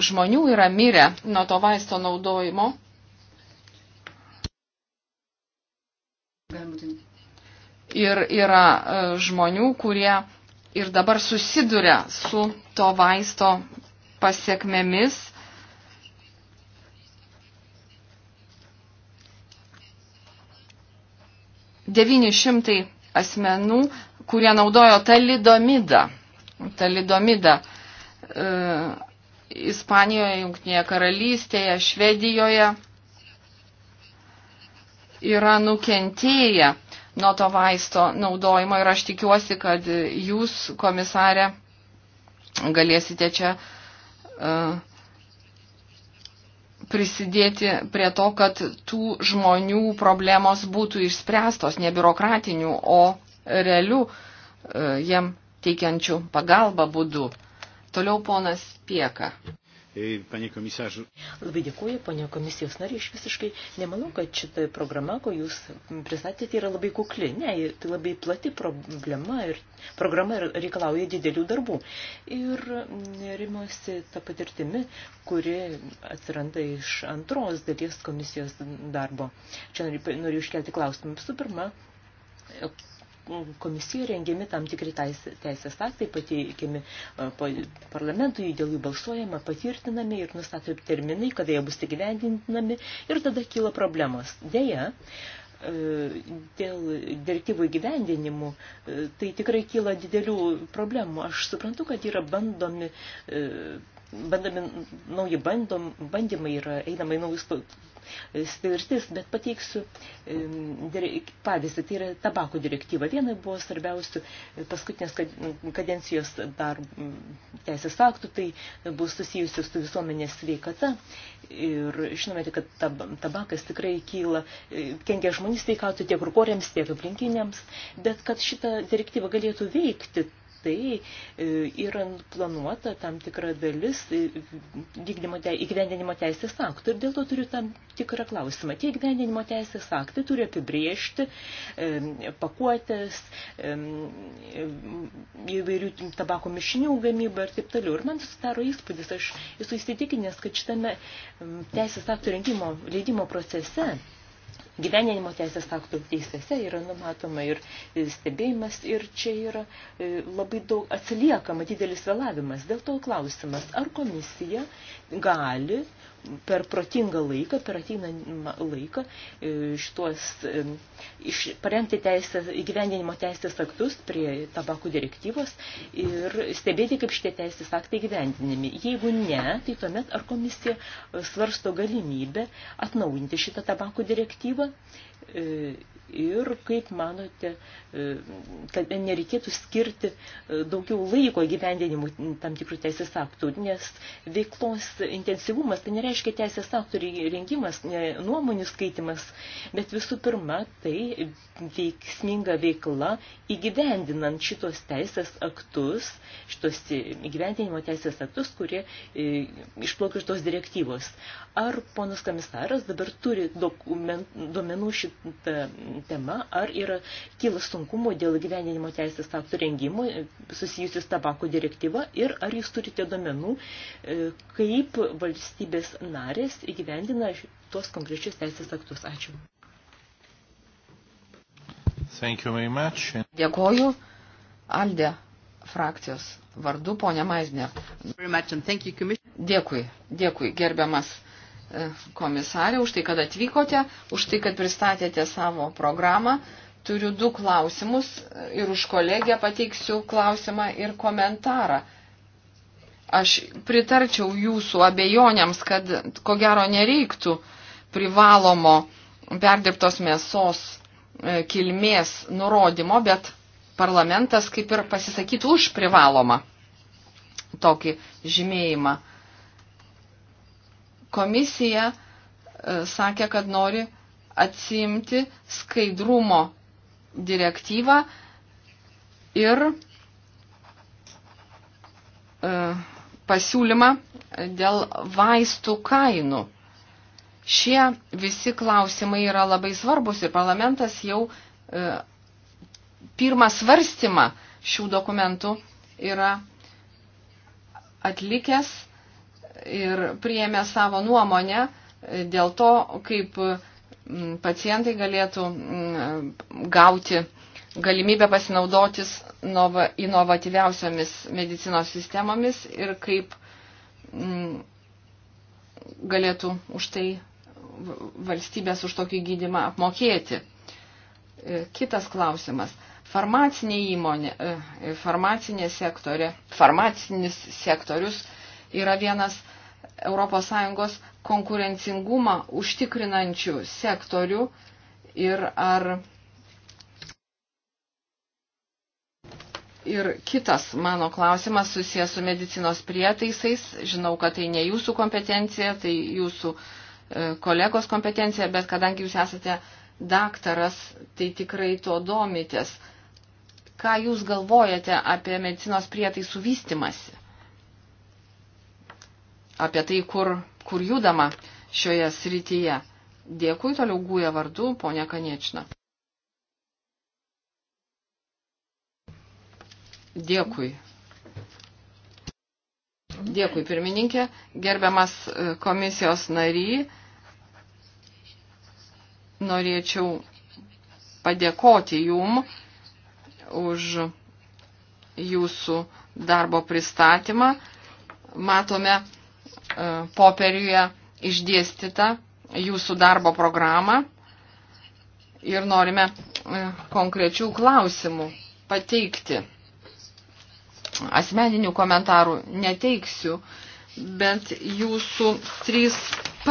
žmonių yra mirę nuo to vaisto naudojimo. Ir yra e, žmonių, kurie ir dabar susiduria su to vaisto pasiekmėmis. Devyni šimtai asmenų, kurie naudojo talidomidą talidomidą. E, Ispanijoje, Junktinėje karalystėje, Švedijoje yra nukentėję nuo to vaisto naudojimo ir aš tikiuosi, kad jūs, komisarė, galėsite čia uh, prisidėti prie to, kad tų žmonių problemos būtų išspręstos ne biurokratinių, o realių uh, jiem teikiančių pagalbą būdų. Toliau ponas Pieka. Panie komisarzu. Labai dėkuoju, ponio komisijos nariai, iš visiškai nemanau, kad šita programa, ko jūs pristatėte, yra labai kukli. Ne, tai labai plati problema ir programa reikalauja didelių darbų. Ir rimosi tą patirtimi, kuri atsiranda iš antros dalies komisijos darbo. Čia noriu, noriu iškelti klausimą. Visų pirma, komisijoje rengiami tam tikri teisės aktai, pateikiami parlamentui, dėl jų balsuojama, patvirtinami ir nustatomi terminai, kada jie bus įgyvendinami ir tada kyla problemos. Deja, e, dėl direktyvų įgyvendinimų, e, tai tikrai kyla didelių problemų. Aš suprantu, kad yra bandomi e, bandami, nauji bandom, bandymai yra, einama į naujus svirtis, bet pateiksiu pavyzdį, tai yra tabako direktyva. Viena buvo svarbiausių e, paskutinės kadencijos dar teisės aktų, tai bus susijusi su visuomenės sveikata ir žinome, kad tab tabakas tikrai kyla, e, kenkia žmonių sveikatų tiek rukoriams, tiek aplinkiniams, bet kad šita direktyva galėtų veikti, tai e, yra planuota tam tikra dalis e, įgyvendinimo teisės aktų. Ir dėl to turiu tam tikrą klausimą. Tie įgyvendinimo teisės aktai turi apibriežti e, pakuotės, įvairių tabako mišinių gamybą ir taip toliau. Ir man susidaro įspūdis, aš esu įsitikinęs, kad šitame teisės aktų rengimo leidimo procese gyvenimo teisės aktų teisėse yra numatoma ir stebėjimas, ir čia yra e, labai daug atsiliekama didelis vėlavimas. Dėl to klausimas, ar komisija gali per protingą laiką, per ateinamą laiką e, šitos, e, iš, parengti teisės, įgyvendinimo teisės aktus prie tabakų direktyvos ir stebėti, kaip šitie teisės aktai įgyvendinami. Jeigu ne, tai tuomet ar komisija svarsto galimybę atnaujinti šitą tabakų direktyvą e, ir kaip manote, e, kad nereikėtų skirti e, daugiau laiko gyvendinimui tam tikrų teisės aktų, nes veiklos intensyvumas tai nereiškia teisės aktų rengimas, nuomonių skaitimas, bet visų pirma tai veiksminga veikla įgyvendinant šitos teisės aktus, šitos įgyvendinimo teisės aktus, kurie e, išplaukia iš tos direktyvos. Ar ponas komisaras dabar turi dokument, duomenų šitą tema, ar yra kyla sunkumų dėl gyveninimo teisės aktų rengimo e, susijusius tabako direktyva ir ar jūs turite domenų, e, kaip valstybės narės įgyvendina tuos konkrečius teisės aktus. Ačiū. Thank you very much. Dėkoju. Aldė frakcijos vardu, ponia Maisner. Dėkui, dėkui, gerbiamas komisarė, už tai, kad atvykote, už tai, kad pristatėte savo programą. Turiu du klausimus ir už kolegę pateiksiu klausimą ir komentarą. Aš pritarčiau jūsų abejonėms, kad ko gero nereiktų privalomo perdirbtos mėsos e, kilmės nurodymo, bet parlamentas kaip ir pasisakytų už privalomą tokį žymėjimą. Komisija e, sakė, kad nori atsimti skaidrumo direktyvą ir e, pasiūlymą dėl vaistų kainų. Šie visi klausimai yra labai svarbus ir parlamentas jau e, pirmą svarstymą šių dokumentų yra atlikęs ir priėmė savo nuomonę dėl to, kaip mm, pacientai galėtų mm, gauti galimybę pasinaudotis inovatyviausiomis medicinos sistemomis ir kaip mm, galėtų už tai valstybės už tokį gydimą apmokėti. E, kitas klausimas. Farmacinė įmonė, e, farmacinė sektorė, farmacinis sektorius yra vienas ES konkurencingumą užtikrinančių sektorių ir ar Ir kitas mano klausimas susijęs su medicinos prietaisais. Žinau, kad tai ne jūsų kompetencija, tai jūsų e, kolegos kompetencija, bet kadangi jūs esate daktaras, tai tikrai to domitės. Ką jūs galvojate apie medicinos prietaisų vystimasi? apie tai, kur, kur judama šioje srityje. Dėkui toliau guja vardu, ponia Kaniečna. Dėkui. Dėkui, pirmininkė. Gerbiamas e, komisijos nary, norėčiau padėkoti jum už jūsų darbo pristatymą. Matome, E, popieriuje išdėstytą jūsų darbo programą ir norime e, konkrečių klausimų pateikti. Asmeninių komentarų neteiksiu, bet jūsų 3P,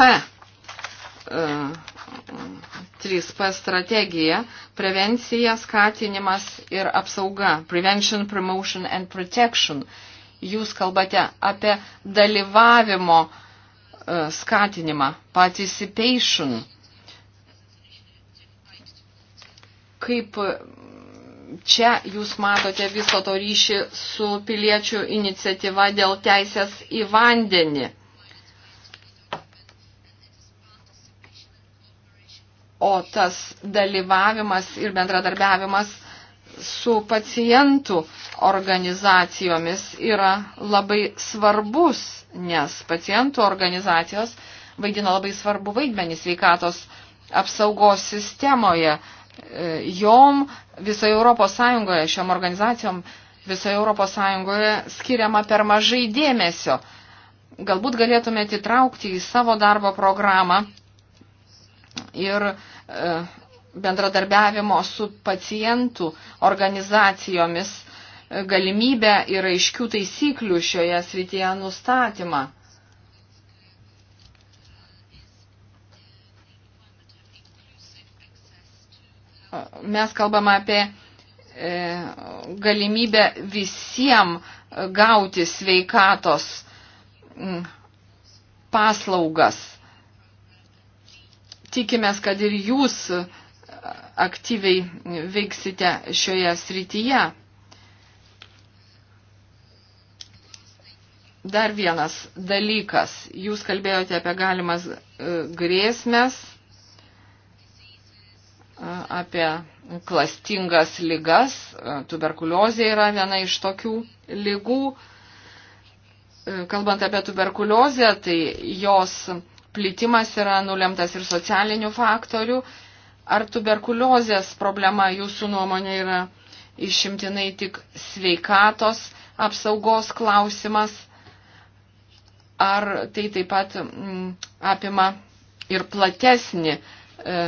3P e, strategija – prevencija, skatinimas ir apsauga – prevention, promotion and protection – jūs kalbate apie dalyvavimo e, skatinimą, participation. Kaip e, čia jūs matote viso to ryšį su piliečių iniciatyva dėl teisės į vandenį. O tas dalyvavimas ir bendradarbiavimas su pacientų organizacijomis yra labai svarbus, nes pacientų organizacijos vaidina labai svarbu vaidmenį sveikatos apsaugos sistemoje. E, jom visoje Europos Sąjungoje, šiom organizacijom visoje Europos Sąjungoje skiriama per mažai dėmesio. Galbūt galėtumėte įtraukti į savo darbo programą ir e, bendradarbiavimo su pacientų organizacijomis galimybę ir aiškių taisyklių šioje srityje nustatymą. Mes kalbame apie e, galimybę visiems gauti sveikatos paslaugas. Tikimės, kad ir jūs uh, aktyviai veiksite šioje srityje. Dar vienas dalykas. Jūs kalbėjote apie galimas e, grėsmės, e, apie klastingas lygas. E, tuberkuliozė yra viena iš tokių lygų. Kalbant apie tuberkuliozę, tai jos plitimas yra nulemtas ir socialinių faktorių, Ar tuberkuliozės problema jūsų nuomonė yra išimtinai tik sveikatos apsaugos klausimas? Ar tai taip pat m, mm, apima ir platesnį e,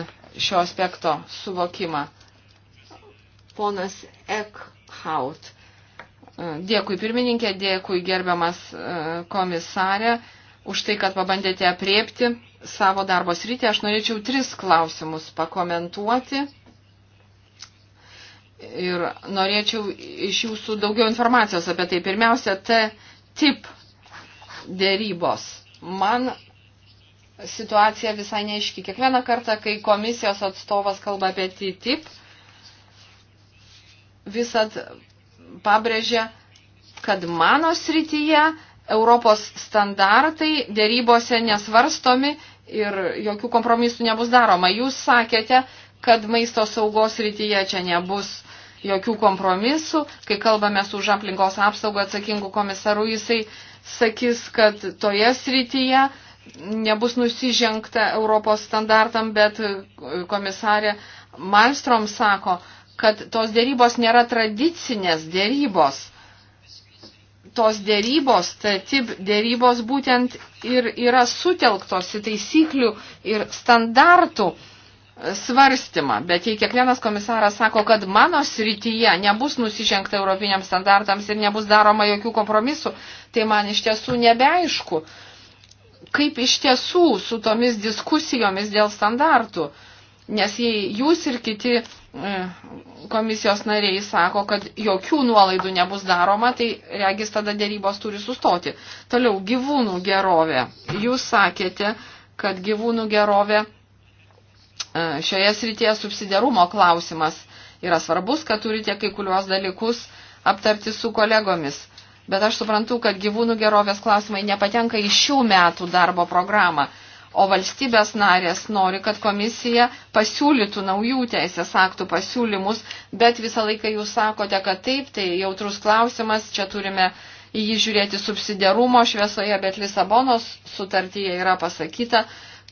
šio aspekto suvokimą? Ponas Eckhout. E, dėkui pirmininkė, dėkui gerbiamas e, komisarė už tai, kad pabandėte apriepti savo darbo sritį. Aš norėčiau tris klausimus pakomentuoti ir norėčiau iš jūsų daugiau informacijos apie tai. Pirmiausia, T-tip dėrybos. Man situacija visai neaiški. Kiekvieną kartą, kai komisijos atstovas kalba apie T-tip, visat pabrėžia, kad mano srityje Europos standartai dėrybose nesvarstomi ir jokių kompromisų nebus daroma. Jūs sakėte, kad maisto saugos rytyje čia nebus jokių kompromisų. Kai kalbame su už aplinkos apsaugą atsakingų komisarų, jisai sakys, kad toje srityje nebus nusižengta Europos standartam, bet komisarė Malstrom sako, kad tos dėrybos nėra tradicinės dėrybos tos dėrybos, TTIP dėrybos būtent ir yra sutelktos į taisyklių ir standartų e, svarstymą. Bet jei kiekvienas komisaras sako, kad mano srityje nebus nusižengta europiniams standartams ir nebus daroma jokių kompromisų, tai man iš tiesų nebeaišku, kaip iš tiesų su tomis diskusijomis dėl standartų. Nes jei jūs ir kiti komisijos nariai sako, kad jokių nuolaidų nebus daroma, tai regis tada dėrybos turi sustoti. Toliau, gyvūnų gerovė. Jūs sakėte, kad gyvūnų gerovė e, šioje srityje subsidiarumo klausimas yra svarbus, kad turite kai kuriuos dalykus aptarti su kolegomis. Bet aš suprantu, kad gyvūnų gerovės klausimai nepatenka į šių metų darbo programą o valstybės narės nori, kad komisija pasiūlytų naujų teisės aktų pasiūlymus, bet visą laiką jūs sakote, kad taip, tai jautrus klausimas, čia turime į jį žiūrėti subsidiarumo šviesoje, bet Lisabonos sutartyje yra pasakyta,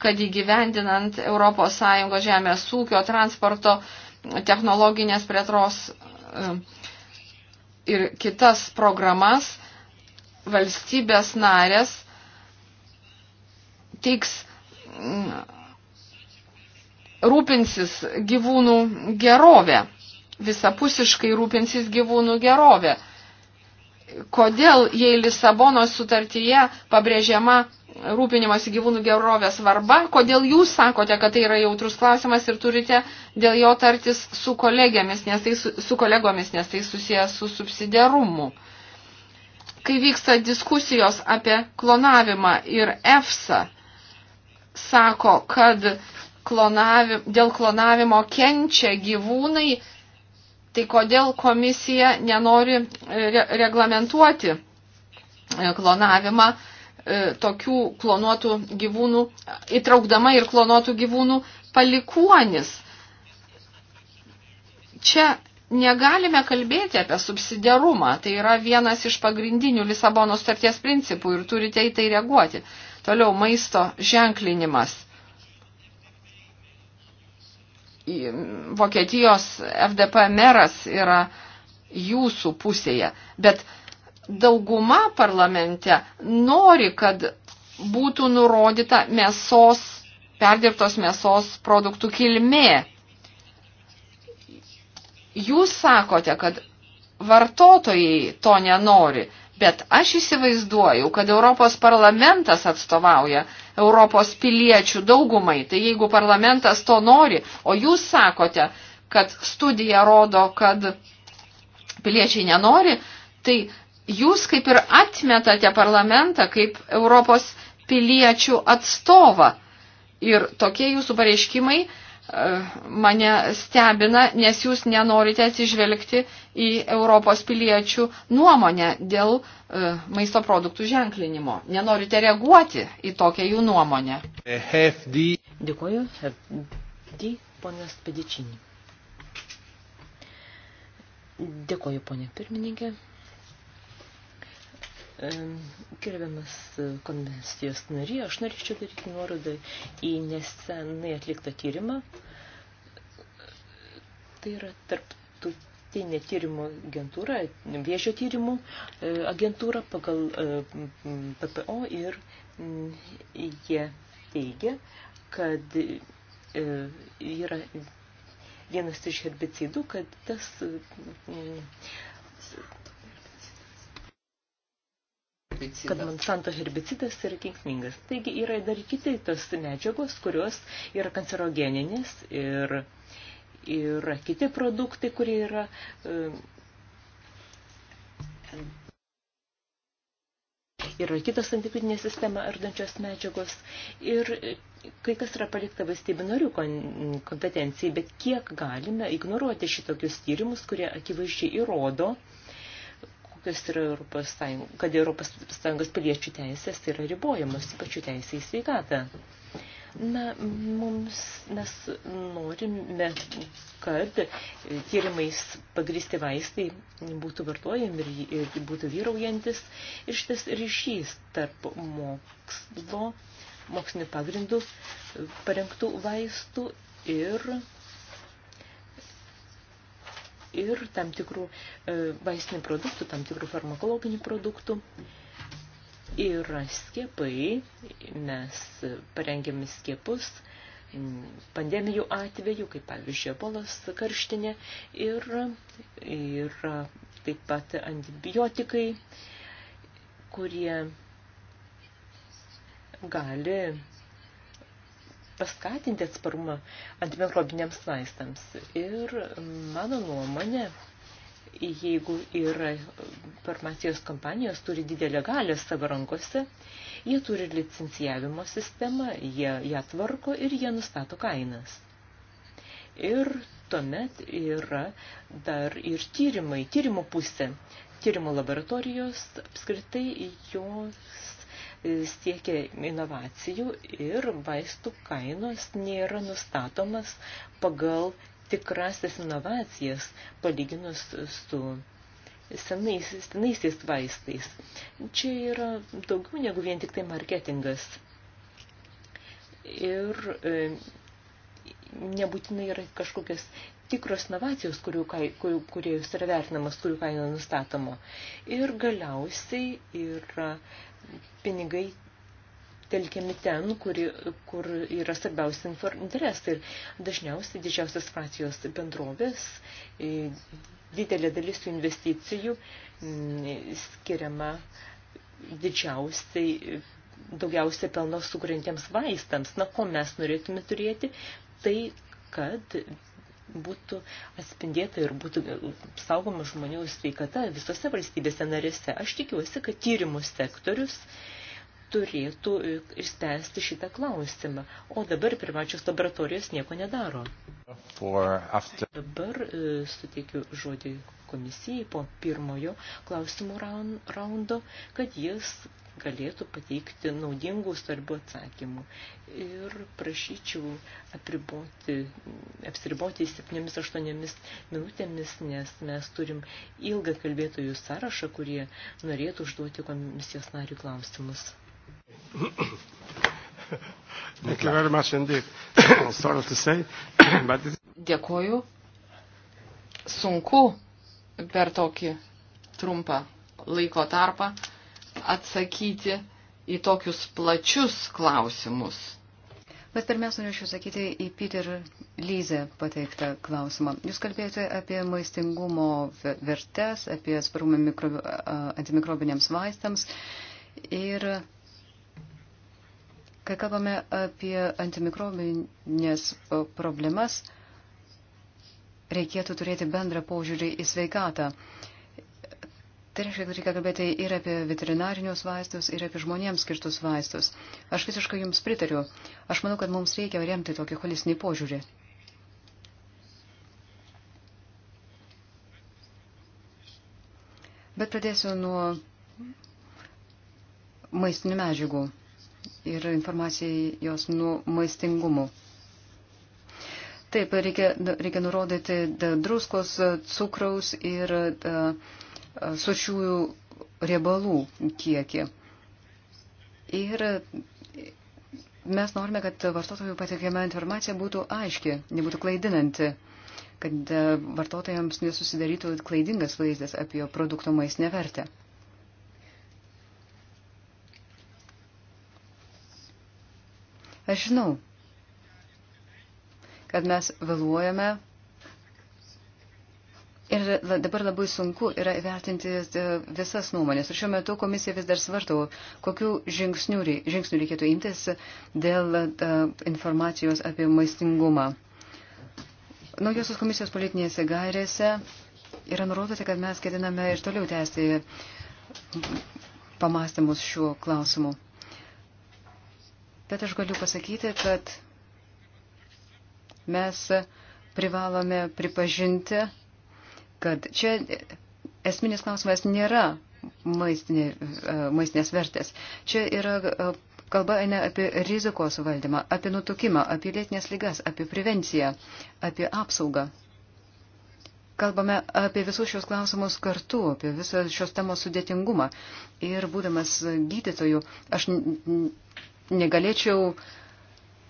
kad įgyvendinant ES žemės ūkio, transporto, technologinės plėtros e, ir kitas programas valstybės narės teiks rūpinsis gyvūnų gerovė, visapusiškai rūpinsis gyvūnų gerovė. Kodėl, jei Lisabonos sutartyje pabrėžiama rūpinimas gyvūnų gerovės svarba, kodėl jūs sakote, kad tai yra jautrus klausimas ir turite dėl jo tartis su, kolegėmis, nes tai, su, su kolegomis, nes tai susijęs su subsidiarumu. Kai vyksta diskusijos apie klonavimą ir EFSA, sako, kad klonavi, dėl klonavimo kenčia gyvūnai, tai kodėl komisija nenori e, re reglamentuoti e, klonavimą e, tokių klonuotų gyvūnų, įtraukdama ir klonuotų gyvūnų palikuonis. Čia negalime kalbėti apie subsidiarumą, tai yra vienas iš pagrindinių Lisabono starties principų ir turite į tai reaguoti. Toliau maisto ženklinimas. Vokietijos FDP meras yra jūsų pusėje, bet dauguma parlamente nori, kad būtų nurodyta mėsos, perdirbtos mėsos produktų kilmė. Jūs sakote, kad vartotojai to nenori, Bet aš įsivaizduoju, kad Europos parlamentas atstovauja Europos piliečių daugumai. Tai jeigu parlamentas to nori, o jūs sakote, kad studija rodo, kad piliečiai nenori, tai jūs kaip ir atmetate parlamentą kaip Europos piliečių atstovą. Ir tokie jūsų pareiškimai mane stebina, nes jūs nenorite atsižvelgti į Europos piliečių nuomonę dėl e, maisto produktų ženklinimo. Nenorite reaguoti į tokią jų nuomonę. FD. Dėkuoju. FD, ponas Pedičinį. Dėkuoju, ponė pirmininkė. Gerbiamas e, konvencijos narė, aš norėčiau daryti nuorodą į nesenai atliktą tyrimą. Tai yra tarptautinė tyrimo agentūra, viešio tyrimų e, agentūra pagal e, PPO ir jie teigia, kad yra vienas iš herbicidų, kad tas herbicidas. kad Monsanto herbicidas yra kenksmingas. Taigi yra dar kitai tos medžiagos, kurios yra kancerogeninės ir yra kiti produktai, kurie yra e, yra kitos antikūtinė sistema ardančios medžiagos ir kai kas yra palikta valstybių narių kompetencijai, bet kiek galime ignoruoti šitokius tyrimus, kurie akivaizdžiai įrodo, kas yra Europos Sąjungos, kad Europos Sąjungos piliečių teisės tai yra ribojamos, ypač jų teisė į sveikatą. Na, mums, mes norime, kad tyrimais pagristi vaistai būtų vartojami ir, ir būtų vyraujantis. Ir šitas ryšys tarp mokslo, mokslinio pagrindų parengtų vaistų ir ir tam tikrų e, vaistinių produktų, tam tikrų farmakologinių produktų. Yra skiepai, mes parengėme skiepus pandemijų atveju, kaip pavyzdžiui, ebolos karštinė ir, ir taip pat antibiotikai, kurie gali paskatinti atsparumą antimikrobiniams vaistams. Ir mano nuomonė, jeigu ir farmacijos kompanijos turi didelę galę savo rankose, jie turi licencijavimo sistemą, jie ją tvarko ir jie nustato kainas. Ir tuomet yra dar ir tyrimai, tyrimo pusė. Tyrimo laboratorijos apskritai jos siekia inovacijų ir vaistų kainos nėra nustatomas pagal tikrasias inovacijas palyginus su senais, senaisiais vaistais. Čia yra daugiau negu vien tik tai marketingas. Ir e, nebūtinai yra kažkokios tikros inovacijos, kurių, kurių, kurios yra vertinamas, kurių kaina nustatoma. Ir galiausiai yra pinigai telkiami ten, kur, kur yra svarbiausi interesai. Ir dažniausiai didžiausias Francijos bendrovės, didelė dalis tų investicijų skiriama didžiausiai, daugiausia pelno sukuriantiems vaistams. Na, ko mes norėtume turėti, tai kad būtų atspindėta ir būtų saugoma žmonių sveikata visose valstybėse narėse. Aš tikiuosi, kad tyrimų sektorius turėtų e, išspręsti šitą klausimą. O dabar privačios laboratorijos nieko nedaro. After... Dabar e, suteikiu žodį komisijai po pirmojo klausimų raundo, kad jis galėtų pateikti naudingų svarbių atsakymų. Ir prašyčiau apriboti, apsiriboti 7-8 minutėmis, nes mes turim ilgą kalbėtojų sąrašą, kurie norėtų užduoti komisijos narių klausimus. Dėkoju. Sunku per tokį trumpą laiko tarpą atsakyti į tokius plačius klausimus. Bet pirmiausia, norėčiau sakyti į Peter Lyze pateiktą klausimą. Jūs kalbėjote apie maistingumo vertes, apie sparumą mikro, antimikrobiniams vaistams. Ir kai kalbame apie antimikrobinės problemas, reikėtų turėti bendrą požiūrį į sveikatą. Tai reiškia, kad reikia kalbėti ir apie veterinarinius vaistus, ir apie žmonėms skirtus vaistus. Aš visiškai jums pritariu. Aš manau, kad mums reikia remti tokį holistinį požiūrį. Bet pradėsiu nuo maistinių medžiagų ir informacijai jos nuo maistingumų. Taip, reikia, reikia nurodyti druskos, cukraus ir uh, sočiųjų riebalų kiekį. Ir mes norime, kad vartotojų pateikiama informacija būtų aiški, nebūtų klaidinanti, kad vartotojams nesusidarytų klaidingas vaizdas apie produkto maistinę vertę. Aš žinau, kad mes vėluojame Ir dabar labai sunku yra vertinti e, visas nuomonės. Ir šiuo metu komisija vis dar svarto, kokiu žingsniu, žingsniu reikėtų imtis dėl e, informacijos apie maistingumą. Naujosios komisijos politinėse gairėse yra nurodyta, kad mes ketiname ir toliau tęsti pamastymus šiuo klausimu. Bet aš galiu pasakyti, kad mes privalome pripažinti kad čia esminis klausimas nėra maistinė, e, maistinės vertės. Čia yra e, kalba eina apie rizikos valdymą, apie nutukimą, apie lėtinės lygas, apie prevenciją, apie apsaugą. Kalbame apie visus šios klausimus kartu, apie visą šios temos sudėtingumą. Ir būdamas gydytoju, aš negalėčiau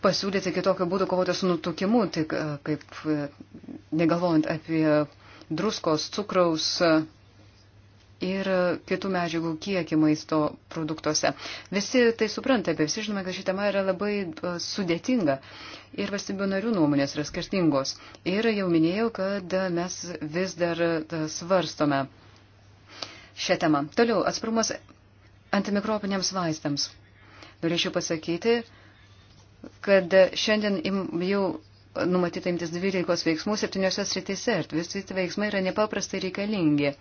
pasiūlyti kitokio būdo kovoti su nutukimu, tik e, kaip negalvojant apie druskos, cukraus ir kitų medžiagų kiekį maisto produktuose. Visi tai supranta, bet visi žinome, kad ši tema yra labai e, sudėtinga ir valstybių narių nuomonės yra skirtingos. Ir jau minėjau, kad mes vis dar e, svarstome šią temą. Toliau, atsparumas antimikropiniams vaistams. Norėčiau pasakyti, kad šiandien jau numatyta imtis 12 veiksmų 7 sritise ir visi tie veiksmai yra nepaprastai reikalingi.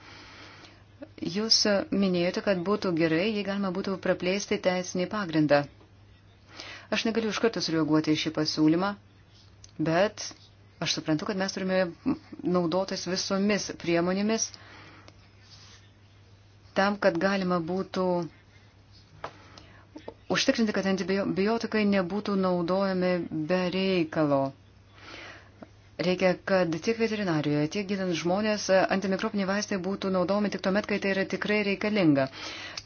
Jūs minėjote, kad būtų gerai, jei galima būtų praplėsti teisinį pagrindą. Aš negaliu iš karto sureaguoti į šį pasiūlymą, bet aš suprantu, kad mes turime naudotis visomis priemonėmis tam, kad galima būtų užtikrinti, kad antibiotikai nebūtų naudojami be reikalo. Reikia, kad tiek veterinarijoje, tiek gydant žmonės antimikrobiniai vaistai būtų naudomi tik tuomet, kai tai yra tikrai reikalinga.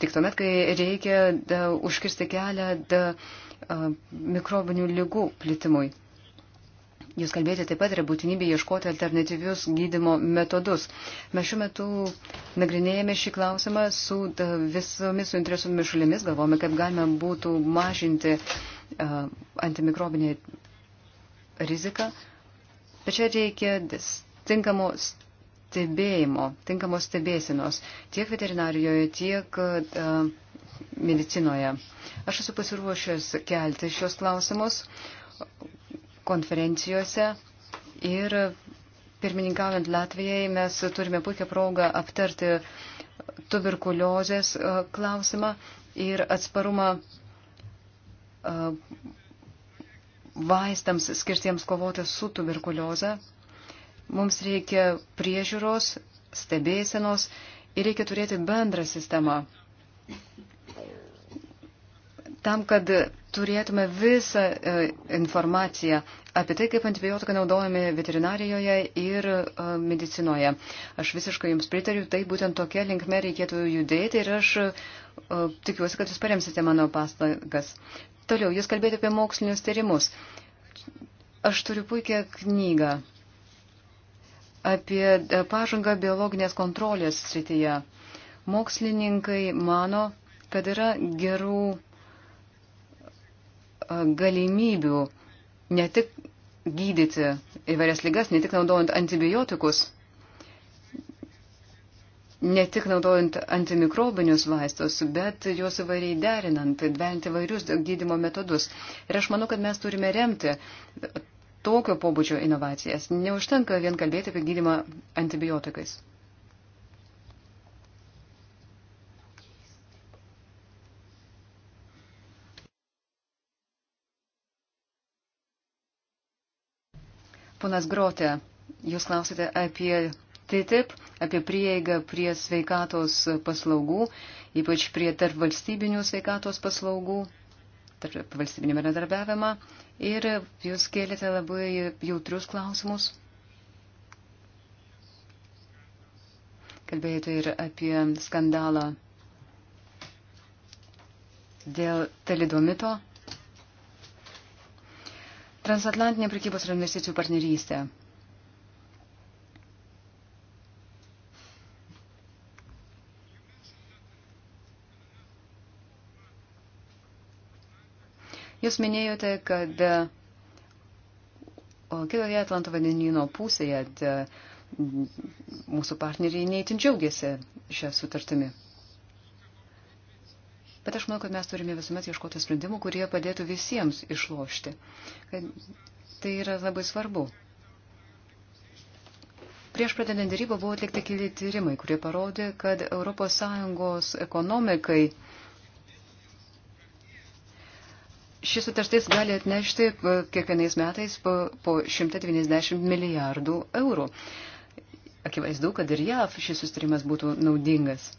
Tik tuomet, kai reikia da, užkirsti kelią da, a, mikrobinių lygų plitimui. Jūs kalbėjote taip pat yra būtinybė ieškoti alternatyvius gydimo metodus. Mes šiuo metu nagrinėjame šį klausimą su da, visomis suinteresuomis šalimis, galvome, kaip galima būtų mažinti uh, antimikrobinį riziką. Uh, Bet čia reikia tinkamo stebėjimo, tinkamos stebėsinos tiek veterinarijoje, tiek uh, medicinoje. Aš esu pasiruošęs kelti šios klausimus konferencijose ir pirmininkaujant Latvijai mes turime puikią progą aptarti tuberkuliozės e, klausimą ir atsparumą e, vaistams skirtiems kovoti su tuberkulioze, mums reikia priežiūros, stebėsenos ir reikia turėti bendrą sistemą. Tam, kad turėtume visą e, informaciją apie tai, kaip antibiotikai naudojami veterinarijoje ir e, medicinoje. Aš visiškai jums pritariu, tai būtent tokia linkme reikėtų judėti ir aš e, tikiuosi, kad jūs paremsite mano pastangas. Toliau, jūs kalbėjote apie mokslinius tyrimus. Aš turiu puikią knygą apie e, pažangą biologinės kontrolės srityje. Mokslininkai mano, kad yra gerų galimybių ne tik gydyti įvairias lygas, ne tik naudojant antibiotikus, ne tik naudojant antimikrobinius vaistus, bet juos įvairiai derinant, dventi įvairius gydimo metodus. Ir aš manau, kad mes turime remti tokio pobūdžio inovacijas. Neužtenka vien kalbėti apie gydimą antibiotikais. Ponas Grote, jūs klausite apie TTIP, apie prieigą prie sveikatos paslaugų, ypač prie tarp valstybinių sveikatos paslaugų, tarp valstybinį bendradarbiavimą. Ir jūs kėlėte labai jautrius klausimus. Kalbėjote ir apie skandalą dėl telidomito Transatlantinė prekybos ir investicijų partnerystė. Jūs minėjote, kad kitoje Atlanto vandenino pusėje mūsų partneriai neįtin džiaugiasi šią sutartimi. Bet aš manau, kad mes turime visuomet ieškoti sprendimų, kurie padėtų visiems išlošti. Kad tai yra labai svarbu. Prieš pradedant dėrybą buvo atlikti keli tyrimai, kurie parodė, kad ES ekonomikai šis sutartis gali atnešti e, kiekvienais metais po, po 190 milijardų eurų. Akivaizdu, kad ir JAV šis sustarimas būtų naudingas.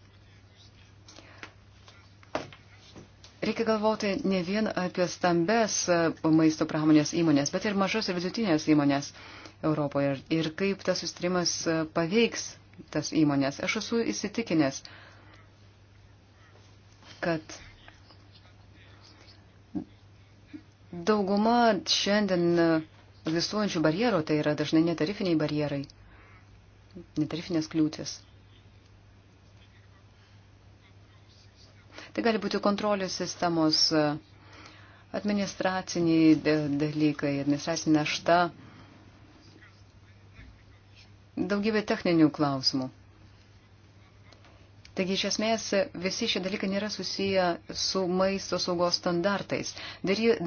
Reikia galvoti ne vien apie stambes e, maisto pramonės įmonės, bet ir mažos ir vidutinės įmonės Europoje ir kaip tas sustrimas e, paveiks tas įmonės. Aš esu įsitikinęs, kad dauguma šiandien egzistuojančių barjerų tai yra dažnai netarifiniai barjerai, netarifinės kliūtis. Tai gali būti kontrolės sistemos administraciniai dalykai, administracinė našta, daugybė techninių klausimų. Taigi iš esmės visi šie dalykai nėra susiję su maisto saugos standartais.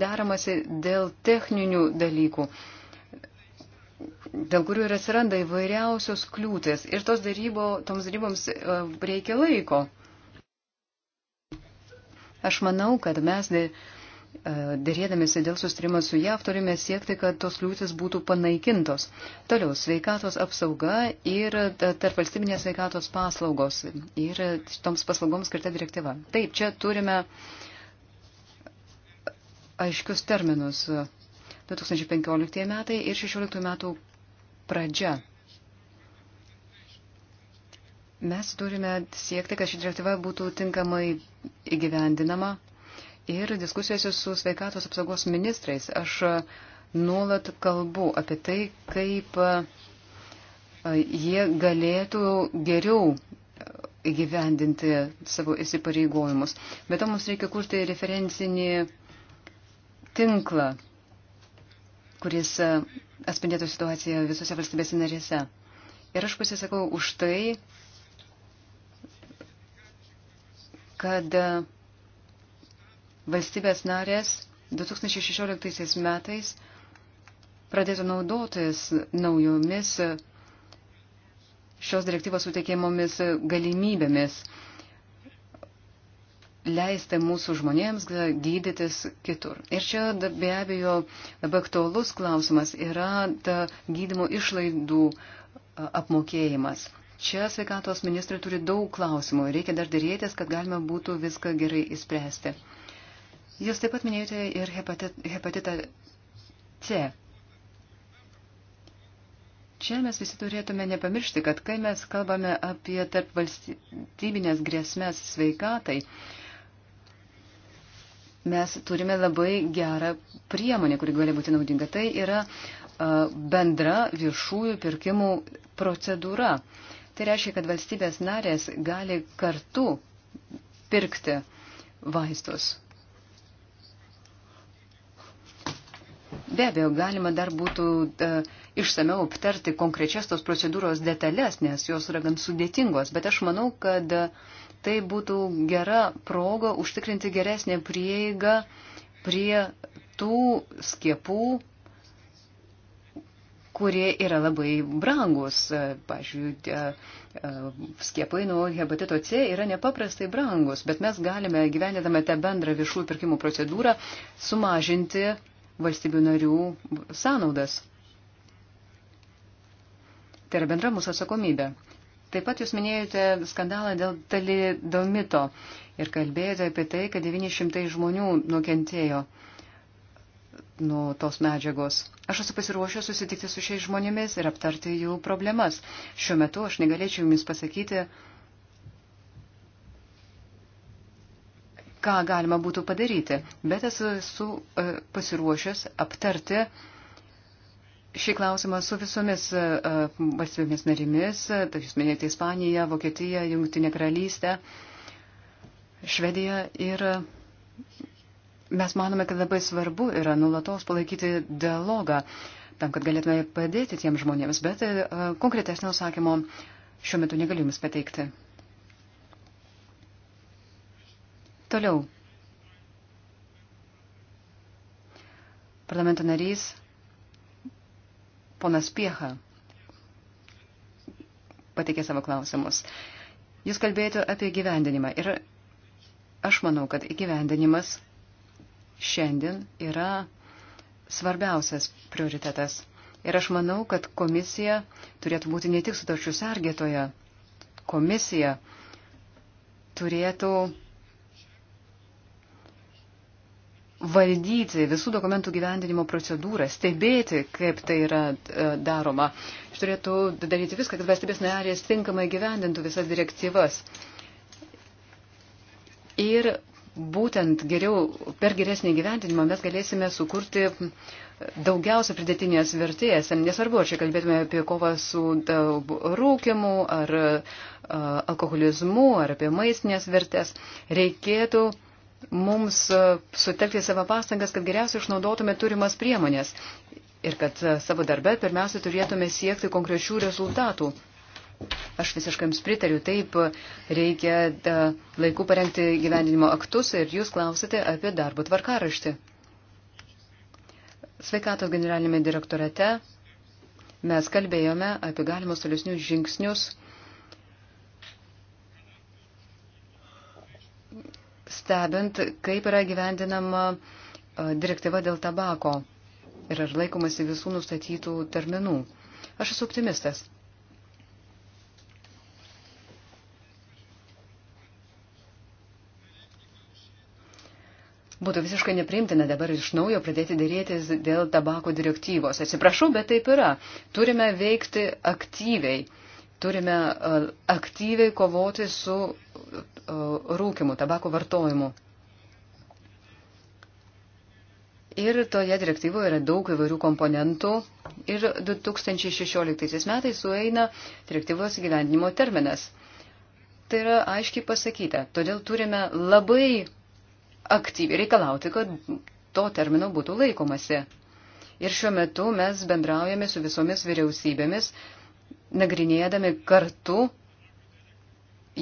Daromasi dėl techninių dalykų, dėl kurių ir atsiranda įvairiausios kliūtis. Ir tos darybo, toms daryboms e, reikia laiko. Aš manau, kad mes e, dėrėdamėsi dėl sustrimo su JAV turime siekti, kad tos liūtis būtų panaikintos. Toliau, sveikatos apsauga ir tarp valstybinės sveikatos paslaugos ir toms paslaugoms skirta direktyva. Taip, čia turime aiškius terminus 2015 metai ir 2016 metų pradžia. Mes turime siekti, kad ši direktyva būtų tinkamai įgyvendinama. Ir diskusijose su sveikatos apsaugos ministrais aš nuolat kalbu apie tai, kaip e, jie galėtų geriau įgyvendinti savo įsipareigojimus. Bet to mums reikia kurti referencinį tinklą, kuris e, atspindėtų situaciją visose valstybėse narėse. Ir aš pasisakau už tai, kad e, valstybės narės 2016 metais pradėtų naudotis naujomis e, šios direktyvos suteikiamomis galimybėmis leisti mūsų žmonėms e, gydytis kitur. Ir čia be abejo labai aktuolus klausimas yra ta gydimo išlaidų apmokėjimas. Čia sveikatos ministrai turi daug klausimų. Reikia dar dėrėtis, kad galima būtų viską gerai įspręsti. Jūs taip pat minėjote ir hepatitą C. Čia mes visi turėtume nepamiršti, kad kai mes kalbame apie tarp valstybinės grėsmės sveikatai, mes turime labai gerą priemonę, kuri gali būti naudinga. Tai yra bendra viešųjų pirkimų procedūra. Uh, Tai reiškia, kad valstybės narės gali kartu pirkti vaistus. Be abejo, galima dar būtų uh, išsameu aptarti konkrečias tos procedūros detalės, nes jos yra gan sudėtingos, bet aš manau, kad e, tai būtų gera proga užtikrinti geresnę prieigą prie tų skiepų, kurie yra labai brangus. Pavyzdžiui, e, skiepai nuo hepatito C yra nepaprastai brangus, bet mes galime, gyvenėdame tą bendrą viešųjų pirkimų procedūrą, sumažinti valstybių narių sąnaudas. Tai yra bendra mūsų atsakomybė. Taip pat jūs minėjote skandalą dėl talidomito ir kalbėjote apie tai, kad 900 žmonių nukentėjo. Uh, nuo tos medžiagos. Aš esu pasiruošęs susitikti su šiais žmonėmis ir aptarti jų problemas. Šiuo metu aš negalėčiau jums pasakyti, ką galima būtų padaryti, bet esu, esu e, pasiruošęs aptarti šį klausimą su visomis e, e, valstybėmis narimis, tai jūs minėjote Ispaniją, Vokietiją, Jungtinę karalystę, Švediją ir mes manome, kad labai svarbu yra nulatos palaikyti dialogą, tam, kad galėtume padėti tiem žmonėms, bet e, konkretesnio sakymo šiuo metu negaliu jums pateikti. Toliau. Parlamento narys ponas Piecha pateikė savo klausimus. Jūs kalbėjote apie gyvendinimą ir aš manau, kad įgyvendinimas šiandien yra svarbiausias prioritetas. Ir aš manau, kad komisija turėtų būti ne tik sutarčių sergėtoja. Komisija turėtų valdyti visų dokumentų gyvendinimo procedūrą, stebėti, kaip tai yra e, daroma. Aš turėtų daryti viską, kad valstybės narės tinkamai gyvendintų visas direktyvas. Ir būtent geriau, per geresnį gyventinimą mes galėsime sukurti daugiausia pridėtinės vertės. Nesvarbu, ar čia kalbėtume apie kovą su rūkimu, ar alkoholizmu, ar apie maistinės vertės. Reikėtų mums sutelkti savo pastangas, kad geriausiai išnaudotume turimas priemonės ir kad savo darbę pirmiausia turėtume siekti konkrečių rezultatų. Aš visiškai jums pritariu, taip reikia da, laiku parengti gyvendinimo aktus ir jūs klausite apie darbo tvarkaraštį. Sveikatos generalinėme direktorate mes kalbėjome apie galimus tolesnius žingsnius stebint, kaip yra gyvendinama direktyva dėl tabako ir ar laikomasi visų nustatytų terminų. Aš esu optimistas. Būtų visiškai nepriimtina dabar iš naujo pradėti dėrėtis dėl tabako direktyvos. Atsiprašau, bet taip yra. Turime veikti aktyviai. Turime e, aktyviai kovoti su e, rūkimu, tabako vartojimu. Ir toje direktyvoje yra daug įvairių komponentų. Ir 2016 metais sueina direktyvos gyvendinimo terminas. Tai yra aiškiai pasakyta. Todėl turime labai aktyviai reikalauti, kad to termino būtų laikomasi. Ir šiuo metu mes bendraujame su visomis vyriausybėmis, nagrinėdami kartu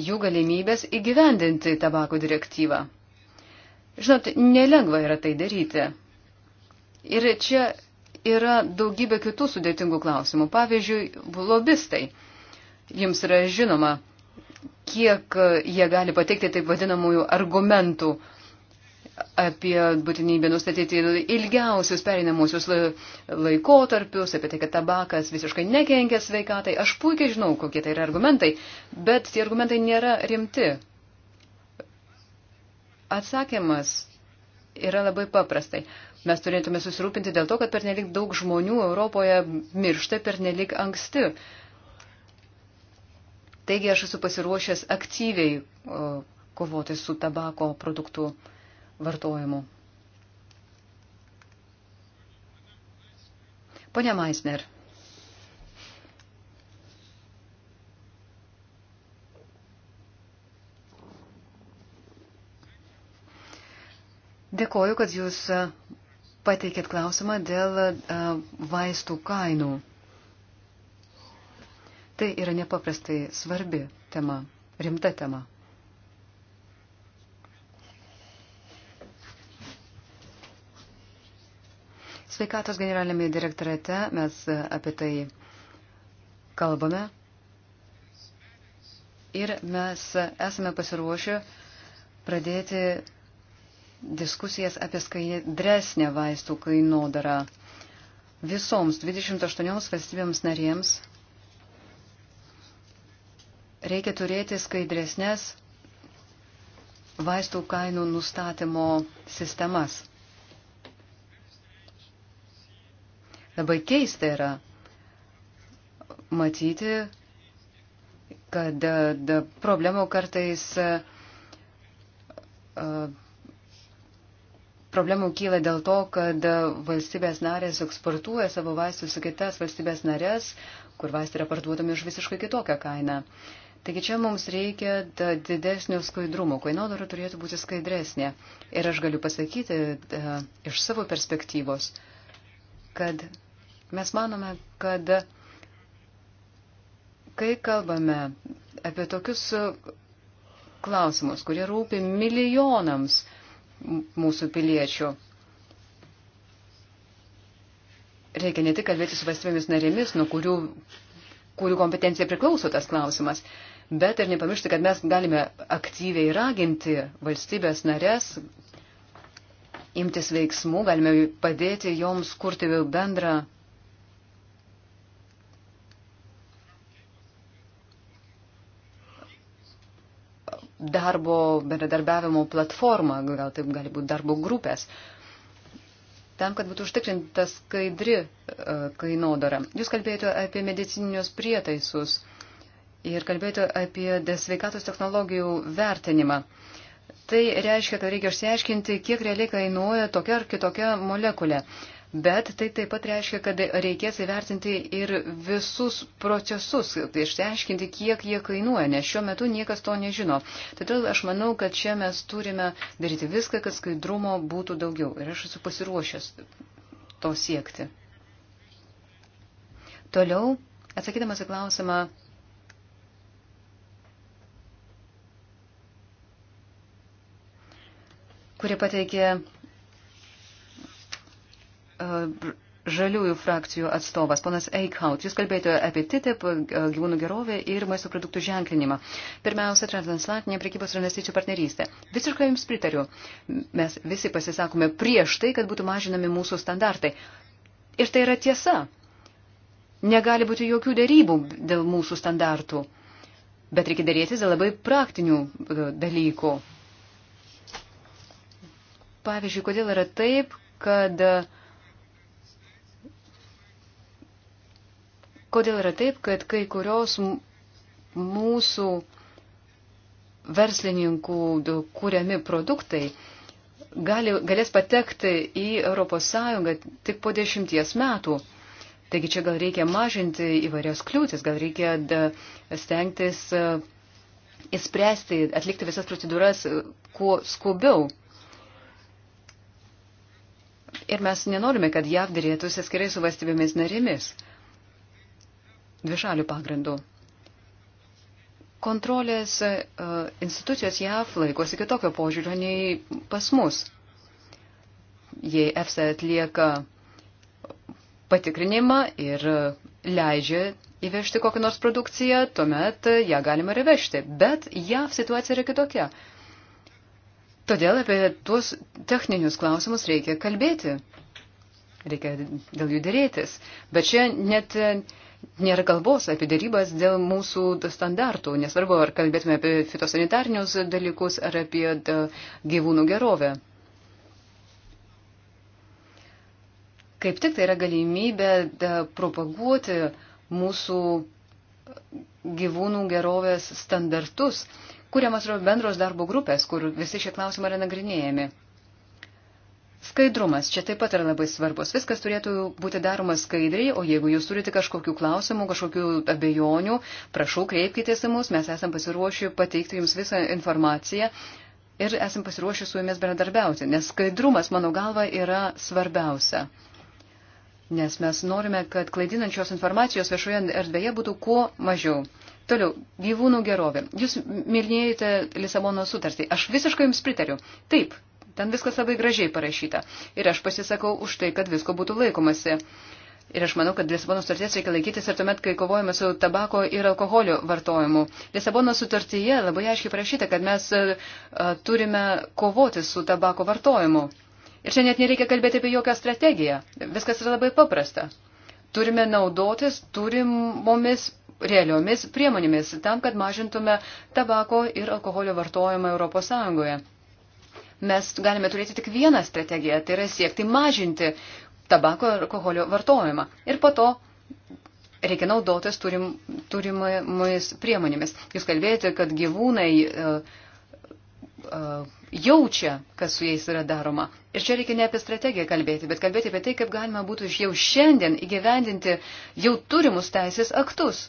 jų galimybės įgyvendinti tabako direktyvą. Žinot, nelengva yra tai daryti. Ir čia yra daugybė kitų sudėtingų klausimų. Pavyzdžiui, lobistai. Jums yra žinoma, kiek jie gali pateikti taip vadinamųjų argumentų apie būtinybę nustatyti ilgiausius pereinamosius laikotarpius, apie tai, kad tabakas visiškai nekenkia sveikatai. Aš puikiai žinau, kokie tai yra argumentai, bet tie argumentai nėra rimti. Atsakymas yra labai paprastai. Mes turėtume susirūpinti dėl to, kad pernelik daug žmonių Europoje miršta pernelik anksti. Taigi aš esu pasiruošęs aktyviai kovoti su tabako produktų uh, vartojimu. Pone Maisner. Dėkoju, kad jūs e, pateikėt klausimą dėl e, vaistų kainų. Tai yra nepaprastai svarbi tema, rimta tema. Sveikatos generalinėme direktorate mes e, apie tai kalbame ir mes esame pasiruošę pradėti diskusijas apie skaidresnę vaistų kainodarą visoms 28 valstybėms narėms reikia turėti skaidresnės vaistų kainų nustatymo sistemas. Labai keista yra matyti, kad e, da, problemų kartais a, e, problemų kyla dėl to, kad valstybės narės eksportuoja savo vaistus į kitas valstybės narės, kur vaistai yra parduodami už visiškai kitokią kainą. Taigi čia mums reikia da, didesnio skaidrumo, kainodara turėtų būti skaidresnė. Ir aš galiu pasakyti da, iš savo perspektyvos, kad Mes manome, kad kai kalbame apie tokius klausimus, kurie rūpi milijonams mūsų piliečių, reikia ne tik kalbėti su valstybėmis narėmis, nuo kurių, kurių kompetencija priklauso tas klausimas, bet ir nepamiršti, kad mes galime aktyviai raginti valstybės narės imtis veiksmų, galime padėti joms kurti bendrą darbo bendradarbiavimo platformą, gal taip gali būti darbo grupės, tam, kad būtų užtikrinta skaidri e, kainodara. Jūs kalbėjote apie medicininius prietaisus ir kalbėjote apie sveikatos technologijų vertinimą. Tai reiškia, kad reikia išsiaiškinti, kiek realiai kainuoja tokia ar kitokia molekulė. Uh, Bet tai taip pat reiškia, kad reikės įvertinti ir visus procesus, tai išsiaiškinti, kiek jie kainuoja, nes šiuo metu niekas to nežino. Todėl aš manau, kad čia mes turime daryti viską, kad skaidrumo būtų daugiau. Ir aš esu pasiruošęs to siekti. Toliau, atsakydamas į klausimą. kurį pateikė žaliųjų frakcijų atstovas, ponas Eichhaut. Jūs kalbėjote apie TTIP, e, gyvūnų gerovę ir maisto produktų ženklinimą. Pirmiausia, transatlantinė prekybos ir investicijų partnerystė. Visiškai jums pritariu. Mes visi pasisakome prieš tai, kad būtų mažinami mūsų standartai. Ir tai yra tiesa. Negali būti jokių dėrybų dėl mūsų standartų. Bet reikia dėrėtis dėl labai praktinių e, dalykų. Pavyzdžiui, kodėl yra taip, kad uh, Kodėl yra taip, kad kai kurios mūsų verslininkų kūriami produktai gali, galės patekti į ES tik po dešimties metų. Taigi čia gal reikia mažinti įvairias kliūtis, gal reikia stengtis e, įspręsti, atlikti visas procedūras e, kuo skubiau. Ir mes nenorime, kad JAV dėrėtųsi skirai su valstybėmis narimis dvišalių pagrindų. Kontrolės e, institucijos JAF laikosi kitokio požiūrio nei pas mus. Jei EFSA atlieka patikrinimą ir leidžia įvežti kokią nors produkciją, tuomet ją galima ir įvežti. Bet JAV situacija yra kitokia. Todėl apie tuos techninius klausimus reikia kalbėti. Reikia dėl jų dėrėtis. Bet čia net nėra galvos apie dėrybas dėl mūsų standartų, nesvarbu, ar kalbėtume apie fitosanitarnius dalykus ar apie e, gyvūnų gerovę. Kaip tik tai yra galimybė e, propaguoti mūsų gyvūnų gerovės standartus, kuriamas yra bendros darbo grupės, kur visi šie klausimai yra nagrinėjami. Skaidrumas čia taip pat yra labai svarbus. Viskas turėtų būti daroma skaidriai, o jeigu jūs turite kažkokių klausimų, kažkokių abejonių, prašau kreipkitės į mus, mes esam pasiruošę pateikti jums visą informaciją ir esam pasiruošę su jumis bendradarbiauti, nes skaidrumas, mano galva, yra svarbiausia. Nes mes norime, kad klaidinančios informacijos viešoje erdvėje būtų kuo mažiau. Toliau, gyvūnų gerovė. Jūs minėjote Lisabono sutartį. Aš visiškai jums pritariu. Taip, Ten viskas labai gražiai parašyta. Ir aš pasisakau už tai, kad visko būtų laikomasi. Ir aš manau, kad Lisabono sutarties reikia laikytis ir tuomet, kai kovojame su tabako ir alkoholio vartojimu. Lisabono sutartyje labai aiškiai parašyta, kad mes uh, turime kovoti su tabako vartojimu. Ir čia net nereikia kalbėti apie jokią strategiją. Viskas yra labai paprasta. Turime naudotis turimomis realiomis priemonėmis tam, kad mažintume tabako ir alkoholio vartojimą Europos Sąjungoje mes galime turėti tik vieną strategiją, tai yra siekti mažinti tabako ir alkoholio vartojimą. Ir po to reikia naudotis turim, turimais priemonėmis. Jūs kalbėjote, kad gyvūnai uh, uh, jaučia, kas su jais yra daroma. Ir čia reikia ne apie strategiją kalbėti, bet kalbėti apie tai, kaip galima būtų jau šiandien įgyvendinti jau turimus teisės aktus.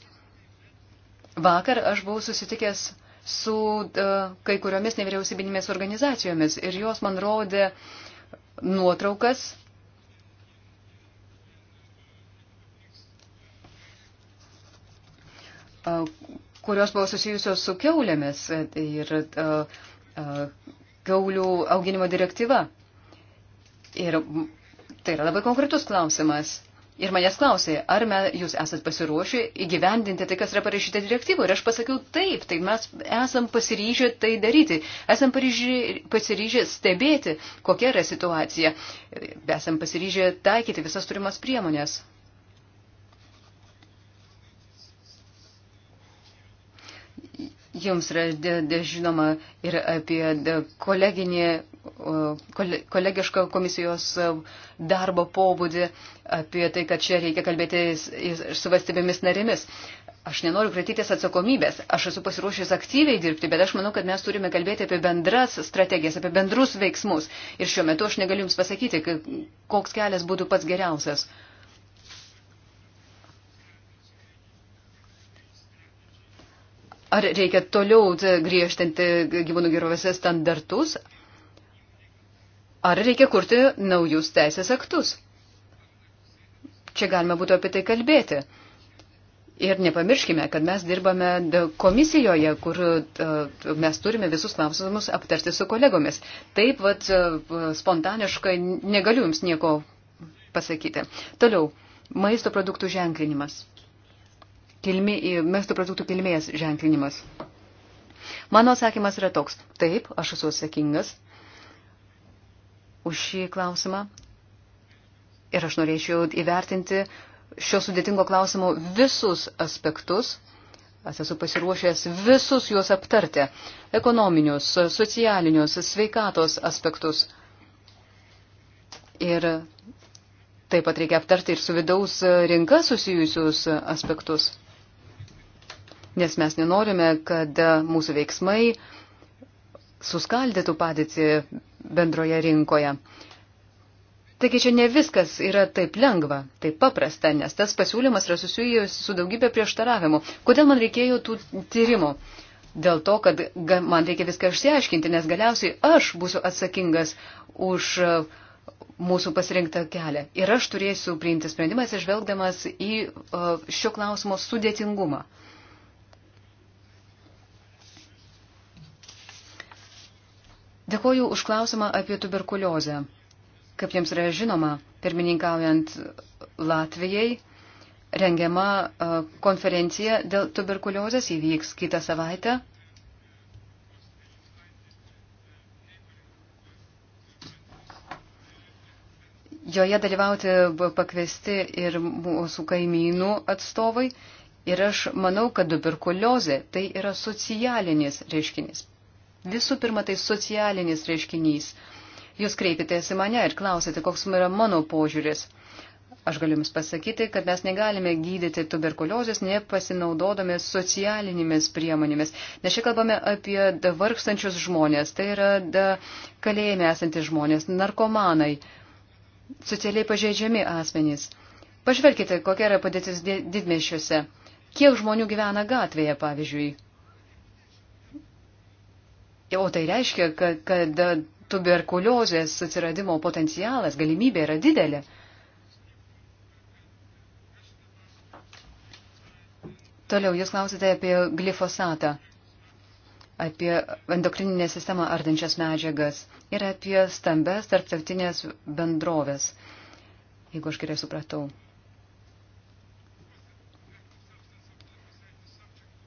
Vakar aš buvau susitikęs uh, su uh, kai kuriomis nevyriausybinėmis organizacijomis ir jos man rodė nuotraukas. Uh, kurios buvo susijusios su keuliamis e, ir uh, uh, keulių auginimo direktyva. Ir tai yra labai konkretus klausimas. Ir manęs klausė, ar me, jūs esat pasiruošę įgyvendinti tai, kas yra parašyta direktyvoje. Ir aš pasakiau, taip, tai mes esam pasiryžę tai daryti. Esam pasiryžę stebėti, kokia yra situacija. Esam pasiryžę taikyti visas turimas priemonės. Jums yra žinoma ir apie koleginį, kolegišką komisijos e, darbo pobūdį, apie tai, kad čia reikia kalbėti su valstybėmis narėmis. Aš nenoriu kratytis atsakomybės, aš esu pasiruošęs aktyviai dirbti, bet aš manau, kad mes turime kalbėti apie bendras strategijas, apie bendrus veiksmus. Ir šiuo metu aš negaliu Jums pasakyti, koks kelias būtų pats geriausias. Ar reikia toliau griežtinti gyvūnų gerovės standartus, ar reikia kurti naujus teisės aktus? Čia galima būtų apie tai kalbėti. Ir nepamirškime, kad mes dirbame komisijoje, kur e, mes turime visus klausimus aptarti su kolegomis. Taip, vat, e, spontaniškai negaliu jums nieko pasakyti. Toliau, maisto produktų ženklinimas kilmi, maisto produktų kilmės ženklinimas. Mano atsakymas yra toks. Taip, aš esu atsakingas už šį klausimą ir aš norėčiau įvertinti šio sudėtingo klausimo visus aspektus. Aš esu pasiruošęs visus juos aptarti - ekonominius, socialinius, sveikatos aspektus. Ir taip pat reikia aptarti ir su vidaus rinka susijusius aspektus nes mes nenorime, kad e, mūsų veiksmai suskaldytų padėti bendroje rinkoje. Taigi čia ne viskas yra taip lengva, taip paprasta, nes tas pasiūlymas yra susijęs su daugybė prieštaravimų. Kodėl man reikėjo tų tyrimų? Dėl to, kad man reikia viską išsiaiškinti, nes galiausiai aš būsiu atsakingas už e, mūsų pasirinktą kelią. Ir aš turėsiu priimti sprendimą atsižvelgdamas į e, šio klausimo sudėtingumą. Dėkoju už klausimą apie tuberkuliozę. Kaip jums yra žinoma, pirmininkaujant Latvijai, rengiama e, konferencija dėl tuberkuliozės įvyks kitą savaitę. Joje dalyvauti buvo pakviesti ir mūsų kaimynų atstovai. Ir aš manau, kad tuberkuliozė tai yra socialinis reiškinys. Visų pirma, tai socialinis reiškinys. Jūs kreipitės į mane ir klausite, koks yra mano požiūris. Aš galiu Jums pasakyti, kad mes negalime gydyti tuberkuliozės nepasinaudodami socialinėmis priemonėmis. Nes čia kalbame apie vargstančius žmonės, tai yra kalėjime esantis žmonės, narkomanai, socialiai pažeidžiami asmenys. Pažvelkite, kokia yra padėtis didmešiuose. Kiek žmonių gyvena gatvėje, pavyzdžiui. O tai reiškia, kad, kad tuberkuliozės atsiradimo potencialas, galimybė yra didelė. Toliau jūs klausite apie glifosatą, apie endokrininę sistemą ardančias medžiagas ir apie stambes tarptautinės bendrovės, jeigu aš gerai supratau.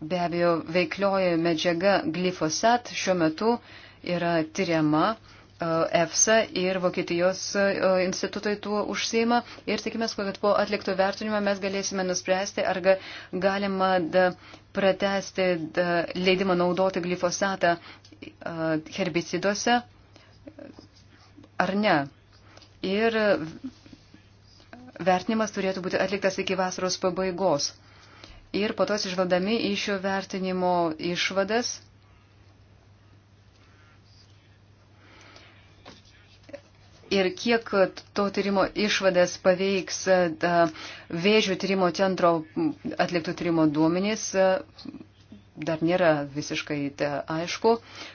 Be abejo, veiklioji medžiaga glifosat šiuo metu yra tyriama e, EFSA ir Vokietijos e, institutai tuo užsima ir tikimės, kad po atlikto vertinimo mes galėsime nuspręsti, ar galima da, pratesti da, leidimą naudoti glifosatą e, herbiciduose ar ne. Ir vertinimas turėtų būti atliktas iki vasaros pabaigos ir po to atsižvaldami į šio vertinimo išvadas ir kiek to tyrimo išvadas paveiks e, vėžių tyrimo centro atliktų tyrimo duomenys, e, dar nėra visiškai e, aišku.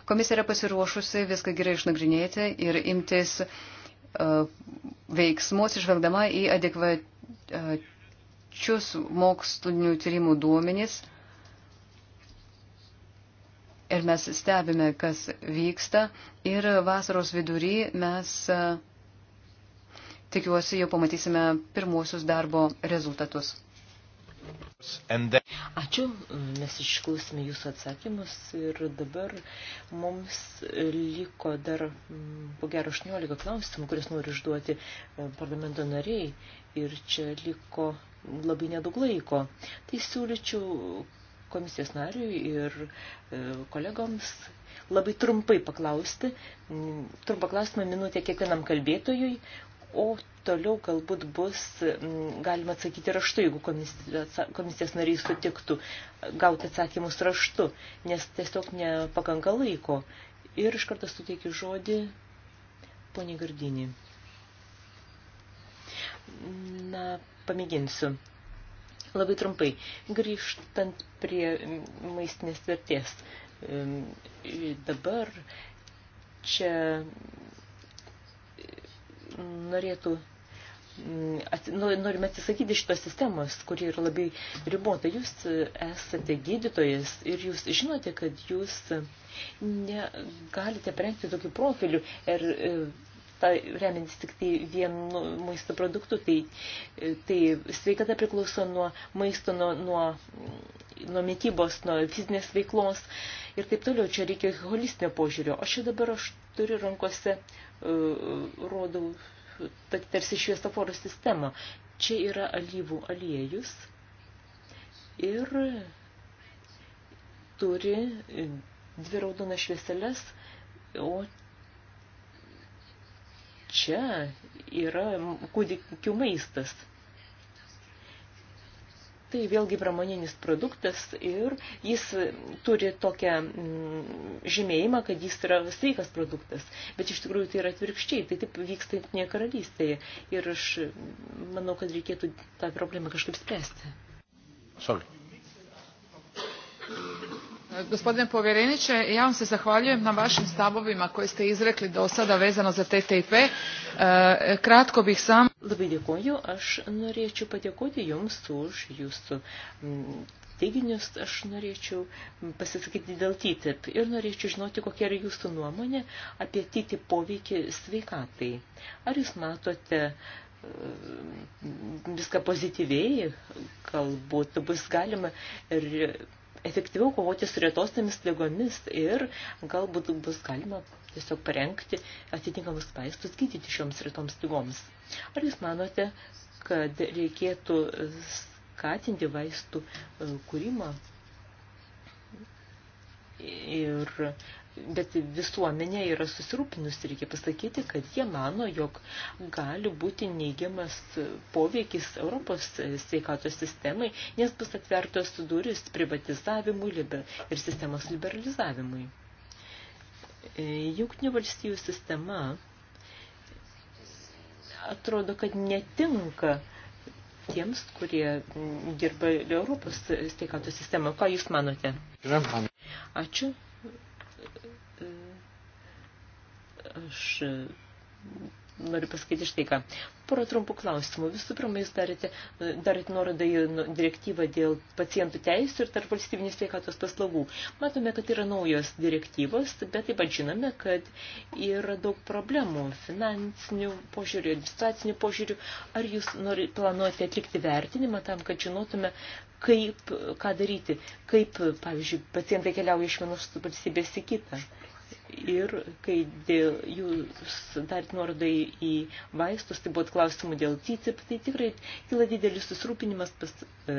Komisija yra pasiruošusi viską gerai išnagrinėti ir imtis veiksmus, išvelgdama į adekvačią konkrečius mokslinių tyrimų duomenys ir mes stebime, kas vyksta ir vasaros vidury mes e, tikiuosi jau pamatysime pirmuosius darbo rezultatus. Ačiū, mes išklausime jūsų atsakymus ir dabar mums liko dar mm, po gero 18 klausimų, kuris noriu užduoti e, parlamento nariai ir čia liko labai nedaug laiko. Tai siūlyčiau komisijos nariui ir e, kolegoms labai trumpai paklausti, trumpą klausimą minutę kiekvienam kalbėtojui, o toliau galbūt bus galima atsakyti raštu, jeigu komisijos, komisijos nariai sutiktų gauti atsakymus raštu, nes tiesiog nepakanka laiko. Ir iš karto suteikiu žodį poniai Gardinį. Na, Pamėginsiu. Labai trumpai. Grįžtant prie maistinės vertės. Dabar čia norėtų mm, norime atsisakyti šitos sistemos, kuri yra labai ribota. Jūs esate gydytojas ir jūs žinote, kad jūs negalite prengti tokių profilių ir er, ta, remintis tik tai vienu maisto produktu, tai, tai sveikata priklauso nuo maisto, nuo, nuo, nuo mytybos, nuo fizinės veiklos ir taip toliau. Čia reikia holistinio požiūrio. O čia dabar aš turiu rankose, uh, rodau, tarsi šviesoforo sistemą. Čia yra alyvų aliejus ir turi dvi raudonas švieseles, o čia yra kūdikių maistas. Tai vėlgi pramoninis produktas ir jis turi tokią mm, žymėjimą, kad jis yra sveikas produktas. Bet iš tikrųjų tai yra atvirkščiai, tai taip vyksta jungtinėje karalystėje. Ir aš mm, manau, kad reikėtų tą problemą kažkaip spręsti. Sorry gospodine povjereniče ja vam se zahvaljujem na vašim stavovima koje ste izrekli do sada vezano za TTIP. E, kratko bih sam... Labai dėkoju, aš norėčiau padėkoti jums už jūsų teiginius, aš norėčiau pasisakyti dėl TTIP ir norėčiau žinoti, kokia yra jūsų nuomonė apie TTIP poveikį sveikatai. Ar jūs matote e, viską pozityviai, galbūt bus galima ir efektyviau kovoti su retosnėmis lygomis ir galbūt bus galima tiesiog parengti atitinkamus vaistus gydyti šioms retoms lygoms. Ar jūs manote, kad reikėtų skatinti vaistų e, kūrimą ir bet visuomenė yra susirūpinusi, reikia pasakyti, kad jie mano, jog gali būti neigiamas poveikis Europos sveikatos sistemai, nes bus atvertos duris privatizavimui ir sistemos liberalizavimui. E, Jungtinių valstybių sistema atrodo, kad netinka tiems, kurie dirba Europos sveikatos sistemą. Ką Jūs manote? Ačiū. Aš e, noriu pasakyti štai ką. Porą trumpų klausimų. Visų pirma, jūs darėte, e, darėte nuorodą į nu, direktyvą dėl pacientų teisų ir tarp valstybinės sveikatos paslaugų. Matome, kad yra naujos direktyvos, bet taip pat žinome, kad yra daug problemų finansinių požiūrių, administracinių požiūrių. Ar jūs nori, planuojate atlikti vertinimą tam, kad žinotume, kaip, ką daryti, kaip, pavyzdžiui, pacientai keliauja iš vienos valstybės į kitą? Ir kai dėl jūs dar nuorodai į vaistus, tai buvo klausimų dėl TTIP, tai tikrai kila didelis susirūpinimas pas e,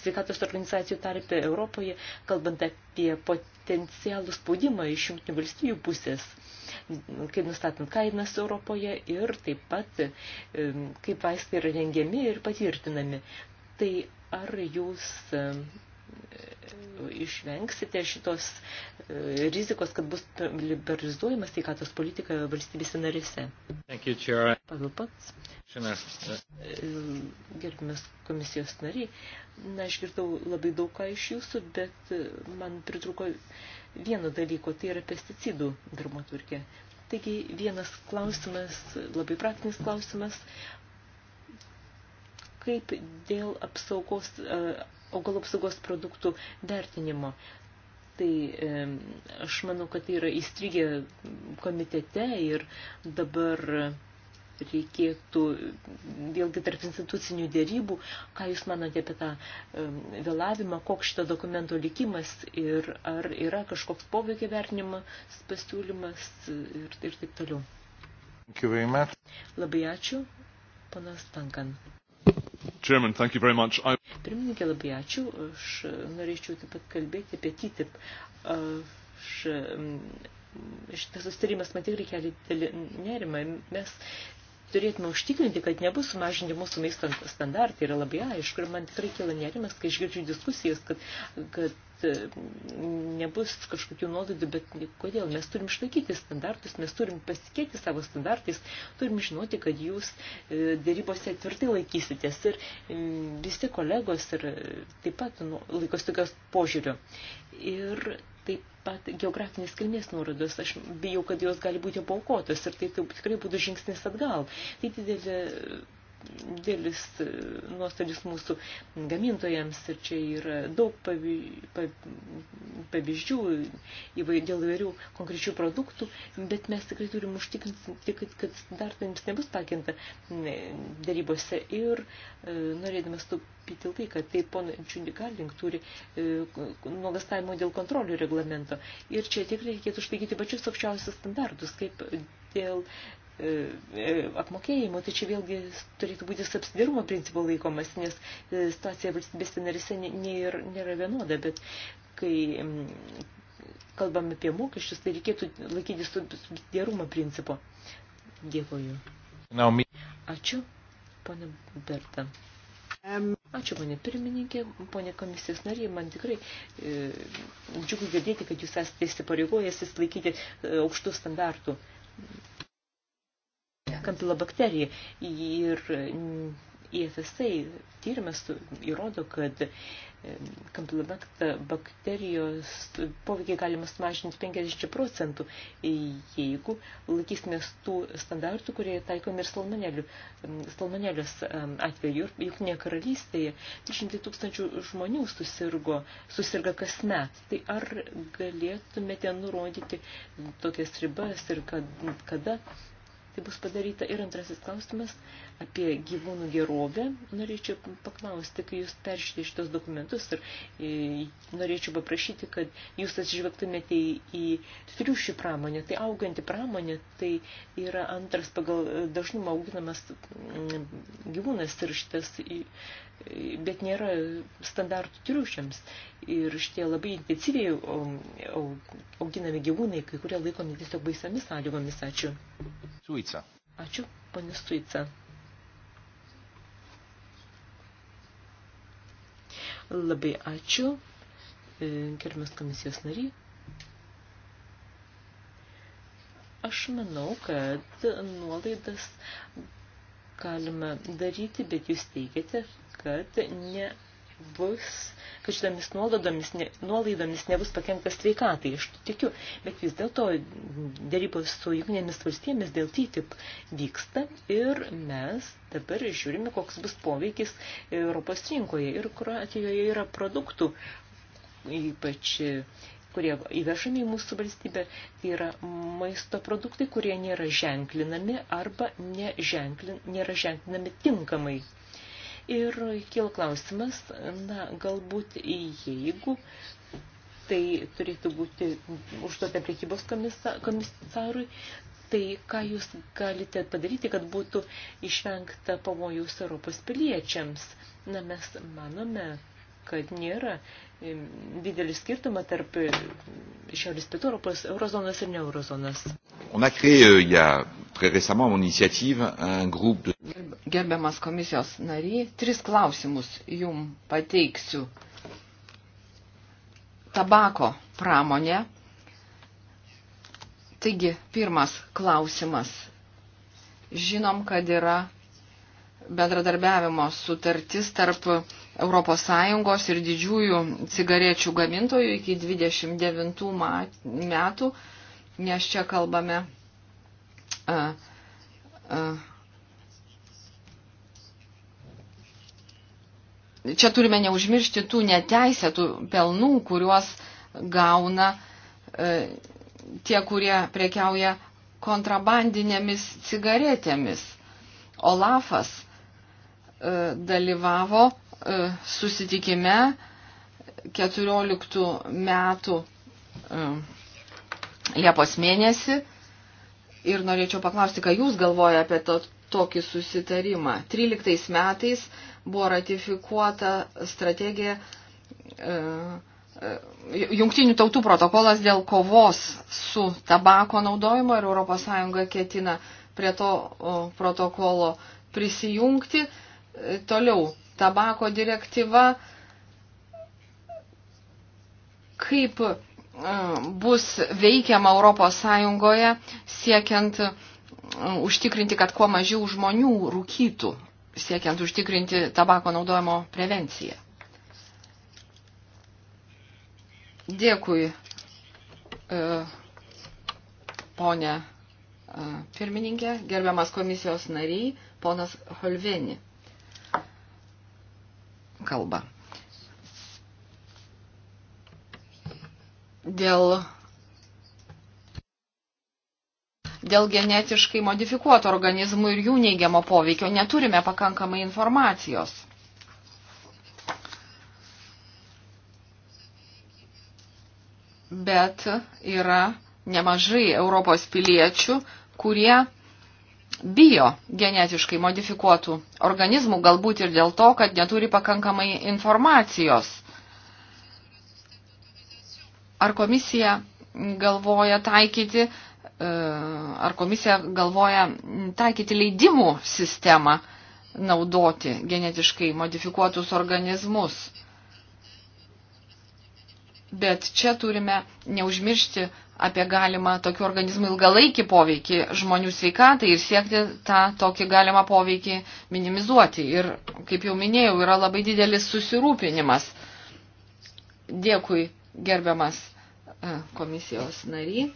sveikatos organizacijų tarpe Europoje, kalbant apie potencialų spaudimą iš jungtinių valstybių pusės kai nustatant kainas Europoje ir taip pat e, kaip vaistai yra rengiami ir patvirtinami. Tai ar jūs e, išvengsite šitos e, rizikos, kad bus liberalizuojamas sveikatos politika valstybėse narėse. Pavel pats. E, e, Gerbimas komisijos nariai, na, aš girdau labai daug ką iš jūsų, bet man pritruko vieno dalyko, tai yra pesticidų dramotvarkė. Taigi vienas klausimas, labai praktinis klausimas, kaip dėl apsaugos augalų apsaugos produktų vertinimo. Tai aš manau, kad tai yra įstrigę komitete ir dabar reikėtų vėlgi tarp institucinių dėrybų, ką Jūs manote apie tą vėlavimą, koks šito dokumento likimas ir ar yra kažkoks poveikio vertinimas, pasiūlymas ir, ir taip toliau. Labai ačiū, panas Tankan. Chairman, thank you very much. I... Pirmininkė, labai ačiū. Aš e, norėčiau taip pat kalbėti apie TTIP. Aš, šitas sustarimas man tikrai kelia didelį nerimą. Mes turėtume užtikrinti, kad nebus sumažinti mūsų maisto standartai, yra labai aišku. Ir man tikrai kila nerimas, kai išgirdžiu diskusijas, kad, kad e, nebus kažkokių nuolaidų, bet kodėl? Mes turim išlaikyti standartus, mes turim pasikėti savo standartais, turim žinoti, kad jūs e, dėrybose tvirtai laikysitės ir visi kolegos ir e, taip pat nu, laikosi tokios požiūrio. Ir taip pat geografinės kilmės nuorodos. Aš bijau, kad jos gali būti paukotos ir tai taip, tikrai būtų žingsnis atgal. Tai didelė dėlis e, nuostolis mūsų gamintojams ir čia yra daug pavyzdžių dėl įvairių konkrečių produktų, bet mes tikrai turim užtikrinti, kad, kad standartams nebus pakinta darybose ir e, norėdamas taupyti laiką, tai pon Čundikalink turi e, nuogastavimo dėl kontrolių reglamento ir čia tikrai reikėtų išlaikyti pačius aukščiausius standartus, kaip dėl E, e, apmokėjimų, tačiau vėlgi turėtų būti subsidiarumo principo laikomas, nes e, situacija valstybės narise nėra, nėra vienoda, bet kai kalbam apie mokesčius, tai reikėtų laikytis subsidiarumo principo. Dėkoju. Naomi. Ačiū, ponė Berta. Ačiū, ponė pirmininkė, ponė komisijos nariai, man tikrai e, džiugu girdėti, kad jūs esate įsipareigojęs įsilaikyti e, aukštų standartų kampilobakteriją. Ir IFSA mm, e tyrimas įrodo, kad kampilobakterijos poveikį galima sumažinti 50 procentų, jeigu laikysimės tų standartų, kurie taikomi ir salmonelius atveju. Ir jungtinėje karalystėje 300 tūkstančių žmonių susirgo, susirga kasmet. Tai ar galėtumėte nurodyti tokias ribas ir kad, kada tai bus padaryta. Ir antrasis klausimas apie gyvūnų gerovę. Norėčiau paklausti, kai jūs peršite šitos dokumentus ir e, norėčiau paprašyti, kad jūs atsižvelgtumėte į, į triušių pramonę. Tai auganti pramonė, tai yra antras pagal dažnumą auginamas gyvūnas ir šitas bet nėra standartų triušiams. Ir šitie labai intensyviai um, auginami gyvūnai, kai kurie laikomi tiesiog baisiomis sąlygomis. Ačiū. Suica. Ačiū, ponė Suica. Labai ačiū, e, gerbiamas komisijos nariai. Aš manau, kad nuolaidas galima daryti, bet jūs teigiate, kad nebus kad šitomis nuolaidomis, ne, nuolaidomis nebus pakengtas sveikatai, iš tikiu. Bet vis dėlto dėrybos su jungtinėmis valstybėmis dėl TTIP vyksta ir mes dabar žiūrime, koks bus poveikis Europos rinkoje. Ir Kroatijoje yra produktų, ypač kurie įvežami į mūsų valstybę, tai yra maisto produktai, kurie nėra ženklinami arba neženklin, nėra ženklinami tinkamai. Ir kyla klausimas, na, galbūt jeigu tai turėtų būti užduota priekybos komisarui, tai ką jūs galite padaryti, kad būtų išvengta pavojus Europos piliečiams? Na, mes manome, kad nėra didelį skirtumą tarp e, šiaurės pietų Europos eurozonas ir ne eurozonas. On a créé, euh, il y a très récemment, mon initiative, un groupe de... Gerbiamas komisijos nary, tris klausimus jum pateiksiu. Tabako pramonė. Taigi, pirmas klausimas. Žinom, kad yra bendradarbiavimo sutartis tarp ES ir didžiųjų cigarečių gamintojų iki 29 metų, nes čia kalbame a, a, Čia turime neužmiršti tų neteisėtų pelnų, kuriuos gauna e, tie, kurie prekiauja kontrabandinėmis cigaretėmis. Olafas e, dalyvavo E, susitikime 14 metų e, Liepos mėnesį ir norėčiau paklausti, ką Jūs galvoja apie to, tokį susitarimą. 13 metais buvo ratifikuota strategija e, Jungtinių tautų protokolas dėl kovos su tabako naudojimo ir ES ketina prie to protokolo prisijungti. Toliau tabako direktyva, kaip e, bus veikiama Europos Sąjungoje siekiant e, užtikrinti, kad kuo mažiau žmonių rūkytų, siekiant užtikrinti tabako naudojimo prevenciją. Dėkui, e, ponė pirmininkė, gerbiamas komisijos nariai, ponas Holveni kalbą. Dėl, dėl genetiškai modifikuotų organizmų ir jų neigiamo poveikio neturime pakankamai informacijos. Bet yra nemažai Europos piliečių, kurie bijo genetiškai modifikuotų organizmų, galbūt ir dėl to, kad neturi pakankamai informacijos. Ar komisija galvoja taikyti, e, ar komisija galvoja taikyti leidimų sistemą naudoti genetiškai modifikuotus organizmus? bet čia turime neužmiršti apie galimą tokių organizmų ilgalaikį poveikį žmonių sveikatai ir siekti tą tokį galimą poveikį minimizuoti. Ir, kaip jau minėjau, yra labai didelis susirūpinimas. Dėkui, gerbiamas e, komisijos nary.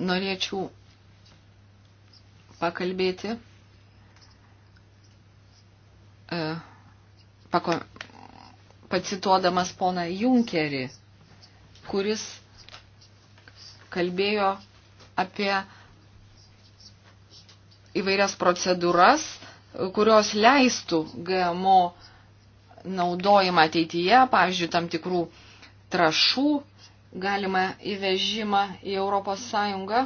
Norėčiau pakalbėti, e, pako, pacituodamas poną Junkerį, kuris kalbėjo apie įvairias procedūras, kurios leistų GMO naudojimą ateityje, pavyzdžiui, tam tikrų trašų galima įvežimą į Europos Sąjungą.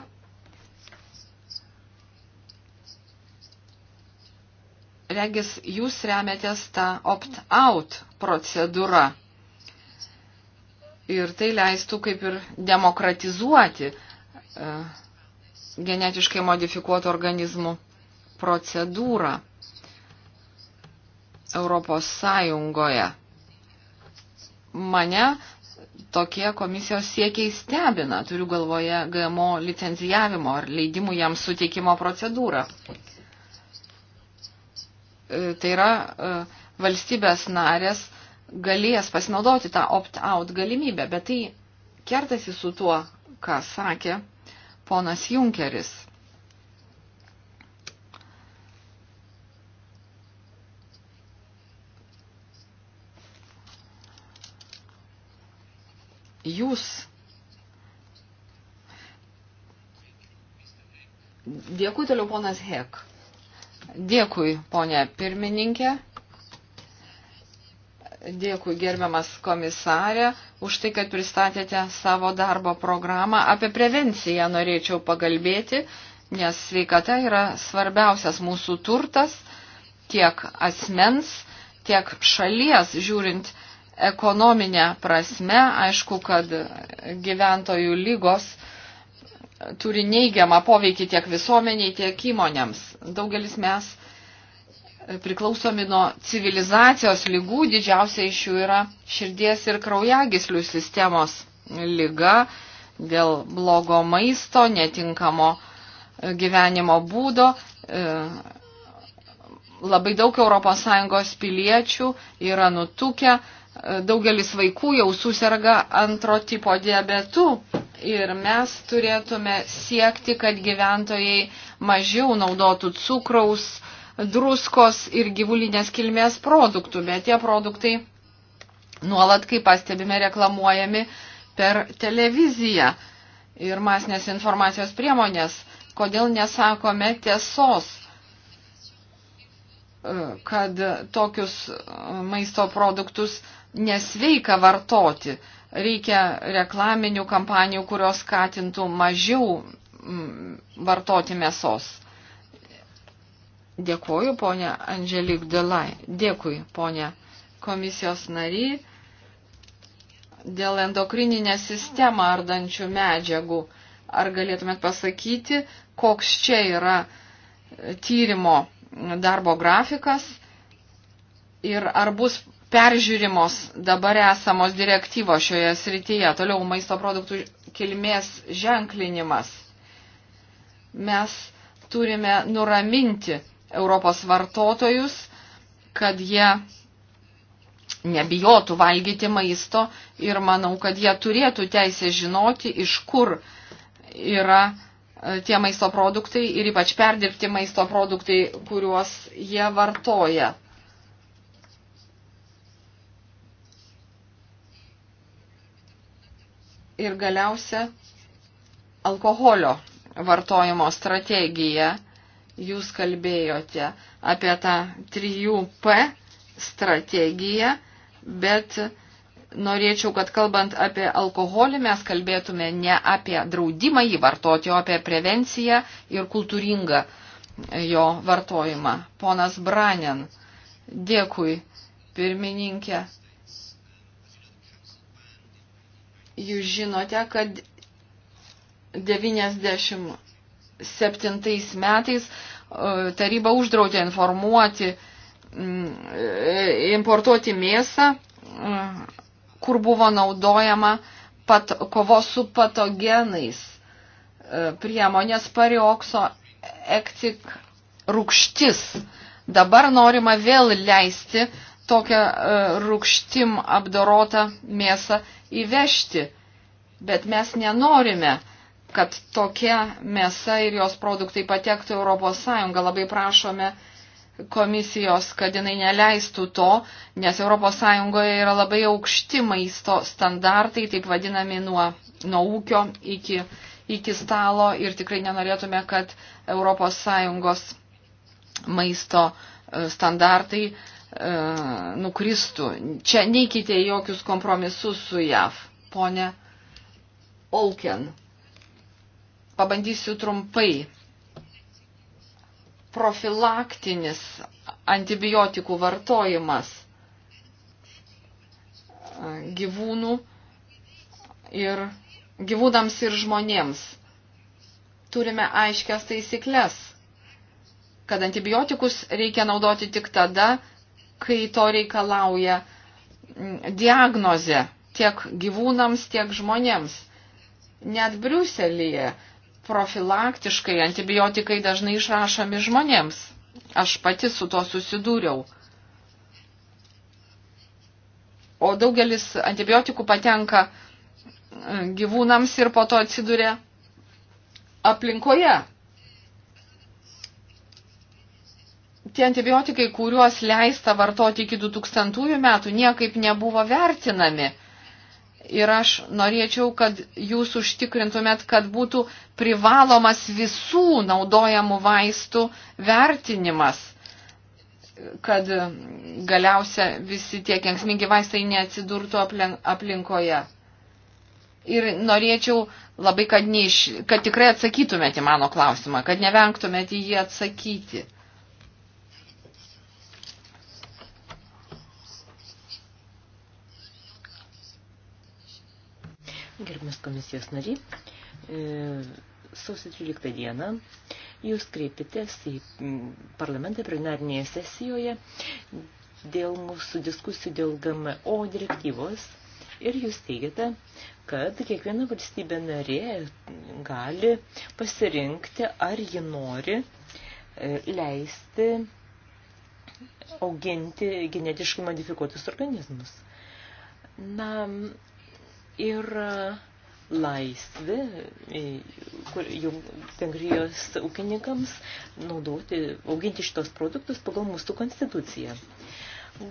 Regis, jūs remiatės tą opt-out procedūra. Ir tai leistų kaip ir demokratizuoti e, genetiškai modifikuotų organizmų procedūrą Europos Sąjungoje. Mane tokie komisijos siekiai stebina, turiu galvoje GMO licenzijavimo ar leidimų jam suteikimo procedūrą. E, tai yra e, valstybės narės galės pasinaudoti tą opt-out galimybę, bet tai kertasi su tuo, ką sakė ponas Junkeris. Jūs Dėkui toliau ponas Hek. Dėkui, ponė pirmininkė. Dėkui gerbiamas komisarė už tai, kad pristatėte savo darbo programą. Apie prevenciją norėčiau pagalbėti, nes sveikata yra svarbiausias mūsų turtas tiek asmens, tiek šalies žiūrint ekonominę prasme. Aišku, kad gyventojų lygos turi neigiamą poveikį tiek visuomeniai, tiek įmonėms. Daugelis mes priklausomi nuo civilizacijos lygų, didžiausia iš jų yra širdies ir kraujagislių sistemos lyga dėl blogo maisto, netinkamo e, gyvenimo būdo. E, Labai daug ES piliečių yra nutukę, e, daugelis vaikų jau susirga antro tipo diabetu ir mes turėtume siekti, kad gyventojai mažiau naudotų cukraus, druskos ir gyvulinės kilmės produktų, bet tie produktai nuolat, kaip pastebime, reklamuojami per televiziją ir masinės informacijos priemonės. Kodėl nesakome tiesos, e, kad tokius e, maisto produktus nesveika vartoti? Reikia reklaminių kampanijų, kurios skatintų mažiau vartoti mėsos. Dėkuoju, ponė Angelik Delai. Dėkui, ponė komisijos nary. Dėl endokrininę sistemą ardančių medžiagų, ar galėtumėt pasakyti, koks čia yra e, tyrimo darbo grafikas ir ar bus peržiūrimos dabar esamos direktyvos šioje srityje, toliau maisto produktų kilmės ženklinimas. Mes turime nuraminti Europos vartotojus, kad jie nebijotų valgyti maisto ir manau, kad jie turėtų teisę žinoti, iš kur yra e, tie maisto produktai ir ypač perdirbti maisto produktai, kuriuos jie vartoja. Ir galiausia, alkoholio vartojimo strategija jūs kalbėjote apie tą 3P strategiją, bet norėčiau, kad kalbant apie alkoholį mes kalbėtume ne apie draudimą jį vartoti, o apie prevenciją ir kultūringą jo vartojimą. Ponas Branen, dėkui, pirmininkė. Jūs žinote, kad 90 2007 metais e, taryba uždraudė informuoti, e, importuoti mėsą, kur buvo naudojama pat, kovos su patogenais e, priemonės pariokso ektik rūkštis. Dabar norima vėl leisti tokią rūkštim apdorotą mėsą įvežti, bet mes nenorime uh, kad tokia mėsa ir jos produktai patektų Europos Sąjungą. Labai prašome komisijos, kad jinai neleistų to, nes Europos Sąjungoje yra labai aukšti maisto standartai, taip vadinami nuo, nuo ūkio iki, iki stalo ir tikrai nenorėtume, kad Europos Sąjungos maisto e, standartai e, nukristų. Čia neikite jokius kompromisus su JAV, ponė Olken. Pabandysiu trumpai. Profilaktinis antibiotikų vartojimas gyvūnų ir gyvūnams ir žmonėms. Turime aiškias taisyklės, kad antibiotikus reikia naudoti tik tada, kai to reikalauja diagnozė tiek gyvūnams, tiek žmonėms. Net Briuselėje profilaktiškai antibiotikai dažnai išrašomi žmonėms. Aš pati su to susidūriau. O daugelis antibiotikų patenka e, gyvūnams ir po to atsiduria aplinkoje. Tie antibiotikai, kuriuos leista vartoti iki 2000 metų, niekaip nebuvo vertinami Ir aš norėčiau, kad jūs užtikrintumėt, kad būtų privalomas visų naudojamų vaistų vertinimas, kad galiausia visi tie kenksmingi vaistai neatsidurtų aplinkoje. Ir norėčiau labai, kad, neiš, kad tikrai atsakytumėte mano klausimą, kad nevengtumėte jį atsakyti. Gerbimas komisijos nariai, e, sausio 13 dieną jūs kreipitės į parlamentą plenarinėje sesijoje dėl mūsų diskusijų dėl GMO direktyvos ir jūs teigiate, kad kiekviena valstybė narė gali pasirinkti, ar ji nori e, leisti auginti genetiškai modifikuotus organizmus. Na, yra e, laisvi Vengrijos e, ūkininkams naudoti, auginti šitos produktus pagal mūsų konstituciją.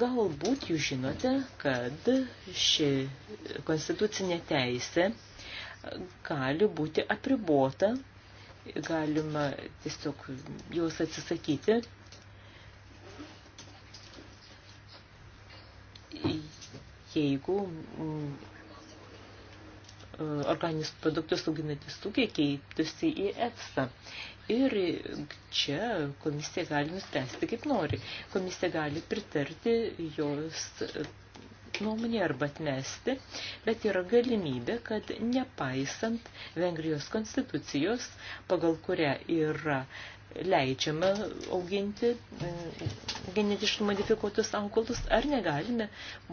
Galbūt jūs žinote, kad ši konstitucinė teisė gali būti apribota, galima tiesiog jos atsisakyti. Jeigu organinius produktus auginantis ūkiai keitųsi į EFSA. Ir čia komisija gali nuspręsti kaip nori. Komisija gali pritarti jos nuomonė arba atmesti, bet yra galimybė, kad nepaisant Vengrijos konstitucijos, pagal kurią yra uh, leidžiama auginti mm, genetiškai modifikuotus augalus, ar negalime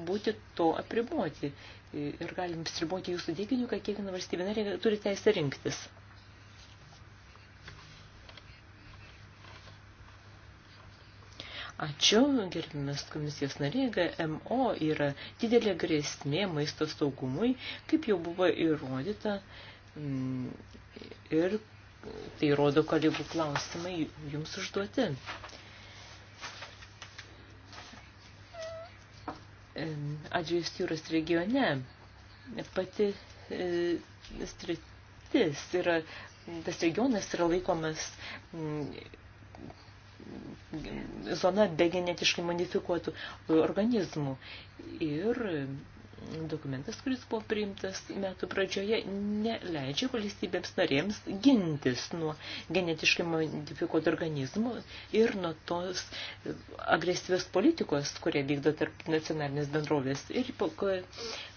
būti to apriboti. Ir galim apsiriboti jūsų teiginiu, kad kiekviena valstybė narė turi teisę rinktis. Ačiū, gerbimas komisijos narė, GMO yra didelė grėsmė maisto saugumui, kaip jau buvo įrodyta mm, ir Tai rodo kolegų klausimai jums užduoti. Adžijos jūros regione pati e, stritis yra, tas regionas yra laikomas zona be genetiškai modifikuotų organizmų. Ir dokumentas, kuris buvo priimtas metų pradžioje, neleidžia valstybėms narėms gintis nuo genetiškai modifikuotų organizmų ir nuo tos agresyvios politikos, kurią vykdo tarp nacionalinės bendrovės. Ir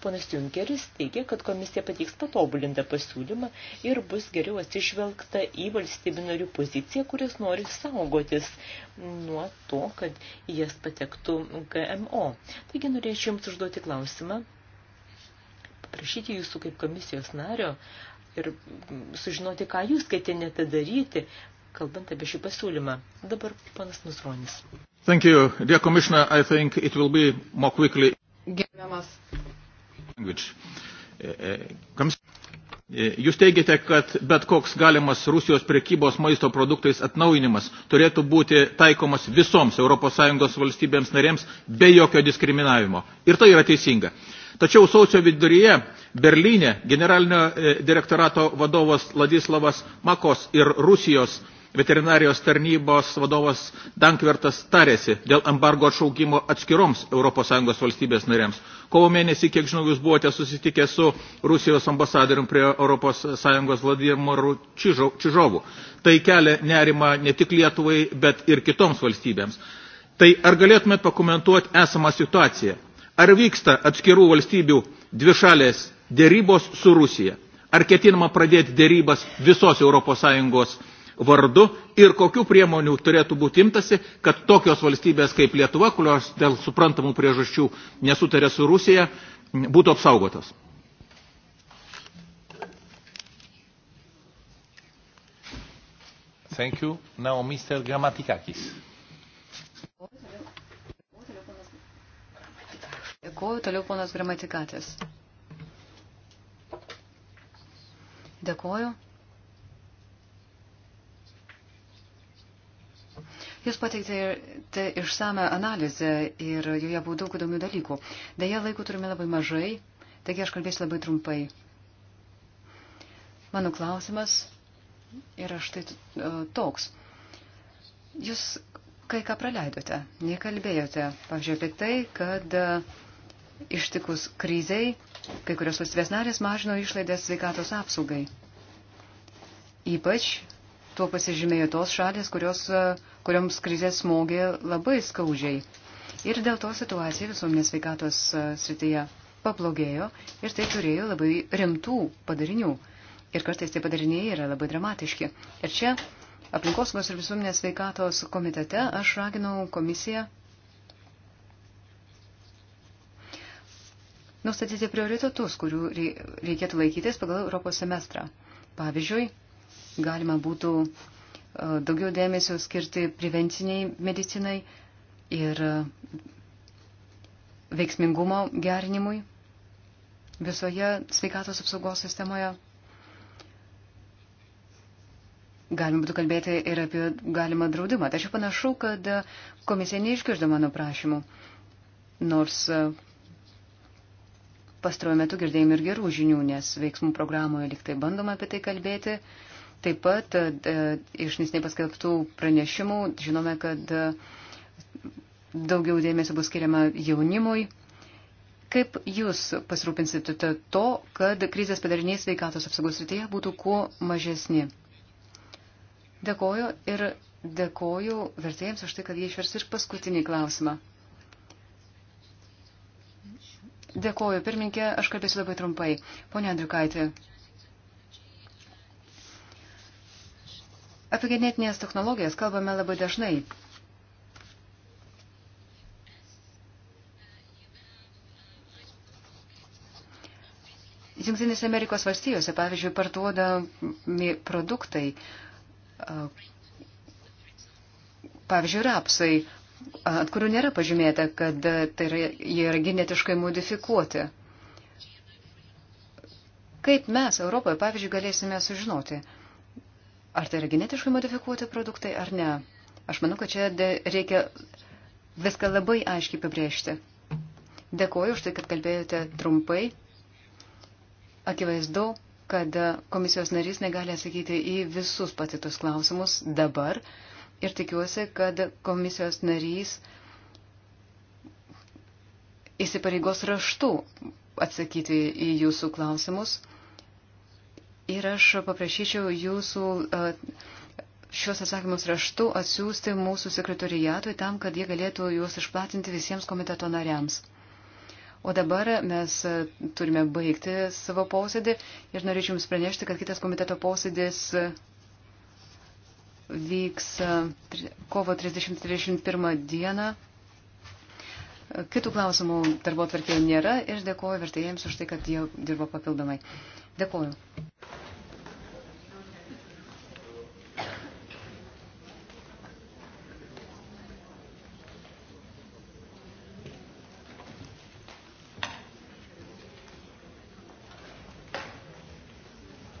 ponas Junkeris teigia, kad komisija patiks patobulintą pasiūlymą ir bus geriau atsižvelgta į valstybių narių poziciją, kuris nori saugotis nuo to, kad jas patektų GMO. Taigi norėčiau Jums užduoti klausimą paprašyti jūsų kaip komisijos nario ir sužinoti, ką jūs ketinėte daryti, kalbant apie šį pasiūlymą. Dabar panas Nusronis. Thank you. Dear Commissioner, I think it will be more quickly. Gerbiamas. Language. Eh, eh, eh, jūs teigiate, kad bet koks galimas Rusijos prekybos maisto produktais atnaujinimas turėtų būti taikomas visoms ES valstybėms narėms be jokio diskriminavimo. Ir tai yra teisinga. Tačiau sausio viduryje Berlyne generalinio e, direktorato vadovas Ladislavas Makos ir Rusijos veterinarijos tarnybos vadovas Dankvertas tarėsi dėl embargo atšaukimo atskiroms ES valstybės narėms. Kovo mėnesį, kiek žinau, jūs buvote susitikę su Rusijos ambasadorium prie ES Vladimiru Čižovu. Tai kelia nerima ne tik Lietuvai, bet ir kitoms valstybėms. Tai ar galėtumėt pakomentuoti esamą situaciją? Ar vyksta atskirų valstybių dvišalės dėrybos su Rusija? Ar ketinama pradėti dėrybas visos ES vardu ir kokių priemonių turėtų būti imtasi, kad tokios valstybės kaip Lietuva, kurios dėl suprantamų priežasčių nesutarė su Rusija, būtų apsaugotos? Thank you. Now Mr. Grammatikakis. Dėkuoju, toliau ponas Gramatikatis. Dėkuoju. Jūs pateikėte išsame analizę ir joje buvo daug įdomių dalykų. Deja, laiko turime labai mažai, taigi aš kalbėsiu labai trumpai. Mano klausimas yra štai toks. Jūs kai ką praleidote, nekalbėjote, pavyzdžiui, apie tai, kad Ištikus krizai, kai kurios valstybės narės mažino išlaidas sveikatos apsaugai. Ypač tuo pasižymėjo tos šalės, kurios, e, kurioms krizės smogė labai skaudžiai. Ir dėl to situacija visuomenės sveikatos e, srityje pablogėjo ir tai turėjo labai rimtų padarinių. Ir kartais tie padariniai yra labai dramatiški. Ir čia aplinkosaugos ir visuomenės sveikatos komitete aš raginau komisiją nustatyti prioritetus, kurių reikėtų laikytis pagal Europos semestrą. Pavyzdžiui, galima būtų e, daugiau dėmesio skirti prevenciniai medicinai ir e, veiksmingumo gerinimui visoje sveikatos apsaugos sistemoje. Galima būtų kalbėti ir apie galimą draudimą. Tačiau panašu, kad komisija neišgirdo mano prašymų, nors e, pastaruoju metu girdėjom ir gerų žinių, nes veiksmų programoje liktai bandoma apie tai kalbėti. Taip pat e, iš nesnei paskelbtų pranešimų žinome, kad e, daugiau dėmesio bus skiriama jaunimui. Kaip jūs pasirūpinsite to, kad krizės padariniai sveikatos apsaugos rytyje būtų kuo mažesni? Dėkoju ir dėkoju vertėjams už tai, kad jie išvers ir paskutinį klausimą. Dėkoju, pirmininkė, aš kalbėsiu labai trumpai. Pone Andriukaitė. Apie genetinės technologijas kalbame labai dažnai. Junktinėse Amerikos valstijose, pavyzdžiui, parduodami produktai, pavyzdžiui, rapsai, ant kurių nėra pažymėta, kad tai yra, jie yra genetiškai modifikuoti. Kaip mes Europoje, pavyzdžiui, galėsime sužinoti, ar tai yra genetiškai modifikuoti produktai ar ne? Aš manau, kad čia reikia viską labai aiškiai pabrėžti. Dėkoju už tai, kad kalbėjote trumpai. Akivaizdu, kad komisijos narys negali atsakyti į visus patytus klausimus dabar ir tikiuosi, kad komisijos narys įsipareigos raštu atsakyti į jūsų klausimus. Ir aš paprašyčiau jūsų e, šios atsakymus raštu atsiųsti mūsų sekretoriatui tam, kad jie galėtų juos išplatinti visiems komiteto nariams. O dabar mes e, turime baigti savo posėdį ir norėčiau Jums pranešti, kad kitas komiteto posėdis vyks e, kovo 30-31 dieną. E, kitų klausimų darbo tvarkėje nėra ir dėkoju vertėjams už tai, kad jie dirbo papildomai. Dėkoju.